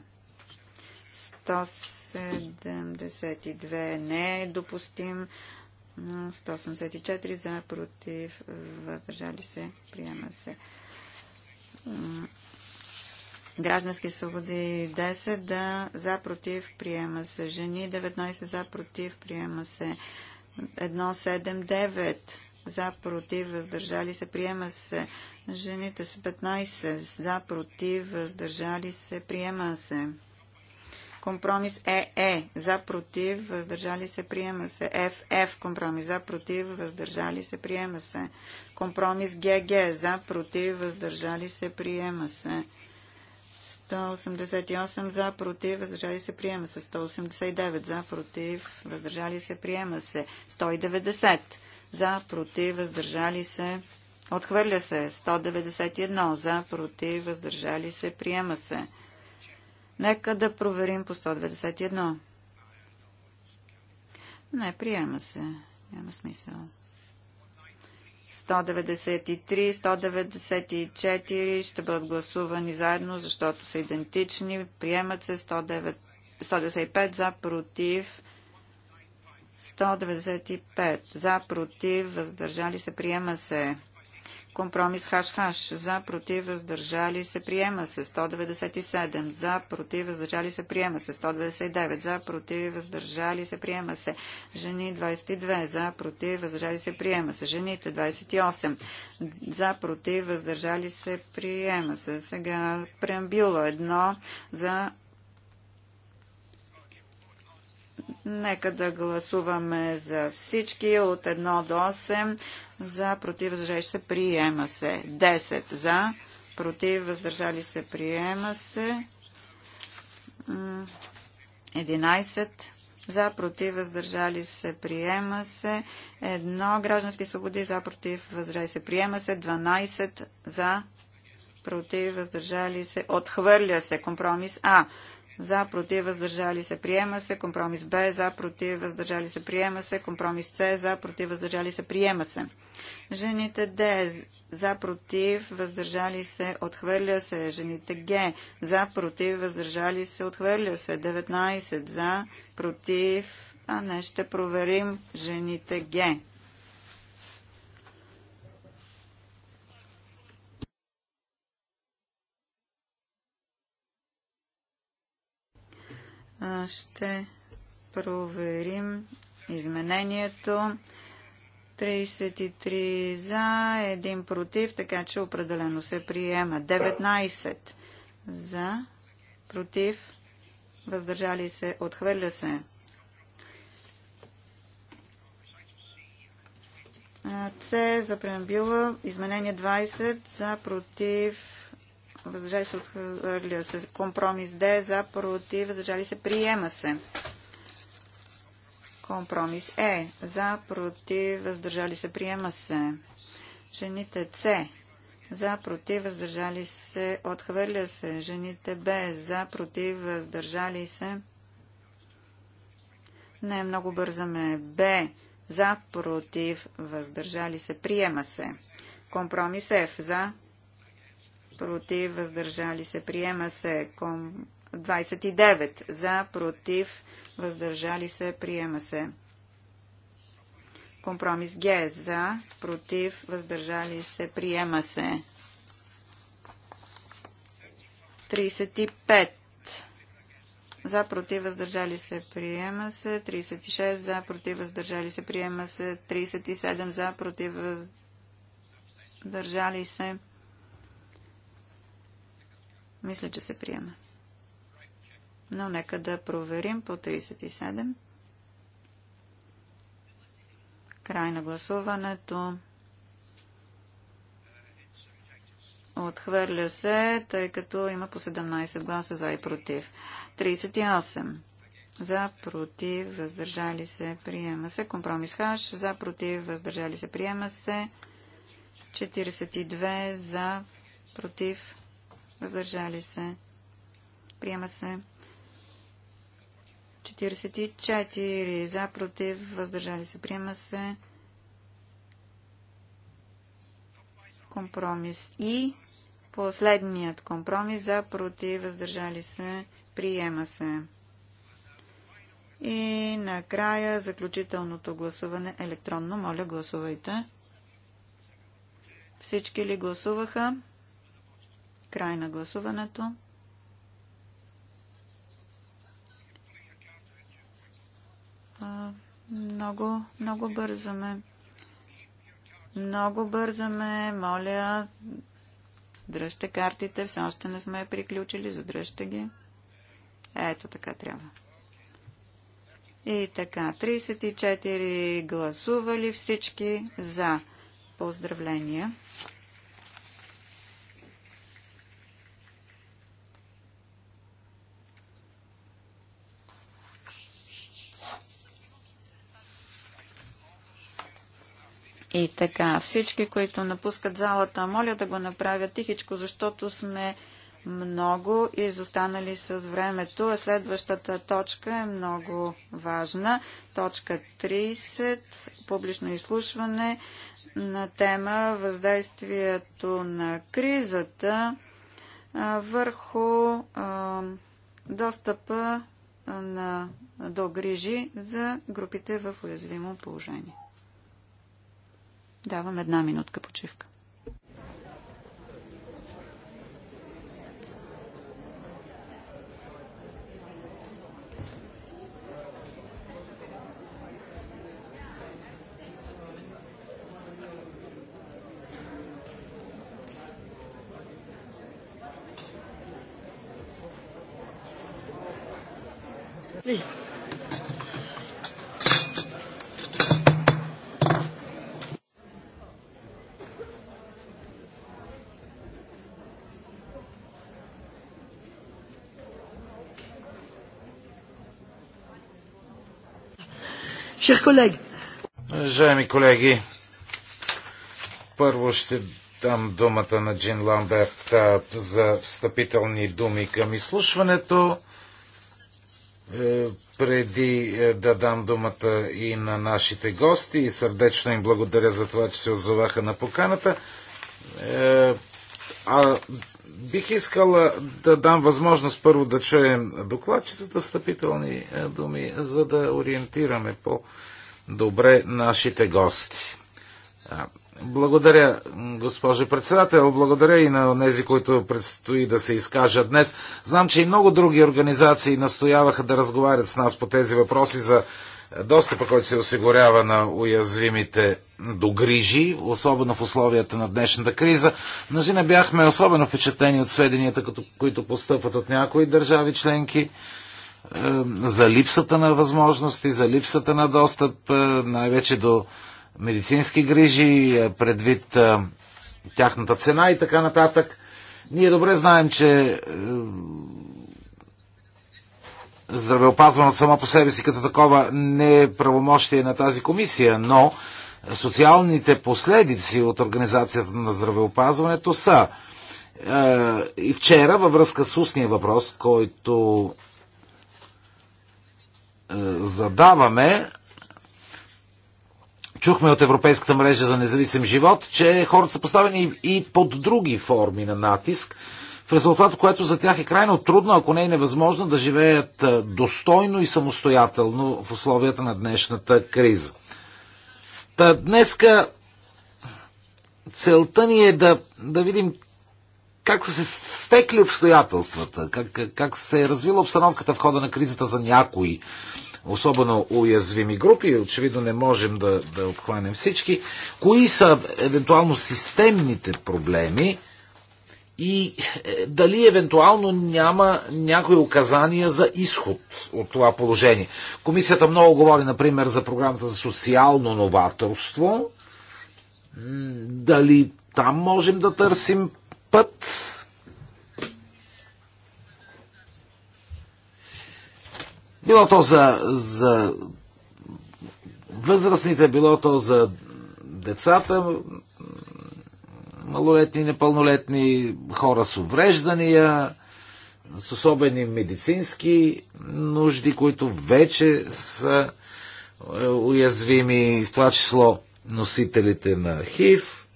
172 не е допустим. 184 за, против, въздържали се, приема се. Граждански свободи 10 да, за, против, приема се. Жени 19 за, против, приема се. 179 за, против, въздържали се, приема се. Жените са 15 за, против, въздържали се, приема се. Компромис ЕЕ. Е. За, против, въздържали се, приема се. Ф Компромис за, против, въздържали се, приема се. Компромис ГГ. За, против, въздържали се, приема се. 188 за, против, въздържали се, приема се. 189 за, против, въздържали се, приема се. 190 за, против, въздържали се. Отхвърля се. 191 за, против, въздържали се, приема се. Нека да проверим по 191. Не, приема се. Няма смисъл. 193, 194 ще бъдат гласувани заедно, защото са идентични. Приемат се 109, 195 за против. 195 за против. Въздържали се. Приема се. Компромис хаш-хаш. За, против, въздържали се, приема се. 197. За, против, въздържали се, приема се. 199. За, против, въздържали се, приема се. Жени 22. За, против, въздържали се, приема се. Жените 28. За, против, въздържали се, приема се. Сега преамбюла едно За, Нека да гласуваме за всички от 1 до 8. За, против, въздържали се, приема се. 10 за, против, въздържали се, приема се. 11 за, против, въздържали се, приема се. 1 граждански свободи за, против, въздържали се, приема се. 12 за, против, въздържали се, отхвърля се. Компромис А за, против, въздържали се, приема се. Компромис Б, за, против, въздържали се, приема се. Компромис С, за, против, въздържали се, приема се. Жените Д, за, против, въздържали се, отхвърля се. Жените Г, за, против, въздържали се, отхвърля се. 19, за, против, а не ще проверим жените Г. ще проверим изменението. 33 за, 1 против, така че определено се приема. 19 за, против, въздържали се, отхвърля се. С за преамбюла, изменение 20 за, против, въздържали се, отхвърля се. Компромис Д за, против, въздържали се, приема се. Компромис Е за, против, въздържали се, приема се. Жените С за, против, въздържали се, отхвърля се. Жените Б за, против, въздържали се. Не, много бързаме. Б за, против, въздържали се, приема се. Компромис Ф за, против, въздържали се, приема се. Ком... 29 за, против, въздържали се, приема се. Компромис Г за, против, въздържали се, приема се. 35 за, против, въздържали се, приема се. 36 за, против, въздържали се, приема се. 37 за, против, въздържали се, мисля, че се приема. Но нека да проверим по 37. Край на гласуването. Отхвърля се, тъй като има по 17 гласа за и против. 38. За, против, въздържали се, приема се. Компромис хаш. За, против, въздържали се, приема се. 42. За, против, въздържали се, приема се. 44 за, против, въздържали се, приема се. Компромис и последният компромис за, против, въздържали се, приема се. И накрая заключителното гласуване електронно. Моля, гласувайте. Всички ли гласуваха? Край на гласуването. много, много бързаме. Много бързаме. Моля, дръжте картите. Все още не сме приключили. Задръжте ги. Ето така трябва. И така, 34 гласували всички за. Поздравления! И така, всички, които напускат залата, моля да го направят тихичко, защото сме много изостанали с времето, а е, следващата точка е много важна. Точка 30, публично изслушване на тема въздействието на кризата върху достъпа на, до грижи за групите в уязвимо положение. Давам една минутка почивка. Уважаеми колеги, първо ще дам думата на Джин Ламберт за встъпителни думи към изслушването. Е, преди е, да дам думата и на нашите гости и сърдечно им благодаря за това, че се озоваха на поканата. Е, а Бих искала да дам възможност първо да чуем докладчицата, стъпителни думи, за да ориентираме по-добре нашите гости. Благодаря, госпожо председател. Благодаря и на тези, които предстои да се изкажат днес. Знам, че и много други организации настояваха да разговарят с нас по тези въпроси за достъпа, който се осигурява на уязвимите до грижи, особено в условията на днешната криза. Мнозина бяхме особено впечатлени от сведенията, които постъпват от някои държави членки е, за липсата на възможности, за липсата на достъп, е, най-вече до медицински грижи, е, предвид тяхната цена и така нататък. Ние добре знаем, че здравеопазването само по себе си като такова не е правомощие на тази комисия, но социалните последици от Организацията на здравеопазването са. Е, и вчера, във връзка с устния въпрос, който е, задаваме, чухме от Европейската мрежа за независим живот, че хората са поставени и под други форми на натиск в резултат което за тях е крайно трудно, ако не е невъзможно, да живеят достойно и самостоятелно в условията на днешната криза. Та днеска целта ни е да, да видим как са се стекли обстоятелствата, как, как се е развила обстановката в хода на кризата за някои особено уязвими групи, очевидно не можем да, да обхванем всички, кои са евентуално системните проблеми, и е, дали евентуално няма някои указания за изход от това положение. Комисията много говори, например, за програмата за социално новаторство. Дали там можем да търсим път? Било то за, за възрастните, било то за децата, малолетни, непълнолетни, хора с увреждания, с особени медицински нужди, които вече са е, уязвими, в това число носителите на ХИВ.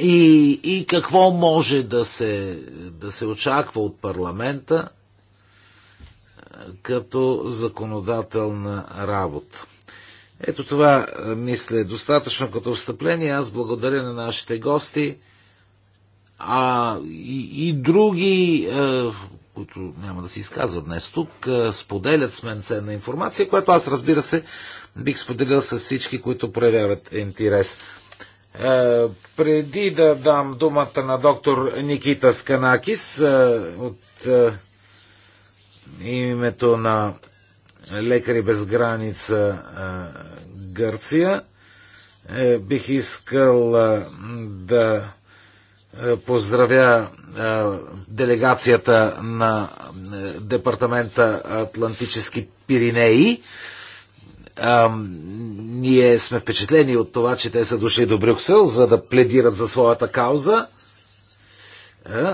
И, и какво може да се, да се очаква от парламента е, като законодателна работа. Ето това, мисля, е достатъчно като встъпление. Аз благодаря на нашите гости. А и, и други, е, които няма да се изказват днес тук, е, споделят с мен ценна информация, която аз, разбира се, бих споделил с всички, които проявяват интерес. Е, преди да дам думата на доктор Никита Сканакис е, от е, името на Лекари без граница Гърция. Е, бих искал да поздравя делегацията на департамента Атлантически Пиринеи. Ние сме впечатлени от това, че те са дошли до Брюксел, за да пледират за своята кауза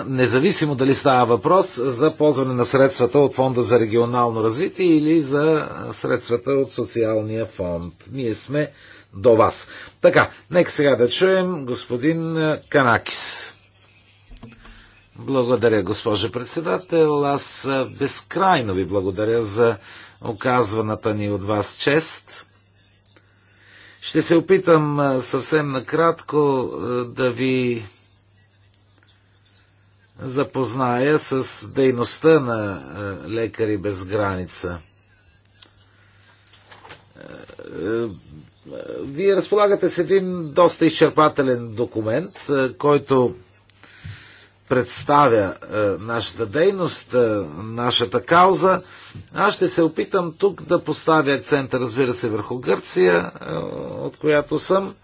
независимо дали става въпрос за ползване на средствата от Фонда за регионално развитие или за средствата от социалния фонд. Ние сме до вас. Така, нека сега да чуем господин Канакис. Благодаря, госпожо председател. Аз безкрайно ви благодаря за оказваната ни от вас чест. Ще се опитам съвсем накратко да ви запозная с дейността на е, Лекари без граница. Е, е, вие разполагате с един доста изчерпателен документ, който представя нашата дейност, нашата кауза. Аз ще се опитам тук да поставя акцента, разбира се, върху Гърция, от която съм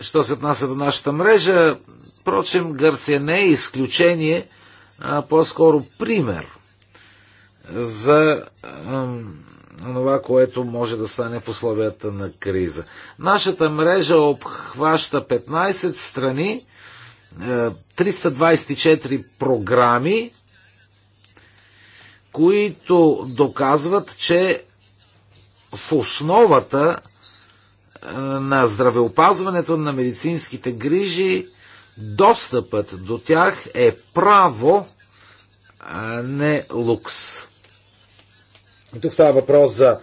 Що се отнася до нашата мрежа, впрочем, Гърция не е изключение, а по-скоро пример за това, което може да стане в условията на криза. Нашата мрежа обхваща 15 страни, 324 е, програми, които доказват, че в основата на здравеопазването, на медицинските грижи, достъпът до тях е право, а не лукс. И тук става въпрос за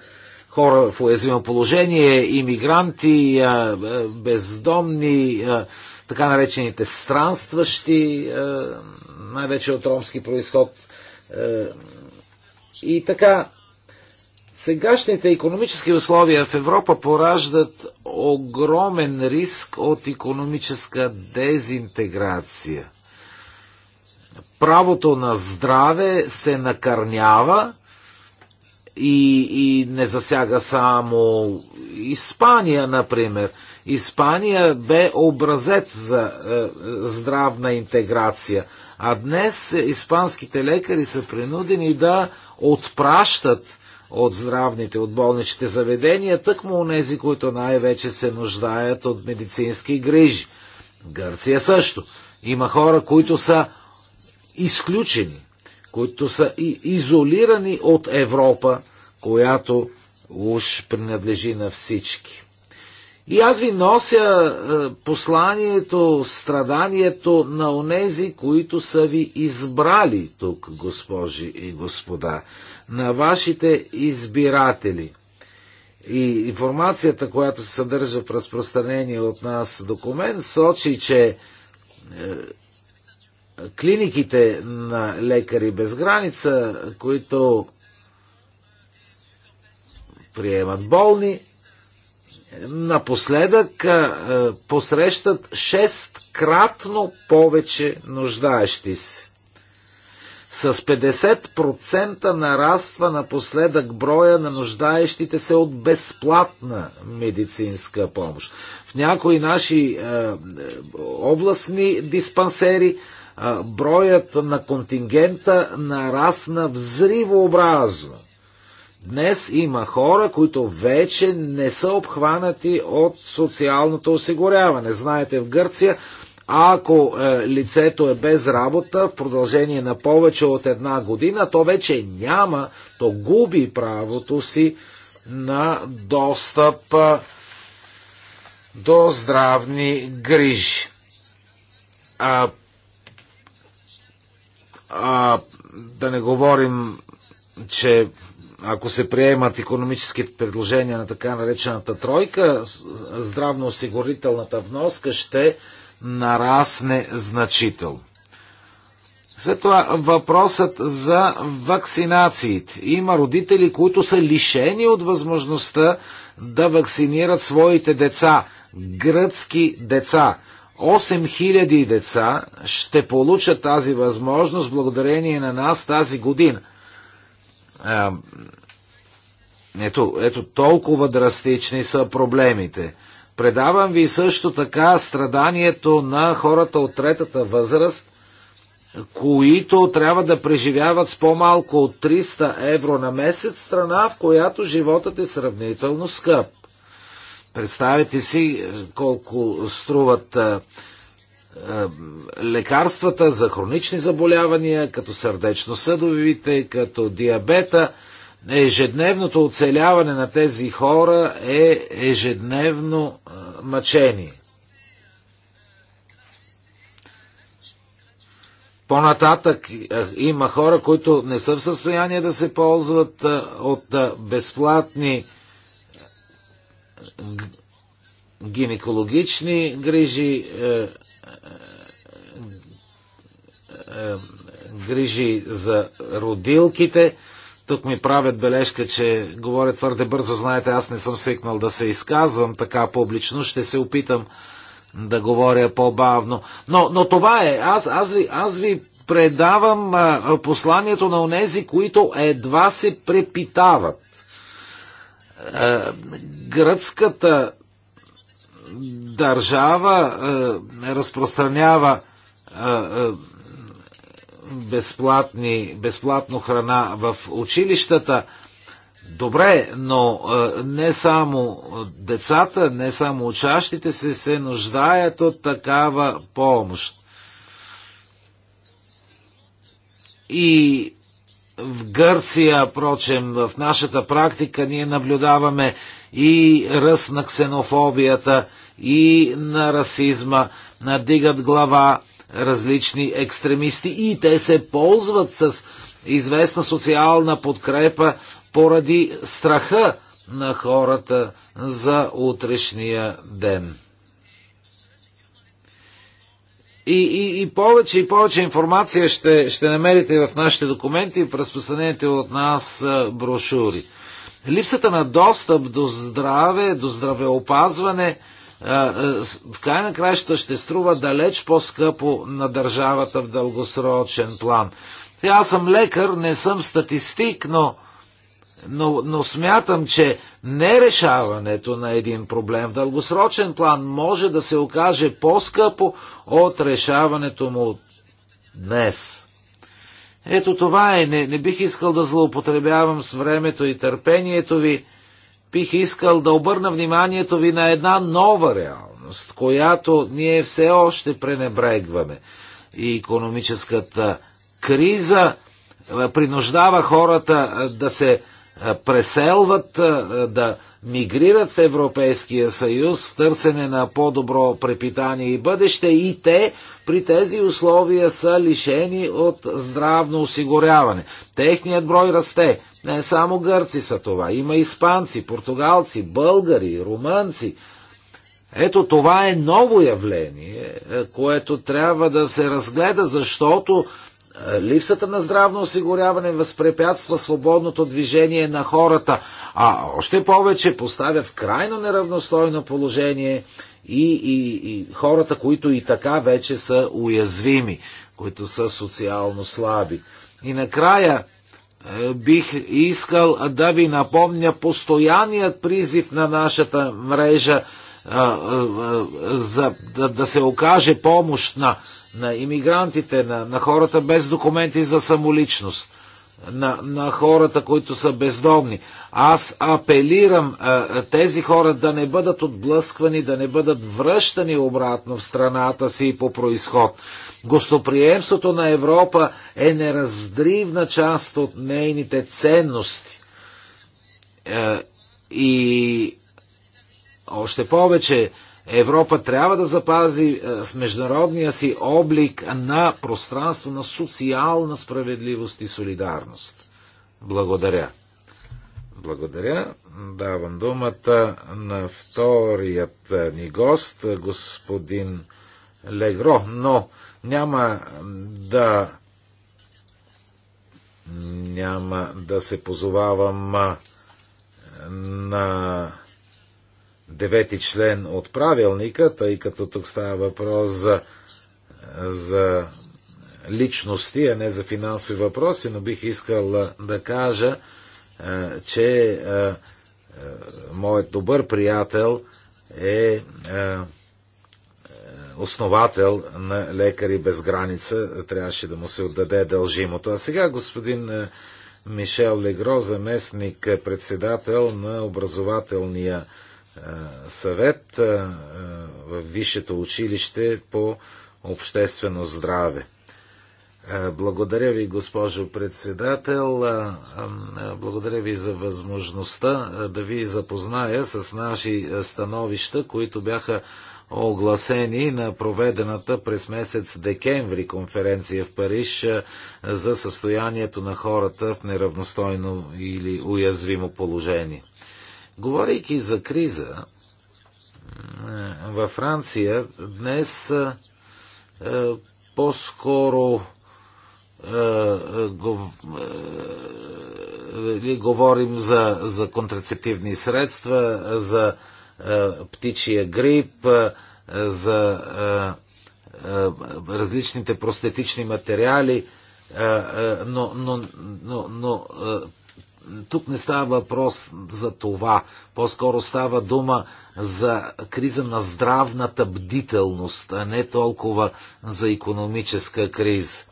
хора в уязвимо положение, иммигранти, бездомни, така наречените странстващи, най-вече от ромски происход. И така, Сегашните економически условия в Европа пораждат огромен риск от економическа дезинтеграция. Правото на здраве се накърнява и, и не засяга само Испания, например. Испания бе образец за е, здравна интеграция, а днес испанските лекари са принудени да отпращат от здравните, от болничните заведения, тъкмо у нези, които най-вече се нуждаят от медицински грижи. Гърция също. Има хора, които са изключени, които са и изолирани от Европа, която уж принадлежи на всички. И аз ви нося е, посланието, страданието на онези, които са ви избрали тук, госпожи и господа на вашите избиратели. И информацията, която се съдържа в разпространение от нас документ, сочи, че е, клиниките на лекари без граница, които приемат болни, напоследък е, посрещат шесткратно повече нуждаещи се. С 50% нараства напоследък броя на нуждаещите се от безплатна медицинска помощ. В някои наши е, е, областни диспансери е, броят на контингента нарасна взривообразно. Днес има хора, които вече не са обхванати от социалното осигуряване. Знаете, в Гърция ако ако е, лицето е без работа в продължение на повече от една година, то вече няма, то губи правото си на достъп е, до здравни грижи. А, а, да не говорим, че ако се приемат економически предложения на така наречената тройка, здравноосигурителната вноска ще нарасне значително. След това въпросът за вакцинациите. Има родители, които са лишени от възможността да вакцинират своите деца. Гръцки деца. 8000 деца ще получат тази възможност благодарение на нас тази година. Ето, ето толкова драстични са проблемите. Предавам ви също така страданието на хората от третата възраст, които трябва да преживяват с по-малко от 300 евро на месец, страна в която животът е сравнително скъп. Представете си е, колко струват а, е, а, е, лекарствата за хронични заболявания, като сърдечно-съдовите, като диабета – Ежедневното оцеляване на тези хора е ежедневно е, мъчение. По-нататък е, има хора, които не са в състояние да се ползват е, от безплатни гинекологични грижи, грижи за родилките. Тук ми правят бележка, че говоря твърде бързо. Знаете, аз не съм свикнал да се изказвам така публично. Ще се опитам да говоря по-бавно. Но, но това е. Аз, аз, ви, аз ви предавам а, посланието на онези, които едва се препитават. А, гръцката държава а, разпространява а, а, безплатни, безплатно храна в училищата. Добре, но е, не само децата, не само учащите се се нуждаят от такава помощ. И в Гърция, прочем, в нашата практика ние наблюдаваме и ръст на ксенофобията, и на расизма, надигат глава различни екстремисти и те се ползват с известна социална подкрепа поради страха на хората за утрешния ден. И, и, и повече и повече информация ще, ще намерите в нашите документи и в разпространените от нас брошури. Липсата на достъп до здраве, до здравеопазване – в край на краища ще струва далеч по-скъпо на държавата в дългосрочен план. Аз съм лекар, не съм статистик, но, но, но смятам, че нерешаването на един проблем в дългосрочен план може да се окаже по-скъпо от решаването му днес. Ето това е. Не, не бих искал да злоупотребявам с времето и търпението ви бих искал да обърна вниманието ви на една нова реалност, която ние все още пренебрегваме. И економическата криза принуждава хората да се преселват, да мигрират в Европейския съюз в търсене на по-добро препитание и бъдеще и те при тези условия са лишени от здравно осигуряване. Техният брой расте. Не само гърци са това. Има испанци, португалци, българи, румънци. Ето това е ново явление, което трябва да се разгледа, защото Липсата на здравно осигуряване възпрепятства свободното движение на хората, а още повече поставя в крайно неравностойно положение и, и, и хората, които и така вече са уязвими, които са социално слаби. И накрая е, бих искал да ви напомня постоянният призив на нашата мрежа за да, да се окаже помощ на, на иммигрантите, на, на хората без документи за самоличност, на, на хората, които са бездомни. Аз апелирам а, тези хора да не бъдат отблъсквани, да не бъдат връщани обратно в страната си по происход. Гостоприемството на Европа е нераздривна част от нейните ценности. Е, и още повече, Европа трябва да запази е, с международния си облик на пространство на социална справедливост и солидарност. Благодаря. Благодаря. Давам думата на вторият е, ни гост, е, господин Легро, но няма да няма да се позовавам на девети член от правилника, тъй като тук става въпрос за, за личности, а не за финансови въпроси, но бих искал да кажа, че моят добър приятел е основател на Лекари без граница. Трябваше да му се отдаде дължимото. А сега господин Мишел Легро, заместник председател на образователния съвет в Висшето училище по обществено здраве. Благодаря ви, госпожо председател. Благодаря ви за възможността да ви запозная с наши становища, които бяха огласени на проведената през месец декември конференция в Париж за състоянието на хората в неравностойно или уязвимо положение. Говорейки за криза във Франция, днес е, е, по-скоро е, говорим за, за контрацептивни средства, за птичия грип, за различните простетични материали, но, но, но, но тук не става въпрос за това. По-скоро става дума за криза на здравната бдителност, а не толкова за економическа криза.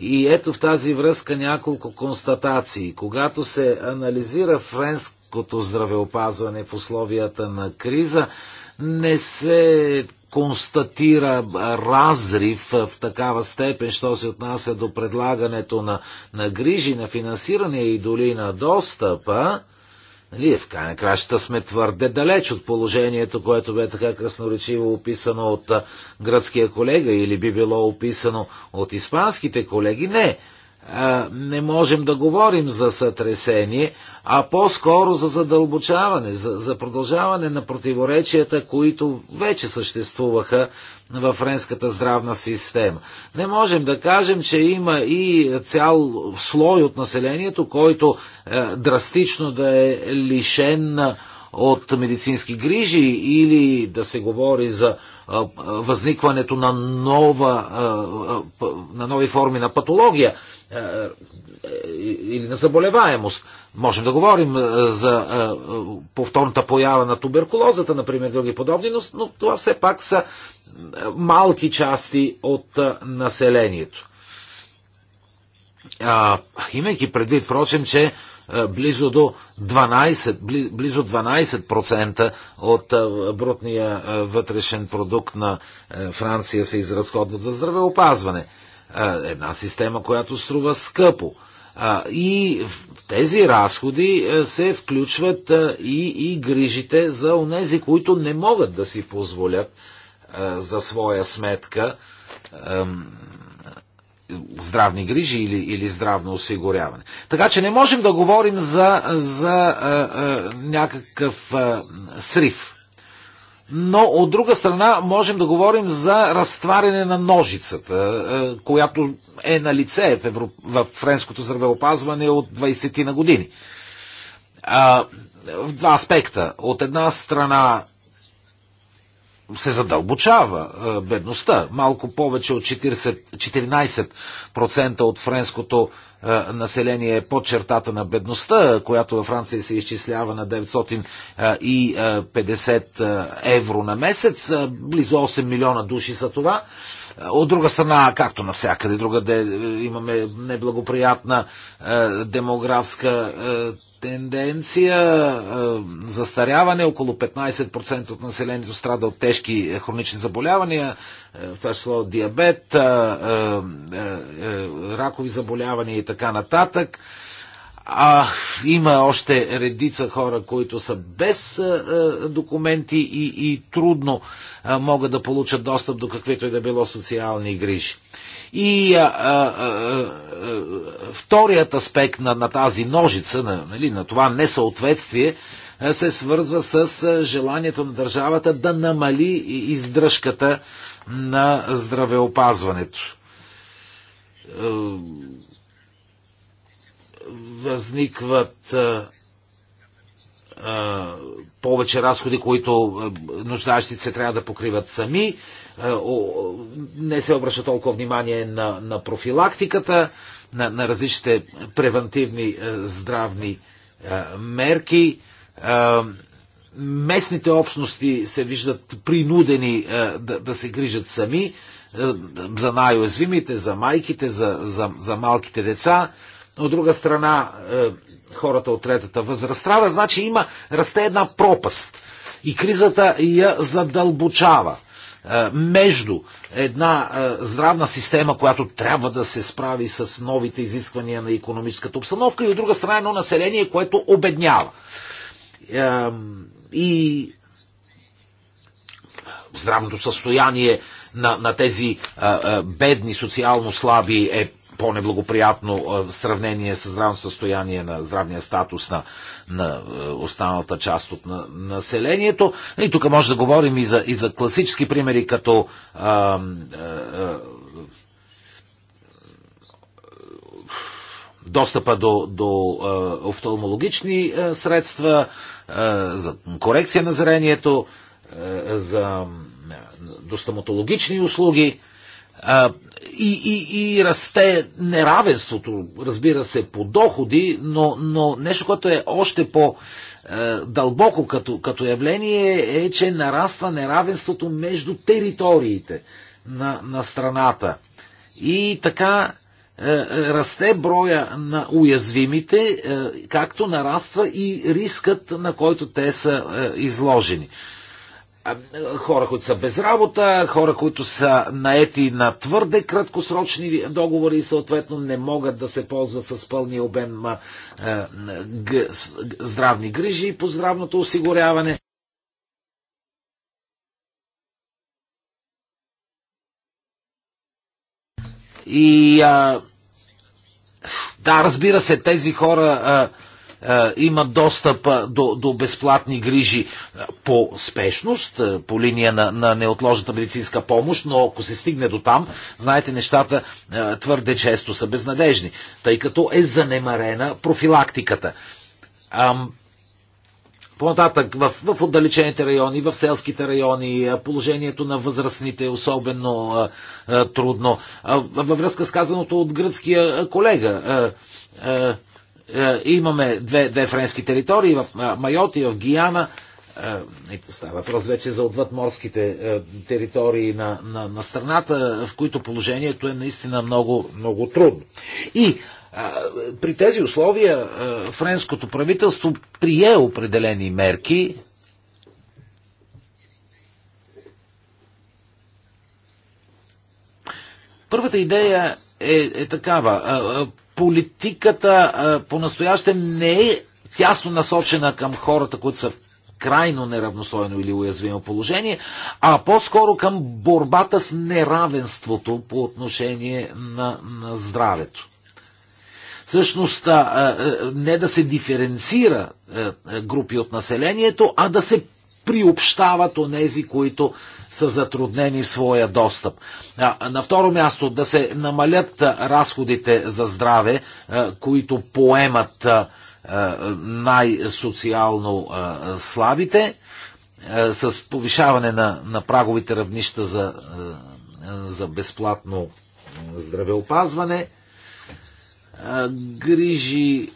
И ето в тази връзка няколко констатации. Когато се анализира френското здравеопазване в условията на криза, не се констатира разрив в такава степен, що се отнася до предлагането на, на грижи, на финансиране и доли на достъпа, ние нали, в край на сме твърде далеч от положението, което бе така красноречиво описано от гръцкия колега или би било описано от испанските колеги. Не, не можем да говорим за сътресение, а по-скоро за задълбочаване, за, за продължаване на противоречията, които вече съществуваха в френската здравна система. Не можем да кажем, че има и цял слой от населението, който е, драстично да е лишен от медицински грижи или да се говори за възникването на, нова, на нови форми на патология е, или на заболеваемост. Можем да говорим за повторната поява на туберкулозата, например, други подобни, но, това все пак са малки части от населението. имайки предвид, впрочем, че е, близо до 12%, близо 12% от е, брутния е, вътрешен продукт на Франция се изразходват за здравеопазване. Една система, която струва скъпо. И в тези разходи се включват и, и грижите за онези, които не могат да си позволят за своя сметка здравни грижи или, или здравно осигуряване. Така че не можем да говорим за, за а, а, някакъв а, срив. Но от друга страна можем да говорим за разтваряне на ножицата, а, която е на лице в, Европ... в френското здравеопазване от 20 ти на години. А, в два аспекта. От една страна се задълбочава е, бедността. Малко повече от 40, 14% от френското е, население е под чертата на бедността, която във Франция се изчислява на 950 е, евро на месец. Близо 8 милиона души са това. От друга страна, както навсякъде, друга де, имаме неблагоприятна е, демографска е, тенденция, е, застаряване, около 15% от населението страда от тежки хронични заболявания, в това число диабет, ракови заболявания и така нататък. А, има още редица хора, които са без а, документи и, и трудно а, могат да получат достъп до каквито и да било социални грижи. И а, а, а, вторият аспект на, на тази ножица, на, нали, на това несъответствие, се свързва с желанието на държавата да намали издръжката на здравеопазването. Е, възникват е, е, повече разходи, които нуждащите се трябва да покриват сами. Не се обръща толкова внимание на, на профилактиката, на, на различните превентивни здравни мерки местните общности се виждат принудени е, да, да се грижат сами е, за най-уязвимите, за майките, за, за, за малките деца. От друга страна, е, хората от третата възраст страда, значи има, расте една пропаст. И кризата я задълбочава между една здравна система, която трябва да се справи с новите изисквания на економическата обстановка и от друга страна едно население, което обеднява и здравното състояние на, на тези а, а, бедни, социално слаби е по-неблагоприятно в сравнение с здравното състояние на здравния статус на, на останалата част от на, населението. И тук може да говорим и за, и за класически примери, като а, а, а, достъпа до, до а, офталмологични а, средства, а, за корекция на зрението, за до стоматологични услуги и, и, и расте неравенството, разбира се, по доходи, но, но нещо, което е още по-дълбоко като, като явление е, че нараства неравенството между териториите на, на страната. И така е, е, расте броя на уязвимите, е, както нараства и рискът, на който те са изложени. Хора, които са без работа, хора, които са наети на твърде краткосрочни договори и съответно не могат да се ползват с пълния обем здравни грижи по здравното осигуряване И а, да, разбира се, тези хора а, а, имат достъп а, до, до безплатни грижи а, по спешност, а, по линия на, на неотложната медицинска помощ, но ако се стигне до там, знаете, нещата а, твърде често са безнадежни, тъй като е занемарена профилактиката. А, по-нататък, в, в отдалечените райони, в селските райони, положението на възрастните е особено а, а, трудно. А, във връзка с казаното от гръцкия колега, а, а, а, имаме две, две френски територии, в Майот и в Гиана, Ето става въпрос вече за отвъдморските а, територии на, на, на страната, в които положението е наистина много, много трудно. И при тези условия френското правителство прие определени мерки, Първата идея е, е такава. Политиката по-настоящем не е тясно насочена към хората, които са в крайно неравностойно или уязвимо положение, а по-скоро към борбата с неравенството по отношение на, на здравето всъщност не да се диференцира групи от населението, а да се приобщават онези, които са затруднени в своя достъп. На второ място да се намалят разходите за здраве, които поемат най-социално слабите, с повишаване на, на праговите равнища за, за безплатно здравеопазване грижи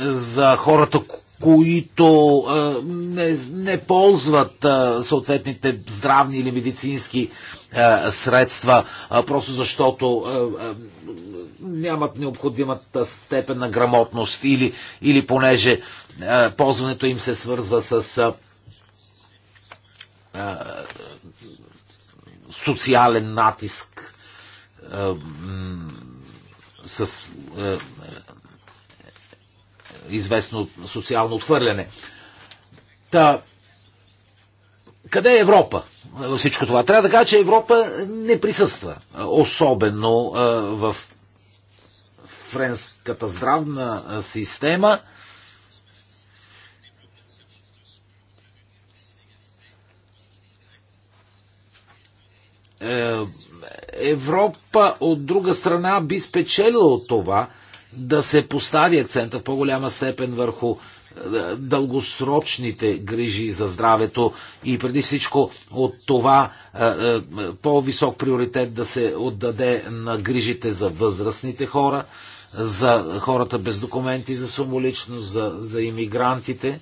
за хората, които а, не, не ползват а, съответните здравни или медицински а, средства, а, просто защото а, а, нямат необходимата степен на грамотност или, или понеже а, ползването им се свързва с а, а, социален натиск. А, с е, известно социално отхвърляне. Та, къде е Европа? Всичко това. Трябва да кажа, че Европа не присъства. Е, особено е, в френската здравна е, система. Е, Европа от друга страна би спечелила от това да се постави акцента в по-голяма степен върху е, дългосрочните грижи за здравето и преди всичко от това е, е, по-висок приоритет да се отдаде на грижите за възрастните хора, за хората без документи за самоличност, за, за иммигрантите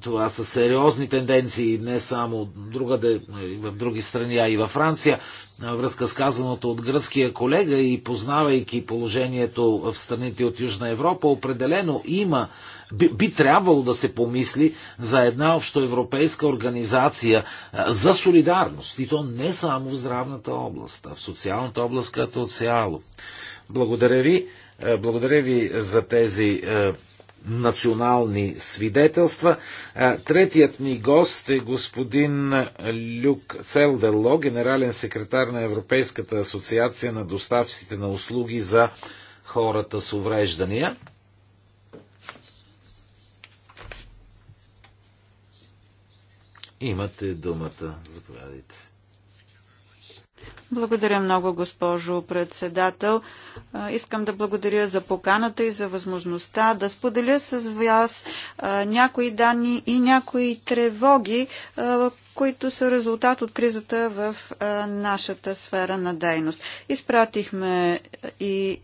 това са сериозни тенденции, не само другаде, нали, в други страни, а и във Франция. Връзка с казаното от гръцкия колега и познавайки положението в страните от Южна Европа, определено има, би, би трябвало да се помисли за една общоевропейска организация за солидарност. И то не само в здравната област, а в социалната област като цяло. Благодаря ви. Благодаря ви за тези национални свидетелства. Третият ни гост е господин Люк Целдерло, генерален секретар на Европейската асоциация на доставците на услуги за хората с увреждания. Имате думата. Заповядайте. Благодаря много, госпожо председател. Искам да благодаря за поканата и за възможността да споделя с вас някои данни и някои тревоги, които са резултат от кризата в нашата сфера на дейност. Изпратихме и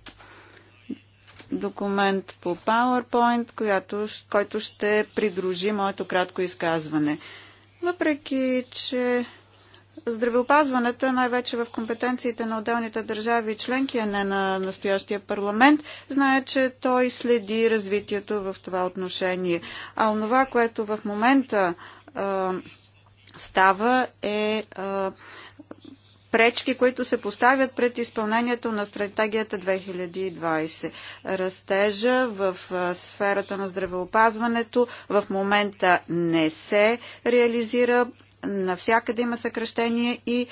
документ по PowerPoint, която, който ще придружи моето кратко изказване. Въпреки, че Здравеопазването е най-вече в компетенциите на отделните държави и членки, а не на настоящия парламент. Знае, че той следи развитието в това отношение. А онова, което в момента а, става е а, пречки, които се поставят пред изпълнението на стратегията 2020. Растежа в сферата на здравеопазването в момента не се реализира навсякъде има съкръщение и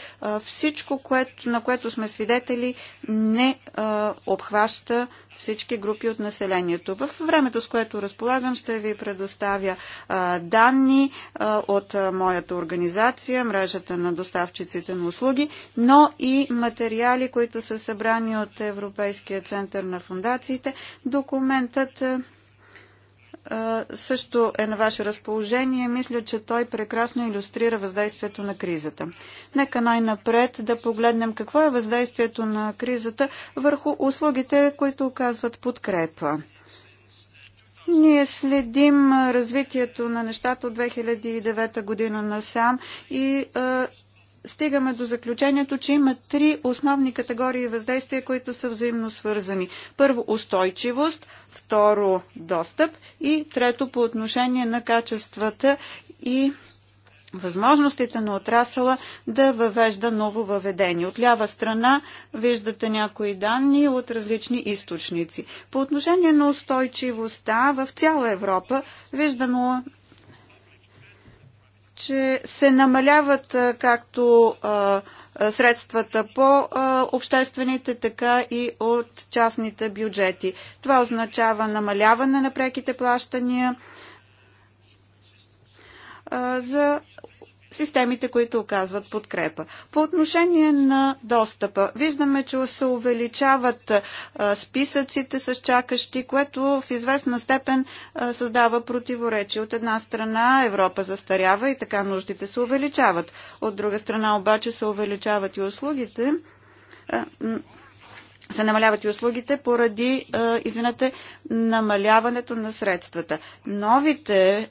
всичко, което, на което сме свидетели, не обхваща всички групи от населението. В времето, с което разполагам, ще ви предоставя а, данни а, от а, моята организация, мрежата на доставчиците на услуги, но и материали, които са събрани от Европейския център на фундациите. Документът също е на ваше разположение. Мисля, че той прекрасно иллюстрира въздействието на кризата. Нека най-напред да погледнем какво е въздействието на кризата върху услугите, които оказват подкрепа. Ние следим развитието на нещата от 2009 година насам и стигаме до заключението, че има три основни категории въздействия, които са взаимно свързани. Първо устойчивост, второ достъп и трето по отношение на качествата и възможностите на отрасъла да въвежда ново въведение. От лява страна виждате някои данни от различни източници. По отношение на устойчивостта в цяла Европа виждаме че се намаляват както средствата по обществените, така и от частните бюджети. Това означава намаляване на преките плащания за системите, които оказват подкрепа. По отношение на достъпа, виждаме, че се увеличават списъците с чакащи, което в известна степен създава противоречие. От една страна Европа застарява и така нуждите се увеличават. От друга страна обаче се увеличават и услугите се намаляват и услугите поради, извинете, намаляването на средствата. Новите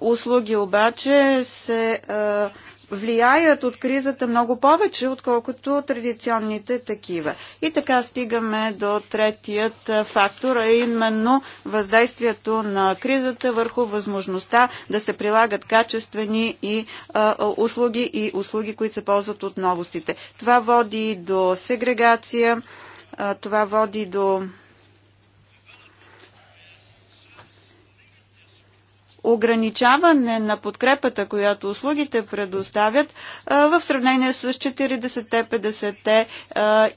услуги обаче се а, влияят от кризата много повече, отколкото традиционните такива. И така стигаме до третият фактор, а именно въздействието на кризата върху възможността да се прилагат качествени и а, услуги и услуги, които се ползват от новостите. Това води до сегрегация, а, това води до ограничаване на подкрепата, която услугите предоставят в сравнение с 40-те, 50-те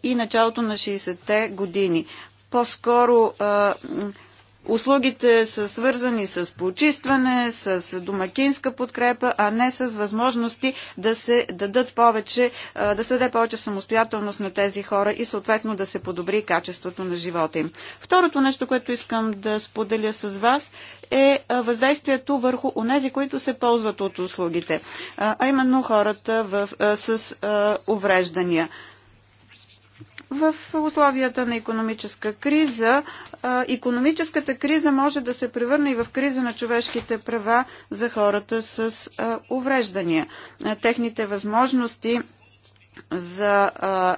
и началото на 60-те години. По-скоро Услугите са свързани с почистване, с домакинска подкрепа, а не с възможности да се дадат повече, да се даде повече самостоятелност на тези хора и съответно да се подобри качеството на живота им. Второто нещо, което искам да споделя с вас е въздействието върху онези, които се ползват от услугите, а именно хората в, с увреждания. В условията на економическа криза, економическата криза може да се превърне и в криза на човешките права за хората с увреждания. Техните възможности за а,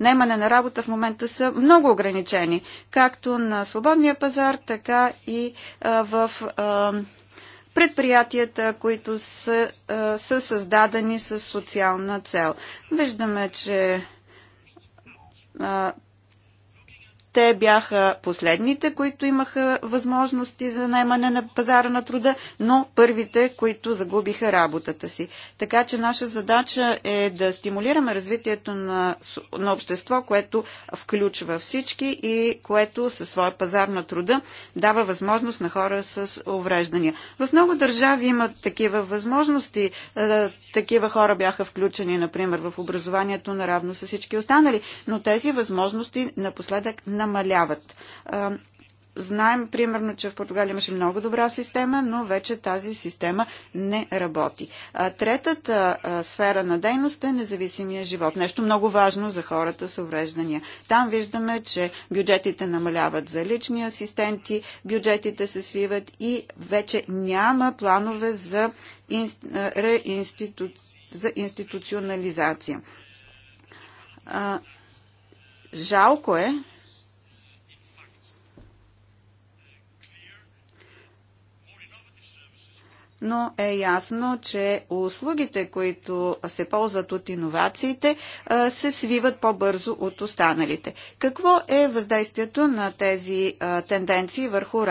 наемане на работа в момента са много ограничени, както на свободния пазар, така и а, в а, предприятията, които са, а, са създадени с социална цел. Виждаме, че а, те бяха последните, които имаха възможности за наймане на пазара на труда, но първите, които загубиха работата си. Така че наша задача е да стимулираме развитието на, на общество, което включва всички и което със своя пазар на труда дава възможност на хора с увреждания. В много държави имат такива възможности. Е, такива хора бяха включени, например, в образованието наравно с всички останали, но тези възможности напоследък намаляват. Знаем, примерно, че в Португалия имаше много добра система, но вече тази система не работи. Третата сфера на дейност е независимия живот. Нещо много важно за хората с увреждания. Там виждаме, че бюджетите намаляват за лични асистенти, бюджетите се свиват и вече няма планове за, реинститу... за институционализация. Жалко е, но е ясно, че услугите, които се ползват от иновациите, се свиват по-бързо от останалите. Какво е въздействието на тези тенденции върху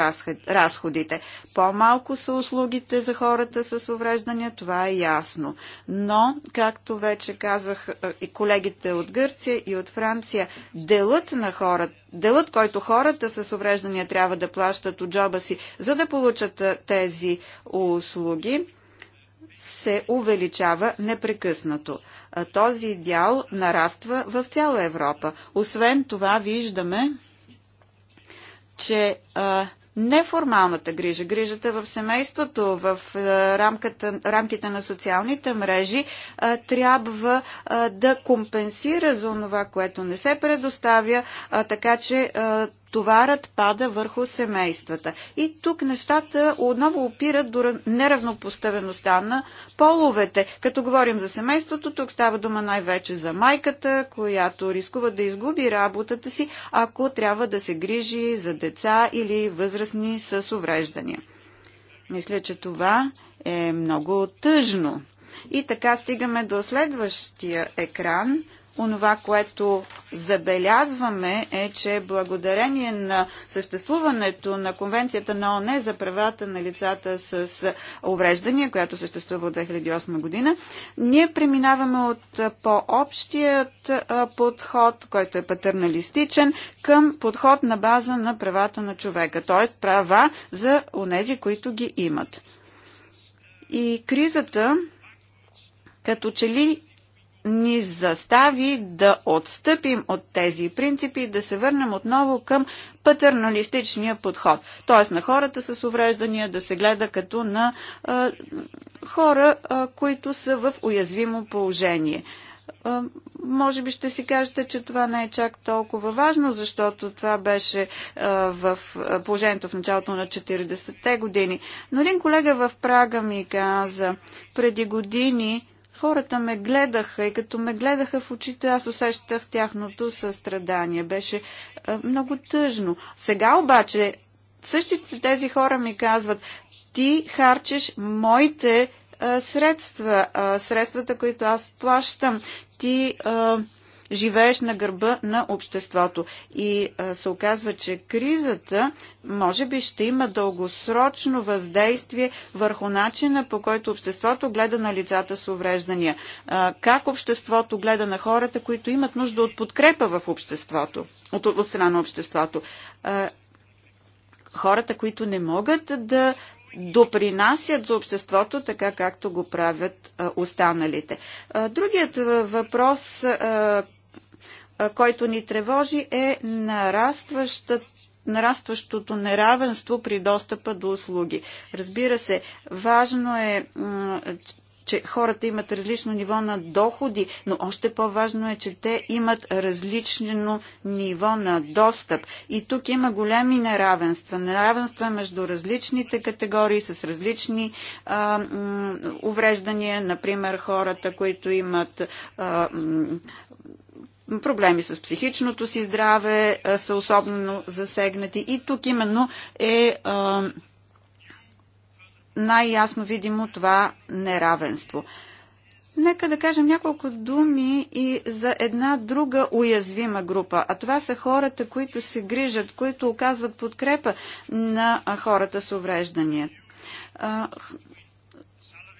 разходите? По-малко са услугите за хората с увреждания, това е ясно. Но, както вече казах и колегите от Гърция и от Франция, делът на хората делът, който хората с увреждания трябва да плащат от джоба си, за да получат тези услуги, се увеличава непрекъснато. Този дял нараства в цяла Европа. Освен това виждаме, че а, неформалната грижа, грижата в семейството, в е, рамката, рамките на социалните мрежи, е, трябва е, да компенсира за това, което не се предоставя, така че товарът пада върху семействата. И тук нещата отново опират до неравнопоставеността на половете. Като говорим за семейството, тук става дума най-вече за майката, която рискува да изгуби работата си, ако трябва да се грижи за деца или възрастни с увреждания. Мисля, че това е много тъжно. И така стигаме до следващия екран – Онова, което забелязваме е, че благодарение на съществуването на Конвенцията на ОНЕ за правата на лицата с увреждания, която съществува от 2008 година, ние преминаваме от по-общият подход, който е патерналистичен, към подход на база на правата на човека, т.е. права за онези, които ги имат. И кризата като че ли ни застави да отстъпим от тези принципи и да се върнем отново към патерналистичния подход. Т.е. на хората с увреждания да се гледа като на а, хора, а, които са в уязвимо положение. А, може би ще си кажете, че това не е чак толкова важно, защото това беше а, в положението в началото на 40-те години. Но един колега в Прага ми каза преди години, Хората ме гледаха и като ме гледаха в очите, аз усещах тяхното състрадание. Беше а, много тъжно. Сега обаче същите тези хора ми казват, ти харчеш моите а, средства, а, средствата, които аз плащам. Ти а, живееш на гърба на обществото. И се оказва, че кризата може би ще има дългосрочно въздействие върху начина по който обществото гледа на лицата с увреждания. Как обществото гледа на хората, които имат нужда от подкрепа в обществото, от, от страна на обществото. Хората, които не могат да допринасят за обществото, така както го правят останалите. другият въпрос, който ни тревожи, е нарастващата нарастващото неравенство при достъпа до услуги. Разбира се, важно е, че хората имат различно ниво на доходи, но още по-важно е, че те имат различно ниво на достъп. И тук има големи неравенства. Неравенства между различните категории с различни а, увреждания, например хората, които имат а, проблеми с психичното си здраве са особено засегнати и тук именно е най-ясно видимо това неравенство. Нека да кажем няколко думи и за една друга уязвима група, а това са хората, които се грижат, които оказват подкрепа на хората с увреждания.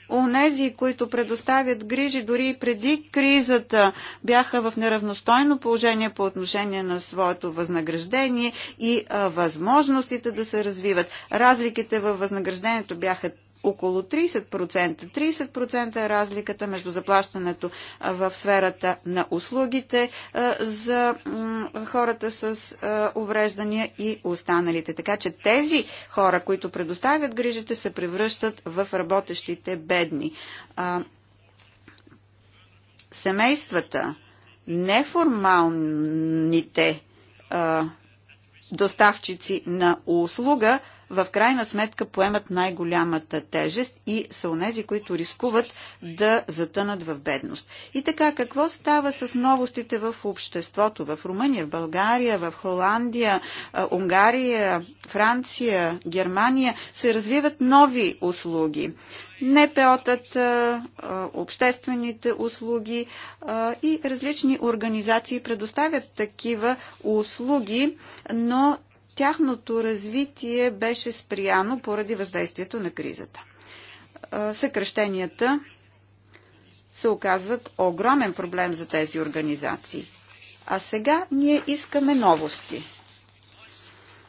Онези, които предоставят грижи дори и преди кризата, бяха в неравностойно положение по отношение на своето възнаграждение и възможностите да се развиват. Разликите във възнаграждението бяха около 30%. 30% е разликата между заплащането в сферата на услугите за хората с увреждания и останалите. Така че тези хора, които предоставят грижите, се превръщат в работещите бедни. Семействата, неформалните доставчици на услуга – в крайна сметка поемат най-голямата тежест и са онези, които рискуват да затънат в бедност. И така, какво става с новостите в обществото? В Румъния, в България, в Холандия, Унгария, Франция, Германия се развиват нови услуги. НПО-тата, обществените услуги и различни организации предоставят такива услуги, но тяхното развитие беше спряно поради въздействието на кризата. Съкръщенията се оказват огромен проблем за тези организации. А сега ние искаме новости.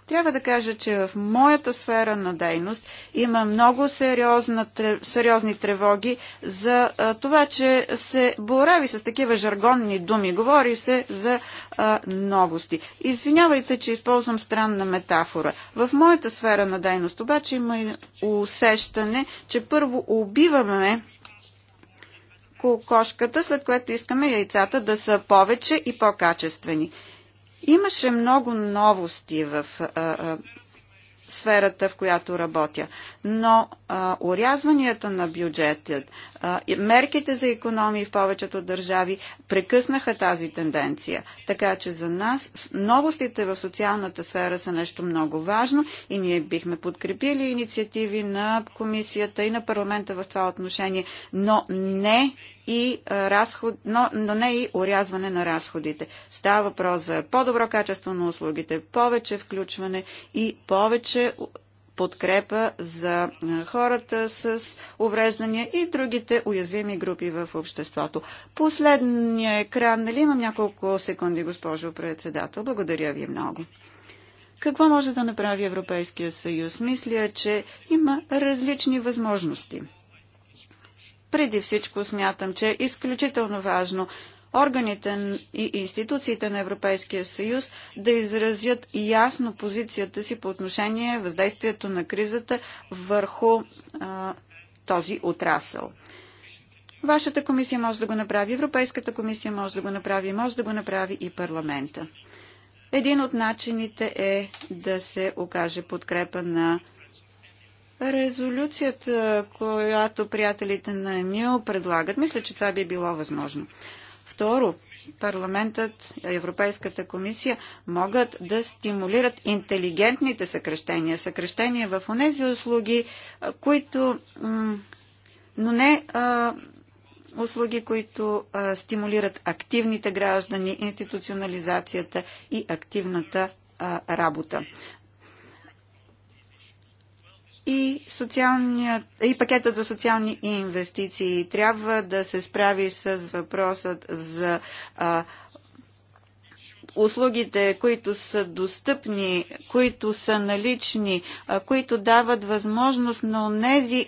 Трябва да кажа, че в моята сфера на дейност има много сериозна, сериозни тревоги за това, че се борави с такива жаргонни думи. Говори се за а, новости. Извинявайте, че използвам странна метафора. В моята сфера на дейност обаче има усещане, че първо убиваме кокошката, след което искаме яйцата да са повече и по-качествени. Имаше много новости в а, а, сферата, в която работя но а, урязванията на бюджетът, а, мерките за економии в повечето държави прекъснаха тази тенденция. Така че за нас новостите в социалната сфера са нещо много важно и ние бихме подкрепили инициативи на комисията и на парламента в това отношение, но не и разход, но, но не и урязване на разходите. Става въпрос за по-добро качество на услугите, повече включване и повече подкрепа за е, хората с увреждания и другите уязвими групи в обществото. Последния екран, нали имам няколко секунди, госпожо председател. Благодаря ви много. Какво може да направи Европейския съюз? Мисля, че има различни възможности. Преди всичко смятам, че е изключително важно органите и институциите на Европейския съюз да изразят ясно позицията си по отношение въздействието на кризата върху а, този отрасъл. Вашата комисия може да го направи, Европейската комисия може да го направи, може да го направи и парламента. Един от начините е да се окаже подкрепа на резолюцията, която приятелите на Емил предлагат. Мисля, че това би било възможно. Второ, парламентът, Европейската комисия могат да стимулират интелигентните съкрещения, съкрещения в онези услуги, които, но не а, услуги, които а, стимулират активните граждани, институционализацията и активната а, работа и, и пакетът за социални инвестиции трябва да се справи с въпросът за а, услугите, които са достъпни, които са налични, които дават възможност на онези,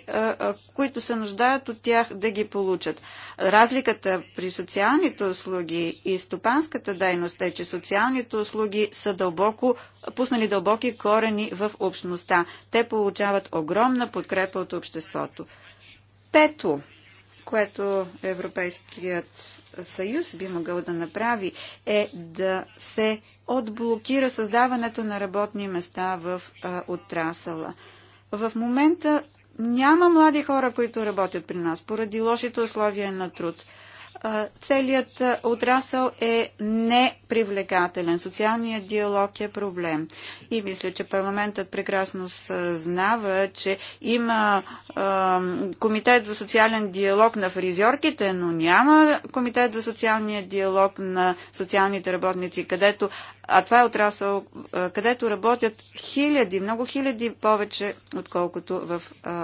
които се нуждаят от тях да ги получат. Разликата при социалните услуги и стопанската дейност е, че социалните услуги са дълбоко, пуснали дълбоки корени в общността. Те получават огромна подкрепа от обществото. Пето, което Европейският съюз би могъл да направи е да се отблокира създаването на работни места в а, отрасъла. В момента няма млади хора, които работят при нас поради лошите условия на труд целият отрасъл е непривлекателен. Социалният диалог е проблем. И мисля, че парламентът прекрасно съзнава, че има а, комитет за социален диалог на фризьорките, но няма комитет за социалния диалог на социалните работници, където а това е отрасъл, където работят хиляди, много хиляди повече, отколкото в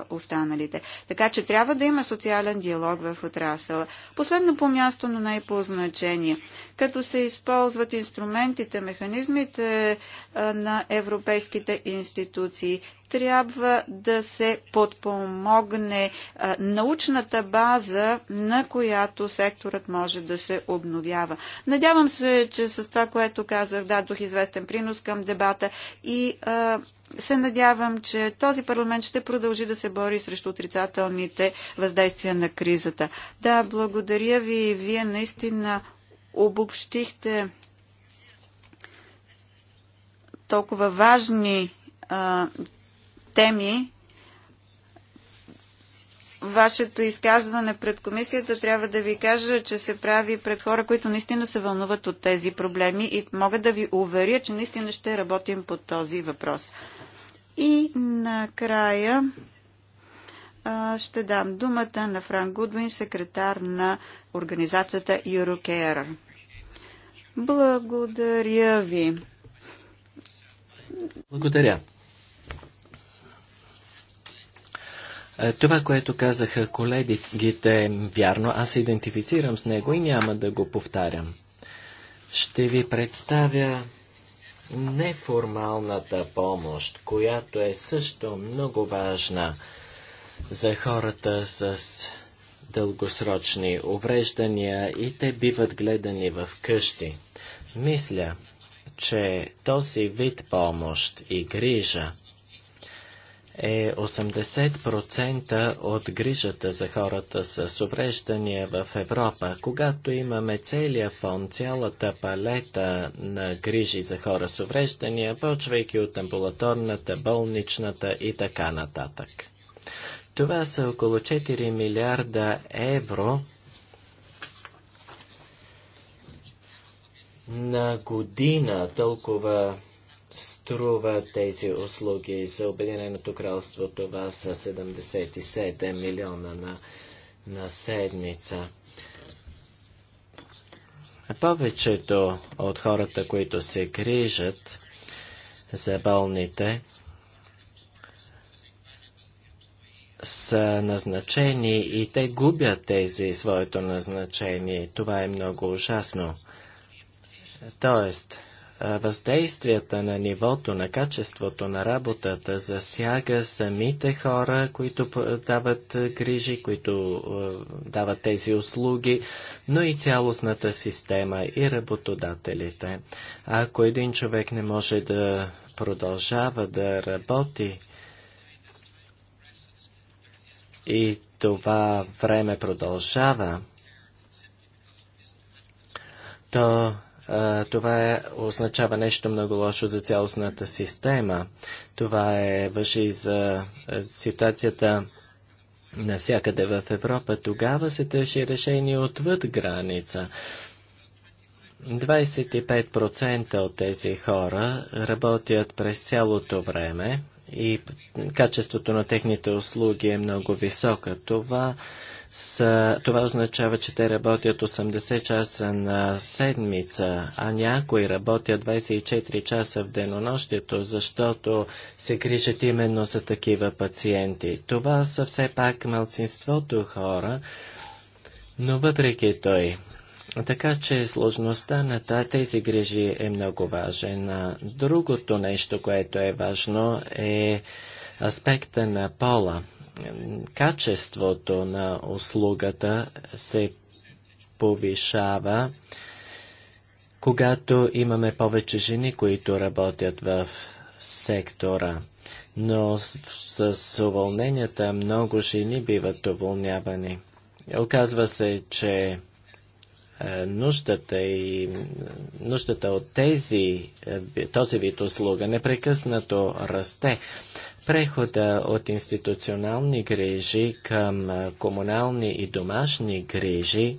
останалите. Така че трябва да има социален диалог в отрасъла. Последно по място, но най по значение. Като се използват инструментите, механизмите на европейските институции, трябва да се подпомогне а, научната база, на която секторът може да се обновява. Надявам се, че с това, което казах, дадох известен принос към дебата и а, се надявам, че този парламент ще продължи да се бори срещу отрицателните въздействия на кризата. Да, благодаря ви. Вие наистина обобщихте толкова важни теми, вашето изказване пред комисията, трябва да ви кажа, че се прави пред хора, които наистина се вълнуват от тези проблеми и мога да ви уверя, че наистина ще работим по този въпрос. И накрая ще дам думата на Франк Гудвин, секретар на организацията Eurocare. Благодаря ви. Благодаря. Е, това, което казаха колегите, е вярно. Аз се идентифицирам с него и няма да го повтарям. Ще ви представя неформалната помощ, която е също много важна за хората с дългосрочни увреждания и те биват гледани в къщи. Мисля, че този вид помощ и грижа – е 80% от грижата за хората с увреждания в Европа. Когато имаме целия фон, цялата палета на грижи за хора с увреждания, почвайки от амбулаторната, болничната и така нататък. Това са около 4 милиарда евро на година толкова струва тези услуги за Обединеното кралство? Това са 77 милиона на, на седмица. Повечето от хората, които се грижат за болните, са назначени и те губят тези своето назначение. Това е много ужасно. Тоест, въздействията на нивото, на качеството на работата засяга самите хора, които дават грижи, които дават тези услуги, но и цялостната система и работодателите. Ако един човек не може да продължава да работи и това време продължава, то това е, означава нещо много лошо за цялостната система. Това е въжи и за е, ситуацията навсякъде в Европа. Тогава се търши решение отвъд граница. 25% от тези хора работят през цялото време и качеството на техните услуги е много високо. Това са, това означава, че те работят 80 часа на седмица, а някои работят 24 часа в денонощието, защото се грижат именно за такива пациенти. Това са все пак малцинството хора, но въпреки той. Така че сложността на тези грижи е много важен. Другото нещо, което е важно е аспекта на пола качеството на услугата се повишава, когато имаме повече жени, които работят в сектора. Но с, с уволненията много жени биват уволнявани. Оказва се, че е, нуждата и нуждата от тези, е, този вид услуга непрекъснато расте. Прехода от институционални грижи към комунални и домашни грижи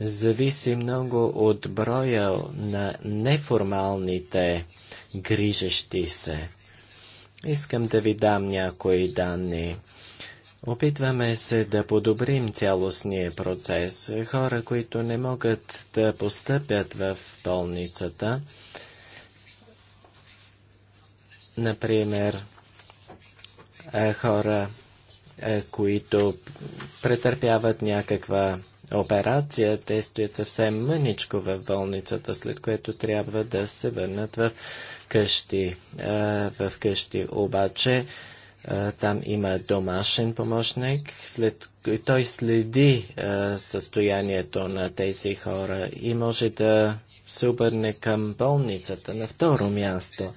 зависи много от броя на неформалните грижещи се. Искам да ви дам някои данни. Опитваме се да подобрим цялостния процес. Хора, които не могат да постъпят в болницата, например, е, хора, е, които претърпяват някаква операция, те стоят съвсем мъничко в болницата, след което трябва да се върнат в къщи. Е, в къщи обаче там има домашен помощник, след той следи състоянието на тези хора и може да се обърне към болницата на второ място.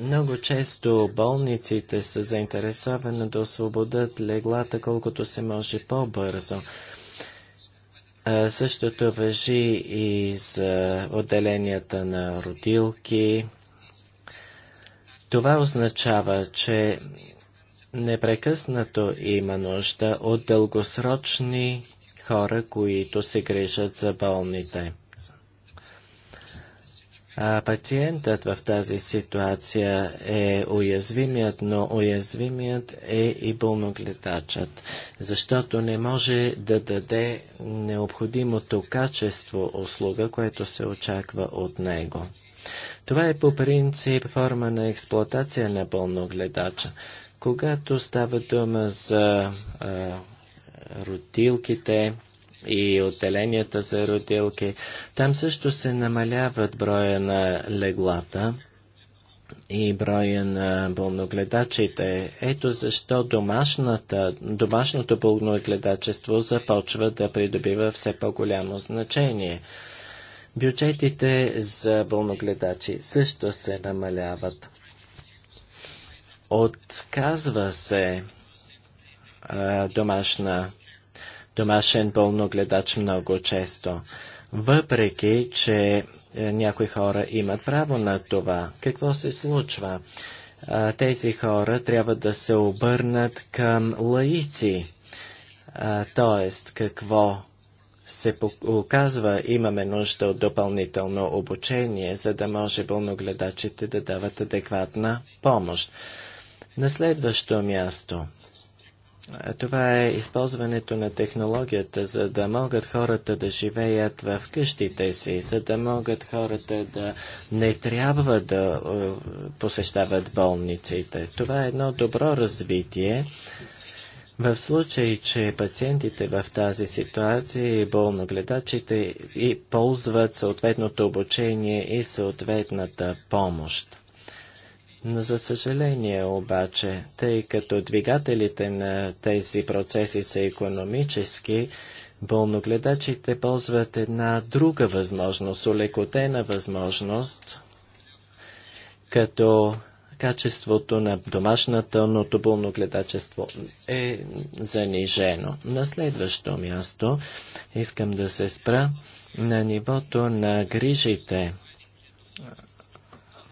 Много често болниците са заинтересовани да освободят леглата колкото се може по-бързо. Същото въжи и за отделенията на родилки. Това означава, че непрекъснато има нужда от дългосрочни хора, които се грижат за болните. А, пациентът в тази ситуация е уязвимият, но уязвимият е и болногледачът, защото не може да даде необходимото качество услуга, което се очаква от него. Това е по принцип форма на експлоатация на болногледача. Когато става дума за а, родилките, и отделенията за родилки. Там също се намаляват броя на леглата и броя на болногледачите. Ето защо домашната, домашното болногледачество започва да придобива все по-голямо значение. Бюджетите за болногледачи също се намаляват. Отказва се а, домашна домашен гледач много често. Въпреки, че е, някои хора имат право на това, какво се случва? Тези хора трябва да се обърнат към лаици. Т.е. какво се оказва, имаме нужда от допълнително обучение, за да може болногледачите да дават адекватна помощ. На следващо място – това е използването на технологията, за да могат хората да живеят в къщите си, за да могат хората да не трябва да е, посещават болниците. Това е едно добро развитие. В случай, че пациентите в тази ситуация и болногледачите и ползват съответното обучение и съответната помощ. За съжаление обаче, тъй като двигателите на тези процеси са економически, болногледачите ползват една друга възможност, улекотена възможност, като качеството на домашното болногледачество е занижено. На следващо място искам да се спра на нивото на грижите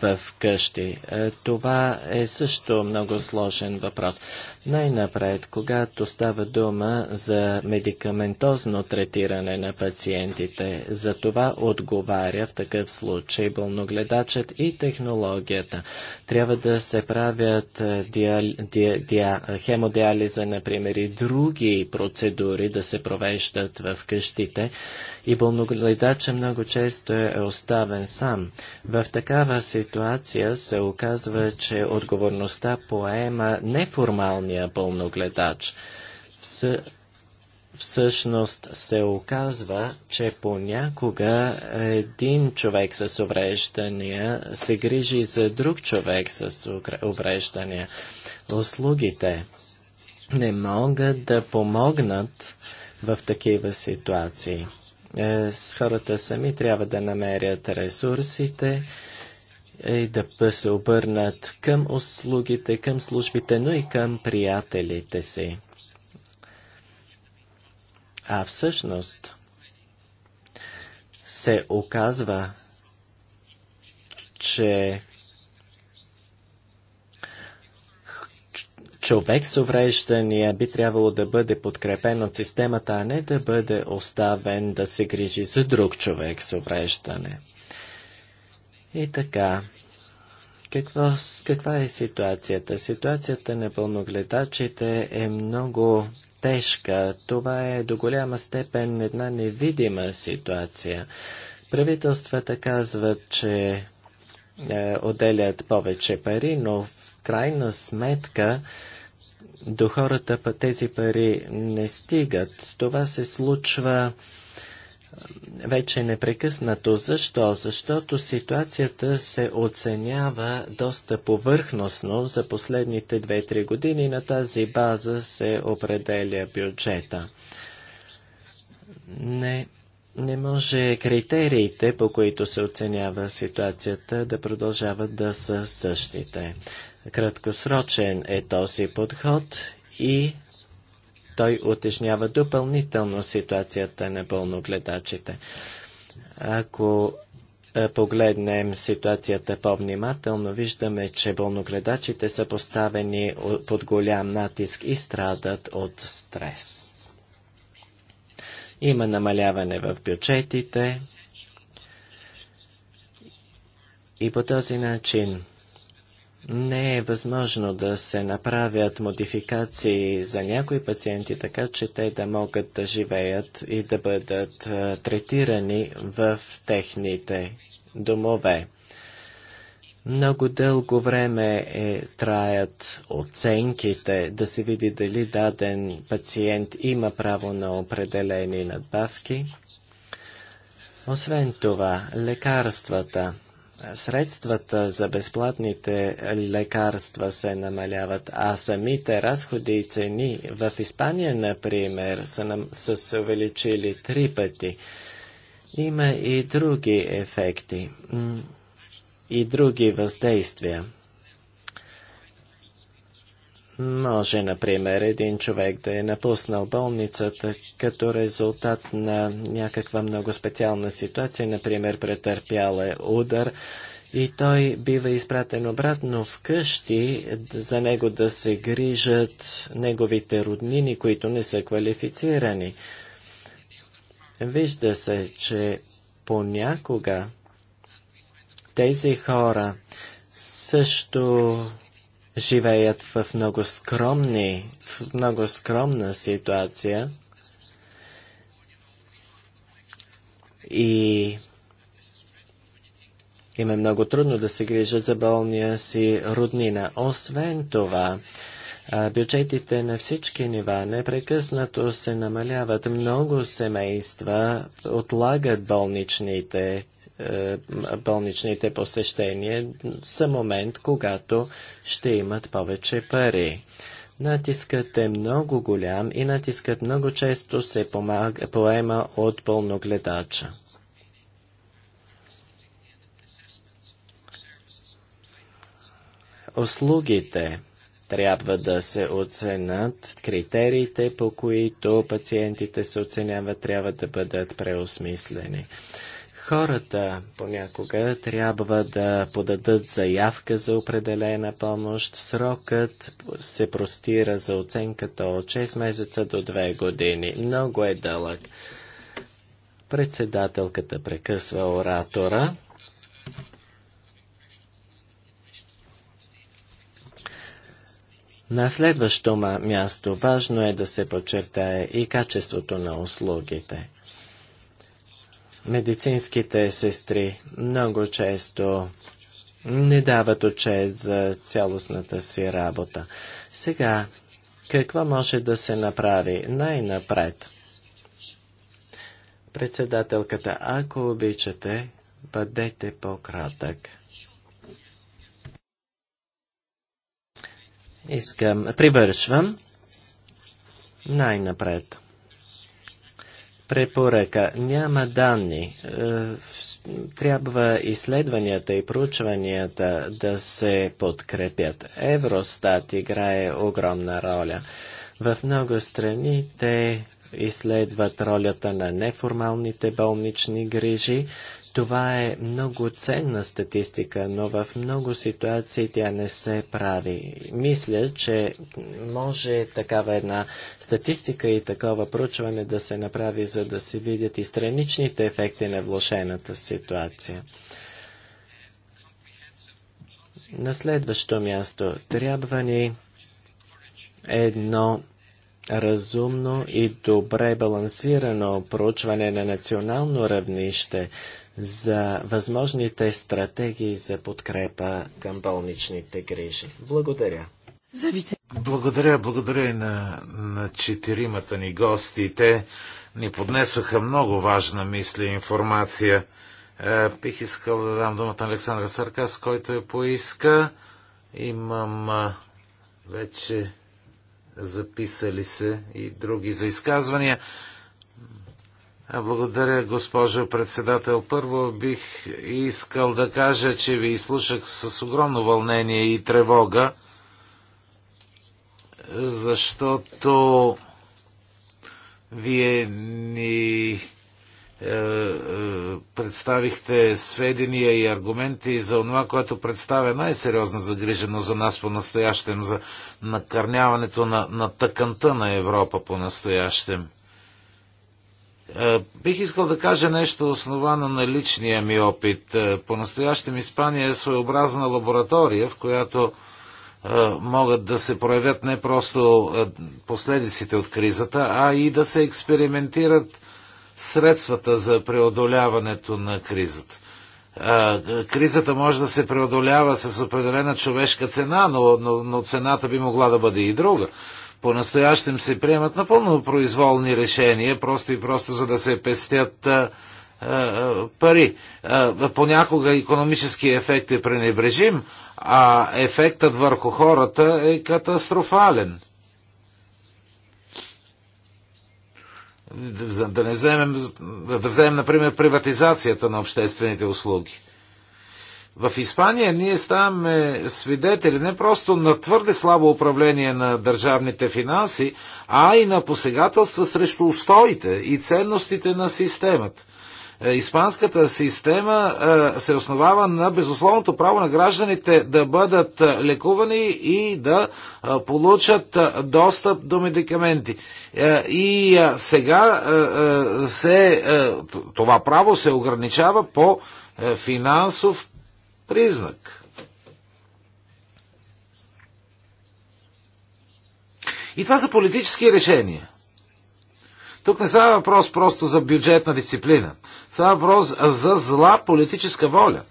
в къщи. Е, това е също много сложен въпрос. Най-напред, когато става дума за медикаментозно третиране на пациентите, за това отговаря в такъв случай болногледачът и технологията. Трябва да се правят е, диал... ди, ди, хемодиализа, например, и други процедури да се провеждат в къщите и болногледачът много често е оставен сам. В такава ситуация ситуация се оказва, че отговорността поема неформалния пълногледач. Вс... Всъщност се оказва, че понякога един човек с увреждания се грижи за друг човек с увреждания. Услугите не могат да помогнат в такива ситуации. Е, хората сами трябва да намерят ресурсите и е, да се обърнат към услугите, към службите, но и към приятелите си. А всъщност се оказва, че човек с увреждания би трябвало да бъде подкрепен от системата, а не да бъде оставен да се грижи за друг човек с увреждане. И така, какво, каква е ситуацията? Ситуацията на пълногледачите е много тежка. Това е до голяма степен една невидима ситуация. Правителствата казват, че е, отделят повече пари, но в крайна сметка до хората тези пари не стигат. Това се случва вече непрекъснато. Защо? Защото ситуацията се оценява доста повърхностно за последните 2-3 години. На тази база се определя бюджета. Не, не може критериите, по които се оценява ситуацията, да продължават да са същите. Краткосрочен е този подход и той утешнява допълнително ситуацията на пълногледачите. Ако е, погледнем ситуацията по-внимателно, виждаме, че пълногледачите са поставени под голям натиск и страдат от стрес. Има намаляване в бюджетите и по този начин не е възможно да се направят модификации за някои пациенти, така че те да могат да живеят и да бъдат третирани в техните домове. Много дълго време е, траят оценките да се види дали даден пациент има право на определени надбавки. Освен това, лекарствата – средствата за безплатните лекарства се намаляват, а самите разходи и цени в Испания, например, са, нам, са се увеличили три пъти. Има и други ефекти и други въздействия. Може, например, един човек да е напуснал болницата като резултат на някаква много специална ситуация, например, претърпял е удар и той бива изпратен обратно в къщи за него да се грижат неговите роднини, които не са квалифицирани. Вижда се, че понякога тези хора също живеят в много скромни, в много скромна ситуация и им е много трудно да се грижат за болния си роднина. Освен това, Бюджетите на всички нива непрекъснато се намаляват. Много семейства отлагат болничните, е, болничните посещения за момент, когато ще имат повече пари. Натискът е много голям и натискът много често се помага, поема от пълногледача. Услугите трябва да се оценят критериите, по които пациентите се оценяват, трябва да бъдат преосмислени. Хората понякога трябва да подадат заявка за определена помощ. Срокът се простира за оценката от 6 месеца до 2 години. Много е дълъг. Председателката прекъсва оратора. На следващо място важно е да се подчертае и качеството на услугите. Медицинските сестри много често не дават отчет за цялостната си работа. Сега, какво може да се направи най-напред? Председателката, ако обичате, бъдете по-кратък. Искам, привършвам най-напред. Препоръка. Няма данни. Е, трябва изследванията и проучванията да се подкрепят. Евростат играе огромна роля. В много страни те изследват ролята на неформалните болнични грижи, това е много ценна статистика, но в много ситуации тя не се прави. Мисля, че може такава една статистика и такова проучване да се направи, за да се видят и страничните ефекти на влошената ситуация. На следващо място трябва ни едно разумно и добре балансирано проучване на национално равнище, за възможните стратегии за подкрепа към болничните грижи. Благодаря. Завите. Благодаря, благодаря и на, на четиримата ни гости. Те ни поднесоха много важна мисли и информация. Е, бих искал да дам думата на Александра Саркас, който я поиска. Имам а, вече записали се и други за изказвания. Благодаря, госпожо председател. Първо бих искал да кажа, че ви изслушах с огромно вълнение и тревога, защото вие ни е, е, представихте сведения и аргументи за това, което представя най-сериозна загриженост за нас по-настоящем, за накърняването на, на тъканта на Европа по-настоящем е, бих искал да кажа нещо основано на личния ми опит. Е, по-настоящем Испания е своеобразна лаборатория, в която е, могат да се проявят не просто последиците от кризата, а и да се експериментират средствата за преодоляването на кризата. Кризата може да се преодолява с определена човешка цена, но, но, но цената би могла да бъде и друга. По-настоящем се приемат напълно произволни решения, просто и просто за да се пестят а, а, пари. А, понякога економически ефект е пренебрежим, а ефектът върху хората е катастрофален. Да, не вземем, да вземем, например, приватизацията на обществените услуги в Испания ние ставаме свидетели не просто на твърде слабо управление на държавните финанси, а и на посегателства срещу устоите и ценностите на системата. Е, испанската система е, се основава на безусловното право на гражданите да бъдат е, лекувани и да получат достъп до медикаменти. И сега се, това право се ограничава по финансов признак. И това са политически решения. Тук не става въпрос просто за бюджетна дисциплина. Става въпрос за зла политическа воля,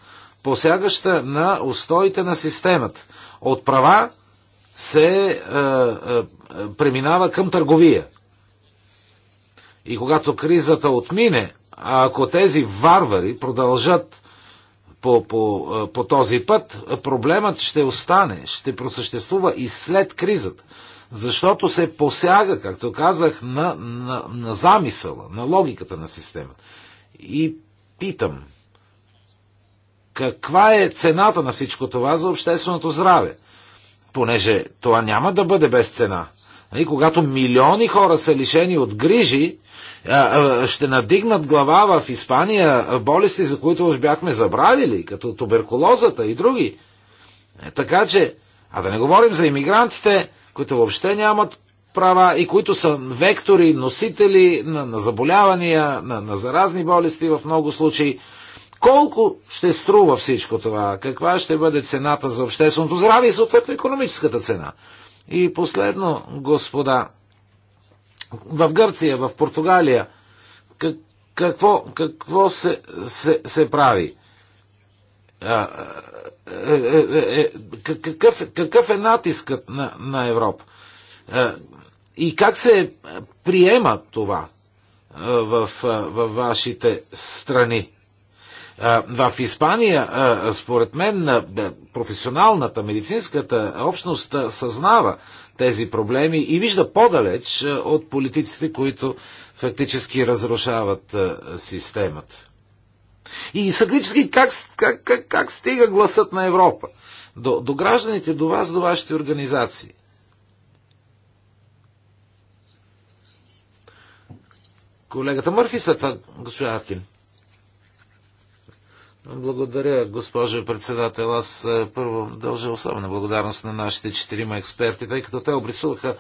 посягаща на устоите на системата. От права се е, е, е преминава към търговия. И когато кризата отмине, а ако тези варвари продължат по, по, по този път, проблемът ще остане, ще просъществува и след кризата. Защото се посяга, както казах, на, на, на замисъла, на логиката на системата. И питам, каква е цената на всичко това за общественото здраве? Понеже това няма да бъде без цена – Нали, когато милиони хора са лишени от грижи, ще надигнат глава в Испания болести, за които уж бяхме забравили, като туберкулозата и други. Е, така че, а да не говорим за иммигрантите, които въобще нямат права и които са вектори, носители на, на заболявания, на, на заразни болести в много случаи. Колко ще струва всичко това? Каква ще бъде цената за общественото здраве и съответно економическата цена? И последно, господа, в Гърция, в Португалия, какво, какво се, се, се прави? Е, е, е, какъв, какъв е натискът на, на Европа? и как се приема това в, в вашите страни? В Испания, според мен, професионалната, медицинската общност съзнава тези проблеми и вижда по-далеч от политиците, които фактически разрушават системата. И фактически как, как, как, как стига гласът на Европа? До, до гражданите, до вас, до вашите организации. Колегата Мърфи, след това госпожа Аркин. Благодаря, госпожо председател. Аз е, първо дължа особена благодарност на нашите четирима експерти, тъй като те обрисуваха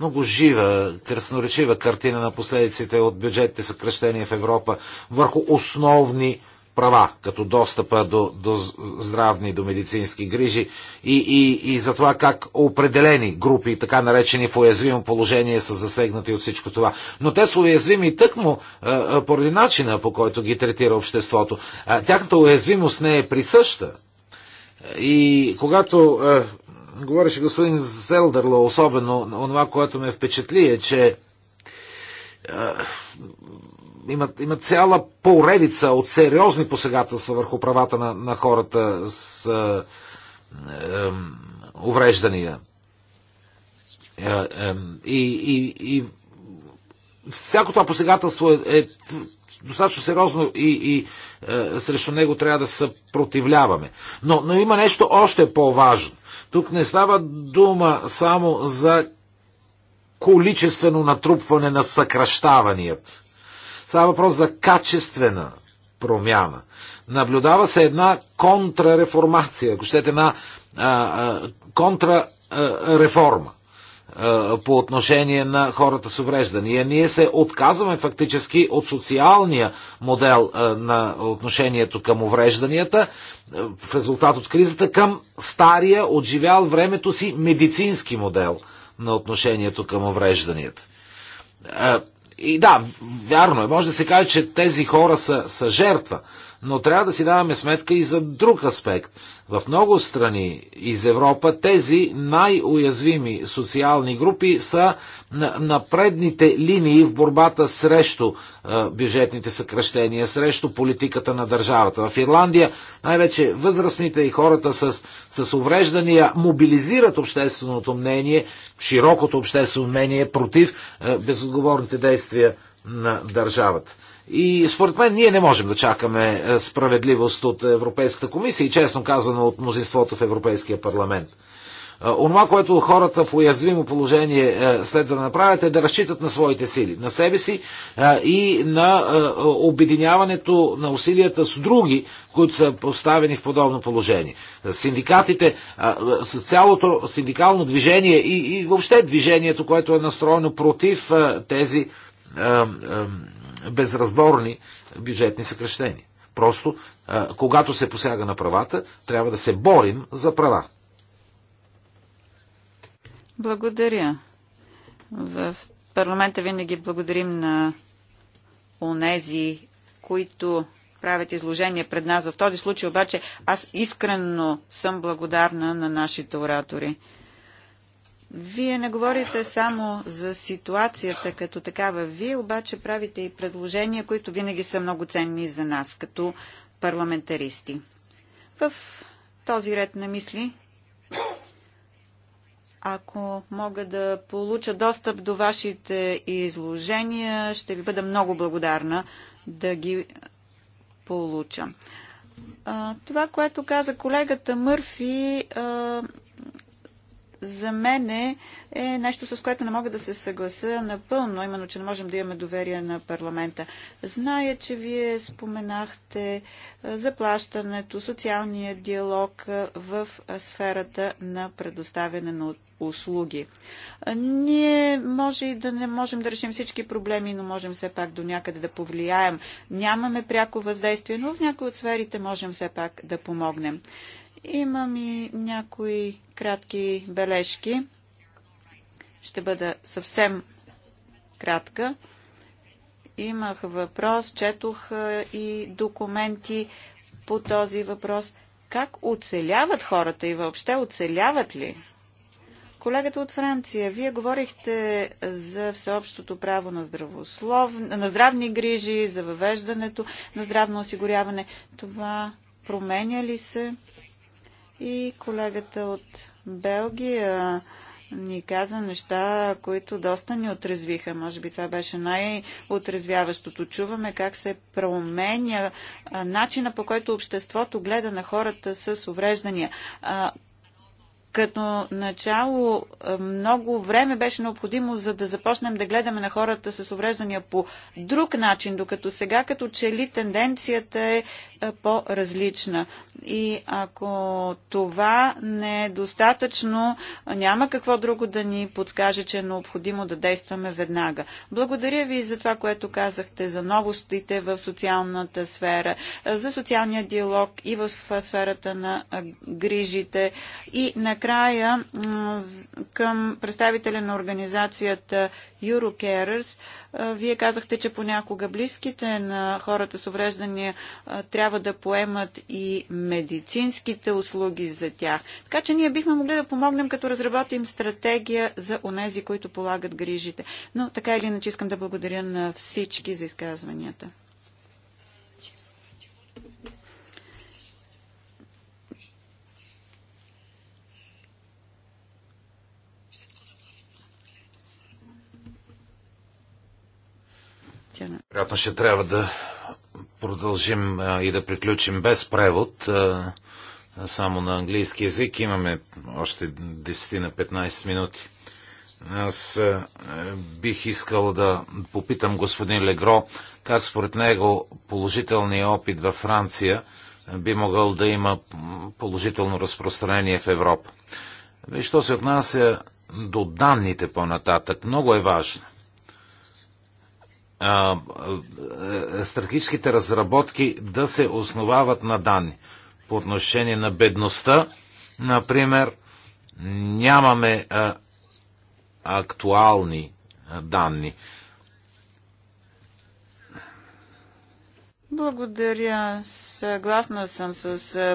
много жива, красноречива картина на последиците от бюджетните съкръщения в Европа върху основни права, като достъпа до, до здравни, до медицински грижи и, и, и за това как определени групи, така наречени в уязвимо положение, са засегнати от всичко това. Но те са уязвими тъкмо а, поради начина, по който ги третира обществото. А, тяхната уязвимост не е присъща. И когато а, говореше господин Зелдърло, особено, това, което ме впечатли е, че има, има цяла поредица от сериозни посегателства върху правата на, на хората с е, е, увреждания. Е, е, и, и, и всяко това посегателство е, е достатъчно сериозно и, и е, срещу него трябва да се противляваме. Но, но има нещо още по-важно. Тук не става дума само за количествено натрупване на съкръщаванията Става е въпрос за качествена промяна. Наблюдава се една контрареформация, ако щете една контрареформа по отношение на хората с увреждания. Ние се отказваме фактически от социалния модел на отношението към уврежданията в резултат от кризата към стария, отживял времето си медицински модел на отношението към уврежданията. И да, вярно е, може да се каже, че тези хора са, са жертва но трябва да си даваме сметка и за друг аспект. В много страни из Европа тези най-уязвими социални групи са на предните линии в борбата срещу е, бюджетните съкръщения, срещу политиката на държавата. В Ирландия най-вече възрастните и хората с, с увреждания мобилизират общественото мнение, широкото обществено мнение против е, безотговорните действия на държавата. И според мен ние не можем да чакаме е, справедливост от Европейската комисия и честно казано от мнозинството в Европейския парламент. Е, онова, което хората в уязвимо положение е, следва да направят е да разчитат на своите сили, на себе си и на обединяването на усилията с други, които са поставени в подобно положение. Синдикатите, с цялото синдикално движение и, и въобще движението, което е настроено против тези безразборни бюджетни съкрещения. Просто, когато се посяга на правата, трябва да се борим за права. Благодаря. В парламента винаги благодарим на онези, които правят изложения пред нас. В този случай обаче аз искрено съм благодарна на нашите оратори. Вие не говорите само за ситуацията като такава. Вие обаче правите и предложения, които винаги са много ценни за нас, като парламентаристи. В този ред на мисли, ако мога да получа достъп до вашите изложения, ще ви бъда много благодарна да ги получа. Това, което каза колегата Мърфи, за мен е нещо, с което не мога да се съгласа напълно, именно, че не можем да имаме доверие на парламента. Зная, че вие споменахте заплащането, социалния диалог в сферата на предоставяне на услуги. Ние може и да не можем да решим всички проблеми, но можем все пак до някъде да повлияем. Нямаме пряко въздействие, но в някои от сферите можем все пак да помогнем. Имам и някои кратки бележки. Ще бъда съвсем кратка. Имах въпрос, четох и документи по този въпрос. Как оцеляват хората и въобще оцеляват ли? Колегата от Франция, вие говорихте за всеобщото право на, здравослов... на здравни грижи, за въвеждането на здравно осигуряване. Това променя ли се? И колегата от Белгия ни каза неща, които доста ни отрезвиха. Може би това беше най-отрезвяващото. Чуваме как се променя начина по който обществото гледа на хората с увреждания като начало е, много време беше необходимо, за да започнем да гледаме на хората с увреждания по друг начин, докато сега като че ли тенденцията е, е по-различна. И ако това не е достатъчно, няма какво друго да ни подскаже, че е необходимо да действаме веднага. Благодаря ви за това, което казахте за новостите в социалната сфера, за социалния диалог и в сферата на грижите и на накрая към представителя на организацията Eurocarers. Вие казахте, че понякога близките на хората с увреждания трябва да поемат и медицинските услуги за тях. Така че ние бихме могли да помогнем, като разработим стратегия за онези, които полагат грижите. Но така или иначе искам да благодаря на всички за изказванията. Вероятно ще трябва да продължим и да приключим без превод, само на английски язик. Имаме още 10 на 15 минути. Аз бих искал да попитам господин Легро как според него положителният опит във Франция би могъл да има положително разпространение в Европа. Виж, що се отнася до данните по-нататък, много е важно стратегическите разработки да се основават на данни. По отношение на бедността, например, нямаме актуални данни. Благодаря. Съгласна съм с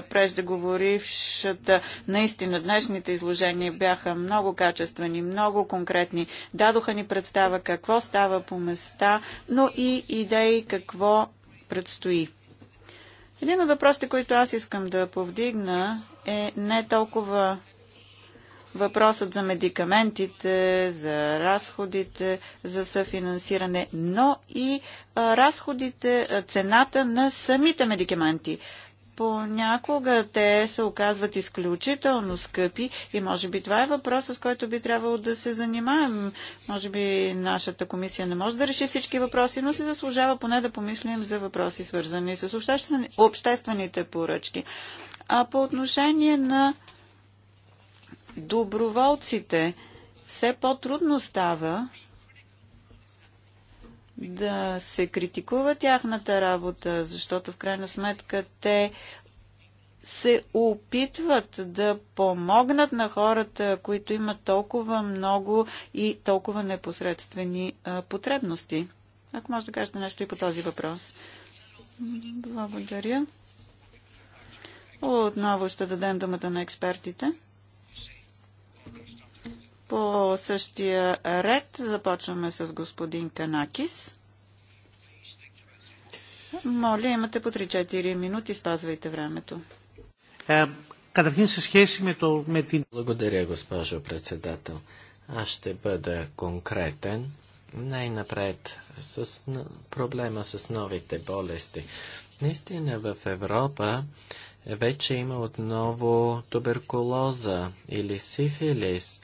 преждеговорившата. Наистина, днешните изложения бяха много качествени, много конкретни. Дадоха ни представа какво става по места, но и идеи какво предстои. Един от въпросите, които аз искам да повдигна е не толкова въпросът за медикаментите, за разходите, за съфинансиране, но и разходите, цената на самите медикаменти. Понякога те се оказват изключително скъпи и може би това е въпросът, с който би трябвало да се занимаем. Може би нашата комисия не може да реши всички въпроси, но се заслужава поне да помислим за въпроси, свързани с обществените поръчки. А по отношение на доброволците. Все по-трудно става да се критикува тяхната работа, защото в крайна сметка те се опитват да помогнат на хората, които имат толкова много и толкова непосредствени а, потребности. Ако може да кажете нещо и по този въпрос. Благодаря. Отново ще дадем думата на експертите. По същия ред започваме с господин Канакис. Моля, имате по 3-4 минути, спазвайте времето. Е, Благодаря, госпожо председател. Аз ще бъда конкретен. Най-напред с проблема с новите болести. Наистина в Европа е вече има отново туберкулоза или сифилис.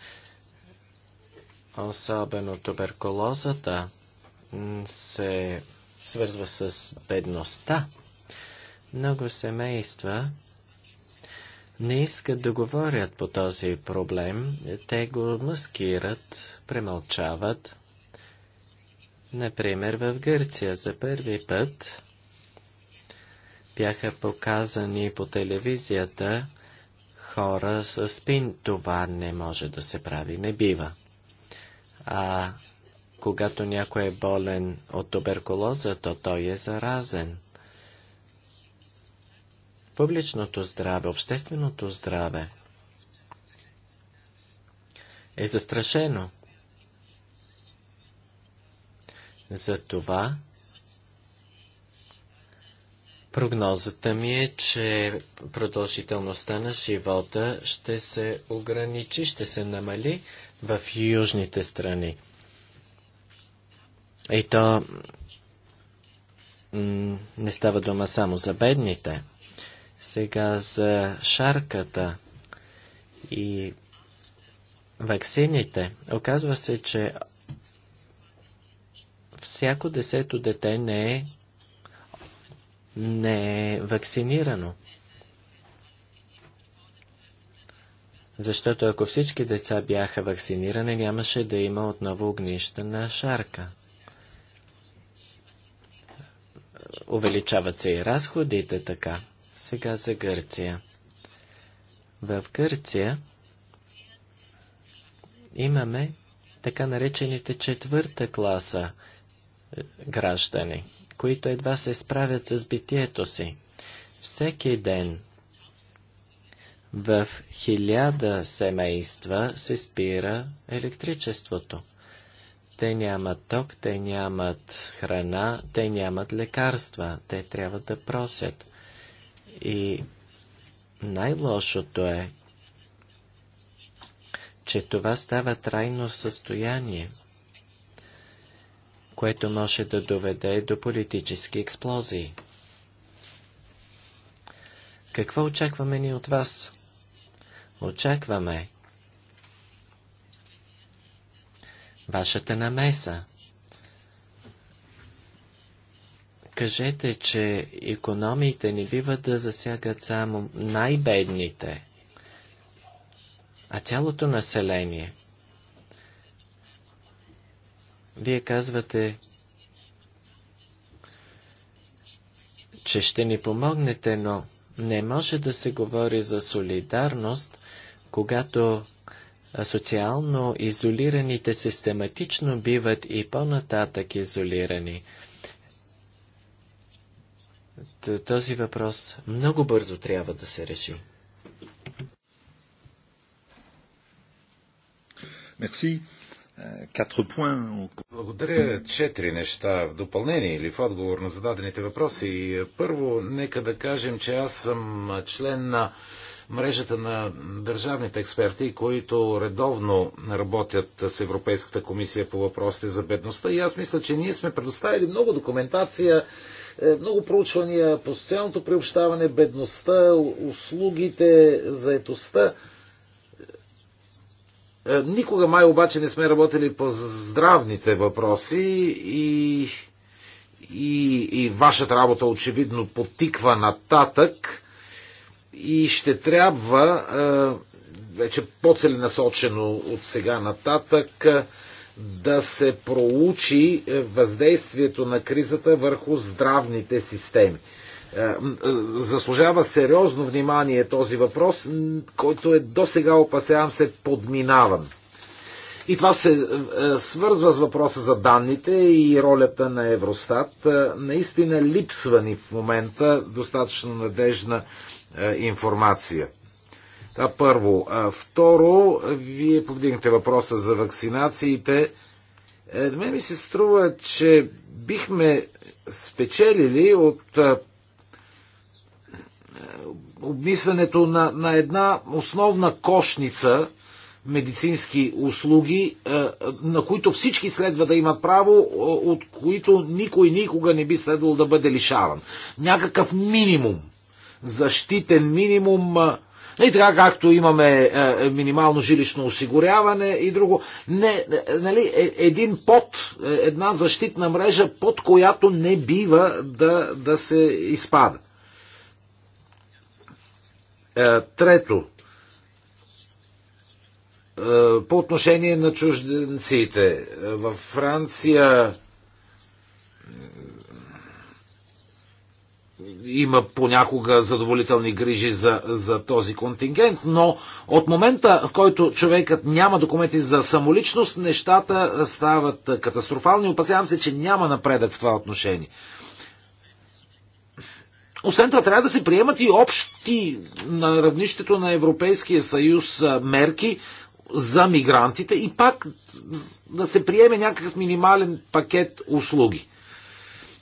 Особено туберкулозата се свързва с бедността. Много семейства не искат да говорят по този проблем. Те го маскират, премълчават. Например, в Гърция за първи път бяха показани по телевизията хора с пин. Това не може да се прави, не бива. А когато някой е болен от туберкулоза, то той е заразен. Публичното здраве, общественото здраве е застрашено. Затова Прогнозата ми е, че продължителността на живота ще се ограничи, ще се намали в южните страни. И то не става дума само за бедните. Сега за шарката и ваксините. Оказва се, че всяко десето дете не е не е вакцинирано. Защото ако всички деца бяха вакцинирани, нямаше да има отново огнища на шарка. Увеличават се и разходите така. Сега за Гърция. В Гърция имаме така наречените четвърта класа е, граждани които едва се справят с битието си. Всеки ден в хиляда семейства се спира електричеството. Те нямат ток, те нямат храна, те нямат лекарства, те трябва да просят. И най-лошото е, че това става трайно състояние – което може да доведе до политически експлозии. Какво очакваме ни от вас? Очакваме вашата намеса. Кажете, че економиите ни биват да засягат само най-бедните, а цялото население – вие казвате, че ще ни помогнете, но не може да се говори за солидарност, когато социално изолираните систематично биват и по-нататък изолирани. Този въпрос много бързо трябва да се реши. Merci. Благодаря. Четири неща в допълнение или в отговор на зададените въпроси. Първо, нека да кажем, че аз съм член на мрежата на държавните експерти, които редовно работят с Европейската комисия по въпросите за бедността. И аз мисля, че ние сме предоставили много документация, е, много проучвания по социалното приобщаване, бедността, услугите, заетостта. Е, никога май обаче не сме работили по здравните въпроси и, и, и вашата работа очевидно потиква нататък и ще трябва е, вече по-целенасочено от сега нататък е, да се проучи въздействието на кризата върху здравните системи. Е, е, заслужава сериозно внимание този въпрос, който е до сега, опасявам се, подминаван. И това се е, свързва с въпроса за данните и ролята на Евростат. Наистина липсва ни в момента достатъчно надежна информация. Това първо. Второ, вие повдигнете въпроса за вакцинациите. Мен ми се струва, че бихме спечелили от обмислянето на, на една основна кошница медицински услуги, е, на които всички следва да имат право, е, от които никой никога не би следвал да бъде лишаван. Някакъв минимум, защитен минимум, е, и така както имаме минимално жилищно осигуряване и друго. Не, нали, един под, една защитна мрежа, под която не бива да, да се изпада. Е, трето, е, по отношение на чужденците. Във Франция има понякога задоволителни грижи за, за този контингент, но от момента, в който човекът няма документи за самоличност, нещата стават катастрофални. Опасявам се, че няма напредък в това отношение. Освен това, трябва да се приемат и общи на равнището на Европейския съюз мерки за мигрантите и пак да се приеме някакъв минимален пакет услуги.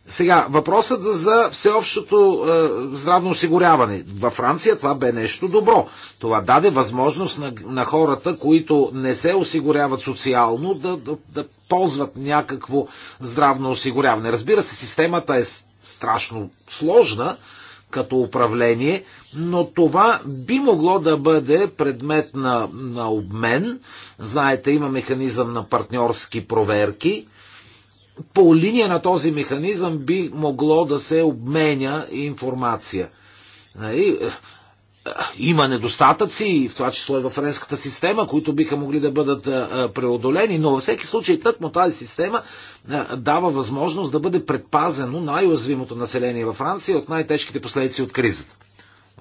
Сега, въпросът за всеобщото е, здравно осигуряване. Във Франция това бе нещо добро. Това даде възможност на, на хората, които не се осигуряват социално, да, да, да ползват някакво здравно осигуряване. Разбира се, системата е страшно сложна като управление, но това би могло да бъде предмет на, на обмен. Знаете, има механизъм на партньорски проверки. По линия на този механизъм би могло да се обменя информация. Нали? има недостатъци, в това число и във френската система, които биха могли да бъдат преодолени, но във всеки случай тъкмо тази система дава възможност да бъде предпазено най-уязвимото население във Франция от най-тежките последици от кризата.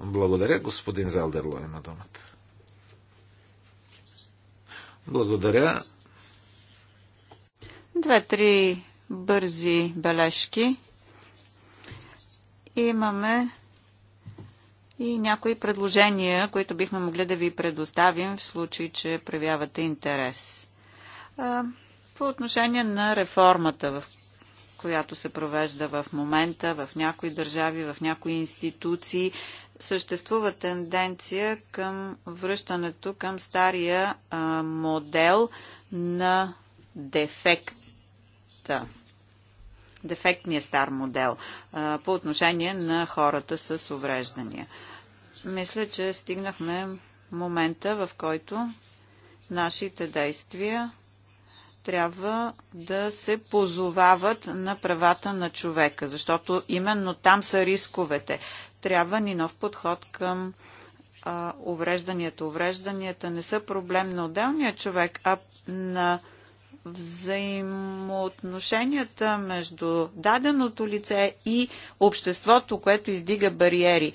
Благодаря, господин Залдерло има думата. Благодаря. Две-три бързи бележки. Имаме и някои предложения, които бихме могли да ви предоставим в случай, че проявявате интерес. По отношение на реформата, в която се провежда в момента в някои държави, в някои институции, съществува тенденция към връщането към стария модел на дефекта. Дефектния стар модел а, по отношение на хората с увреждания. Мисля, че стигнахме момента, в който нашите действия трябва да се позовават на правата на човека, защото именно там са рисковете. Трябва ни нов подход към уврежданията. Уврежданията не са проблем на отделния човек, а на взаимоотношенията между даденото лице и обществото, което издига бариери.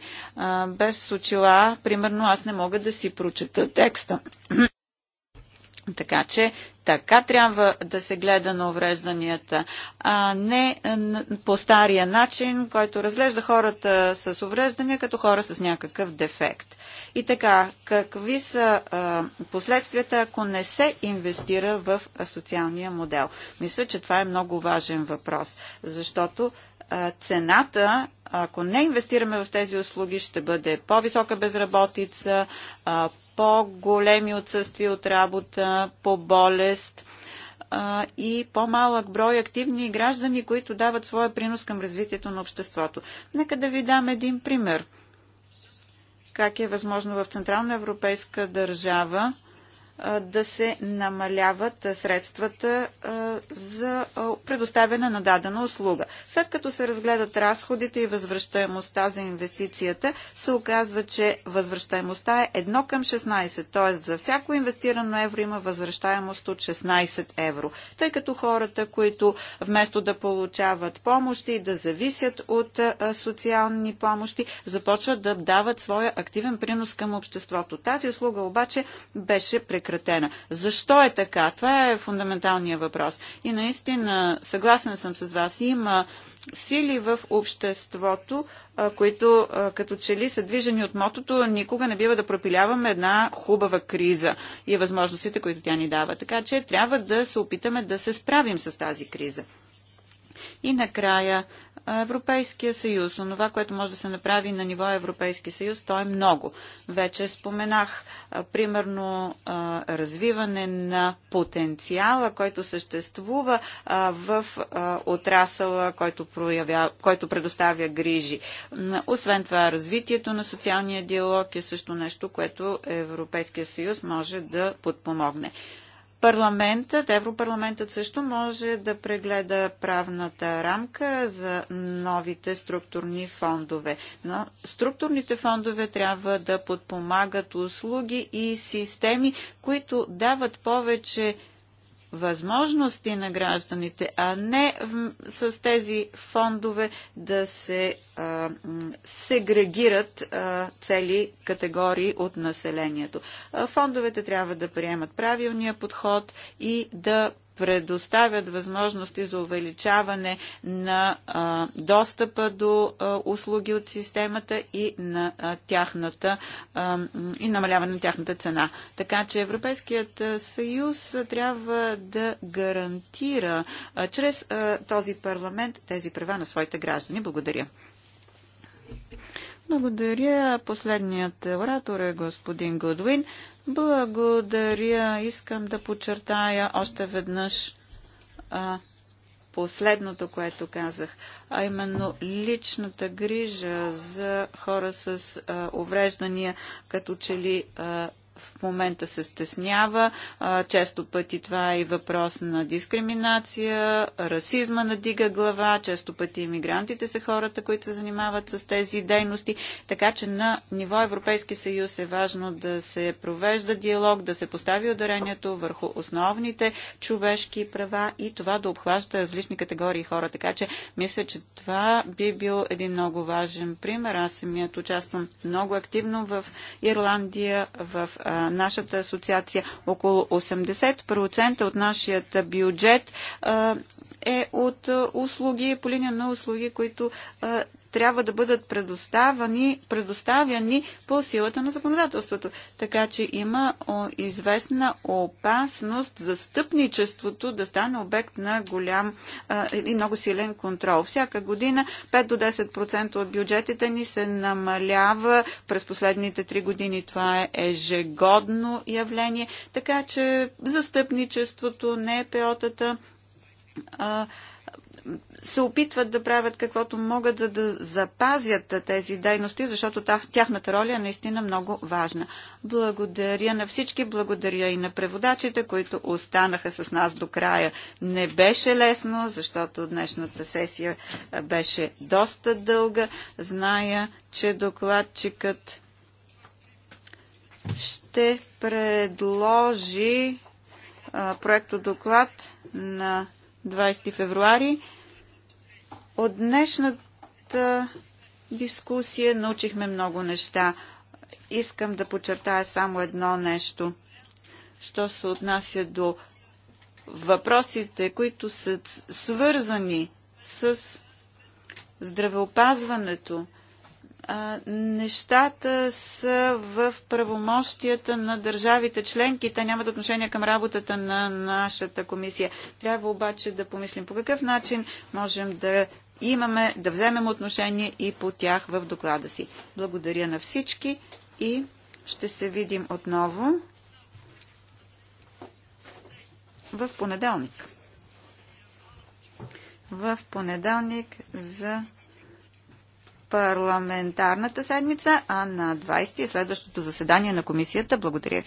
Без очила, примерно, аз не мога да си прочета текста. Така че така трябва да се гледа на уврежданията, а не по стария начин, който разглежда хората с увреждания като хора с някакъв дефект. И така, какви са последствията, ако не се инвестира в социалния модел? Мисля, че това е много важен въпрос, защото цената, ако не инвестираме в тези услуги, ще бъде по-висока безработица, по-големи отсъствия от работа, по болест и по-малък брой активни граждани, които дават своя принос към развитието на обществото. Нека да ви дам един пример. Как е възможно в Централна европейска държава да се намаляват средствата за предоставяне на дадена услуга. След като се разгледат разходите и възвръщаемостта за инвестицията, се оказва, че възвръщаемостта е 1 към 16, т.е. за всяко инвестирано евро има възвръщаемост от 16 евро. Тъй като хората, които вместо да получават помощи и да зависят от социални помощи, започват да дават своя активен принос към обществото. Тази услуга обаче беше прекратена прекратена. Защо е така? Това е фундаменталният въпрос. И наистина, съгласен съм с вас, има сили в обществото, които като че ли са движени от мотото, никога не бива да пропиляваме една хубава криза и възможностите, които тя ни дава. Така че трябва да се опитаме да се справим с тази криза. И накрая, Европейския съюз, но това, което може да се направи на ниво Европейски съюз, то е много. Вече споменах, примерно, развиване на потенциала, който съществува в отрасъла, който, проявя, който предоставя грижи. Освен това, развитието на социалния диалог е също нещо, което Европейския съюз може да подпомогне. Парламентът, Европарламентът също може да прегледа правната рамка за новите структурни фондове. Но структурните фондове трябва да подпомагат услуги и системи, които дават повече възможности на гражданите, а не с тези фондове да се а, сегрегират а, цели категории от населението. А, фондовете трябва да приемат правилния подход и да предоставят възможности за увеличаване на а, достъпа до а, услуги от системата и на а, тяхната и намаляване на тяхната цена. Така че Европейският съюз трябва да гарантира чрез този парламент тези права на своите граждани. Благодаря. Благодаря. Последният оратор е господин Гудвин. Благодаря. Искам да подчертая още веднъж а, последното, което казах, а именно личната грижа за хора с а, увреждания, като че ли а, в момента се стеснява. Често пъти това е и въпрос на дискриминация, расизма надига глава, често пъти иммигрантите са хората, които се занимават с тези дейности. Така че на ниво Европейски съюз е важно да се провежда диалог, да се постави ударението върху основните човешки права и това да обхваща различни категории хора. Така че мисля, че това би бил един много важен пример. Аз самият участвам много активно в Ирландия, в нашата асоциация около 80% от нашият бюджет е от услуги, по линия на услуги, които трябва да бъдат предоставяни, предоставяни по силата на законодателството. Така че има о, известна опасност за стъпничеството да стане обект на голям а, и много силен контрол. Всяка година 5 до 10% от бюджетите ни се намалява през последните 3 години. Това е ежегодно явление. Така че за стъпничеството, е пеотата, а, се опитват да правят каквото могат, за да запазят тези дейности, защото тяхната роля е наистина много важна. Благодаря на всички, благодаря и на преводачите, които останаха с нас до края. Не беше лесно, защото днешната сесия беше доста дълга. Зная, че докладчикът ще предложи проекто доклад на 20 февруари. От днешната дискусия научихме много неща. Искам да подчертая само едно нещо. Що се отнася до въпросите, които са свързани с здравеопазването, нещата са в правомощията на държавите членки. Те нямат отношение към работата на нашата комисия. Трябва обаче да помислим по какъв начин можем да имаме да вземем отношение и по тях в доклада си. Благодаря на всички и ще се видим отново в понеделник. В понеделник за парламентарната седмица, а на 20 е следващото заседание на комисията. Благодаря ви.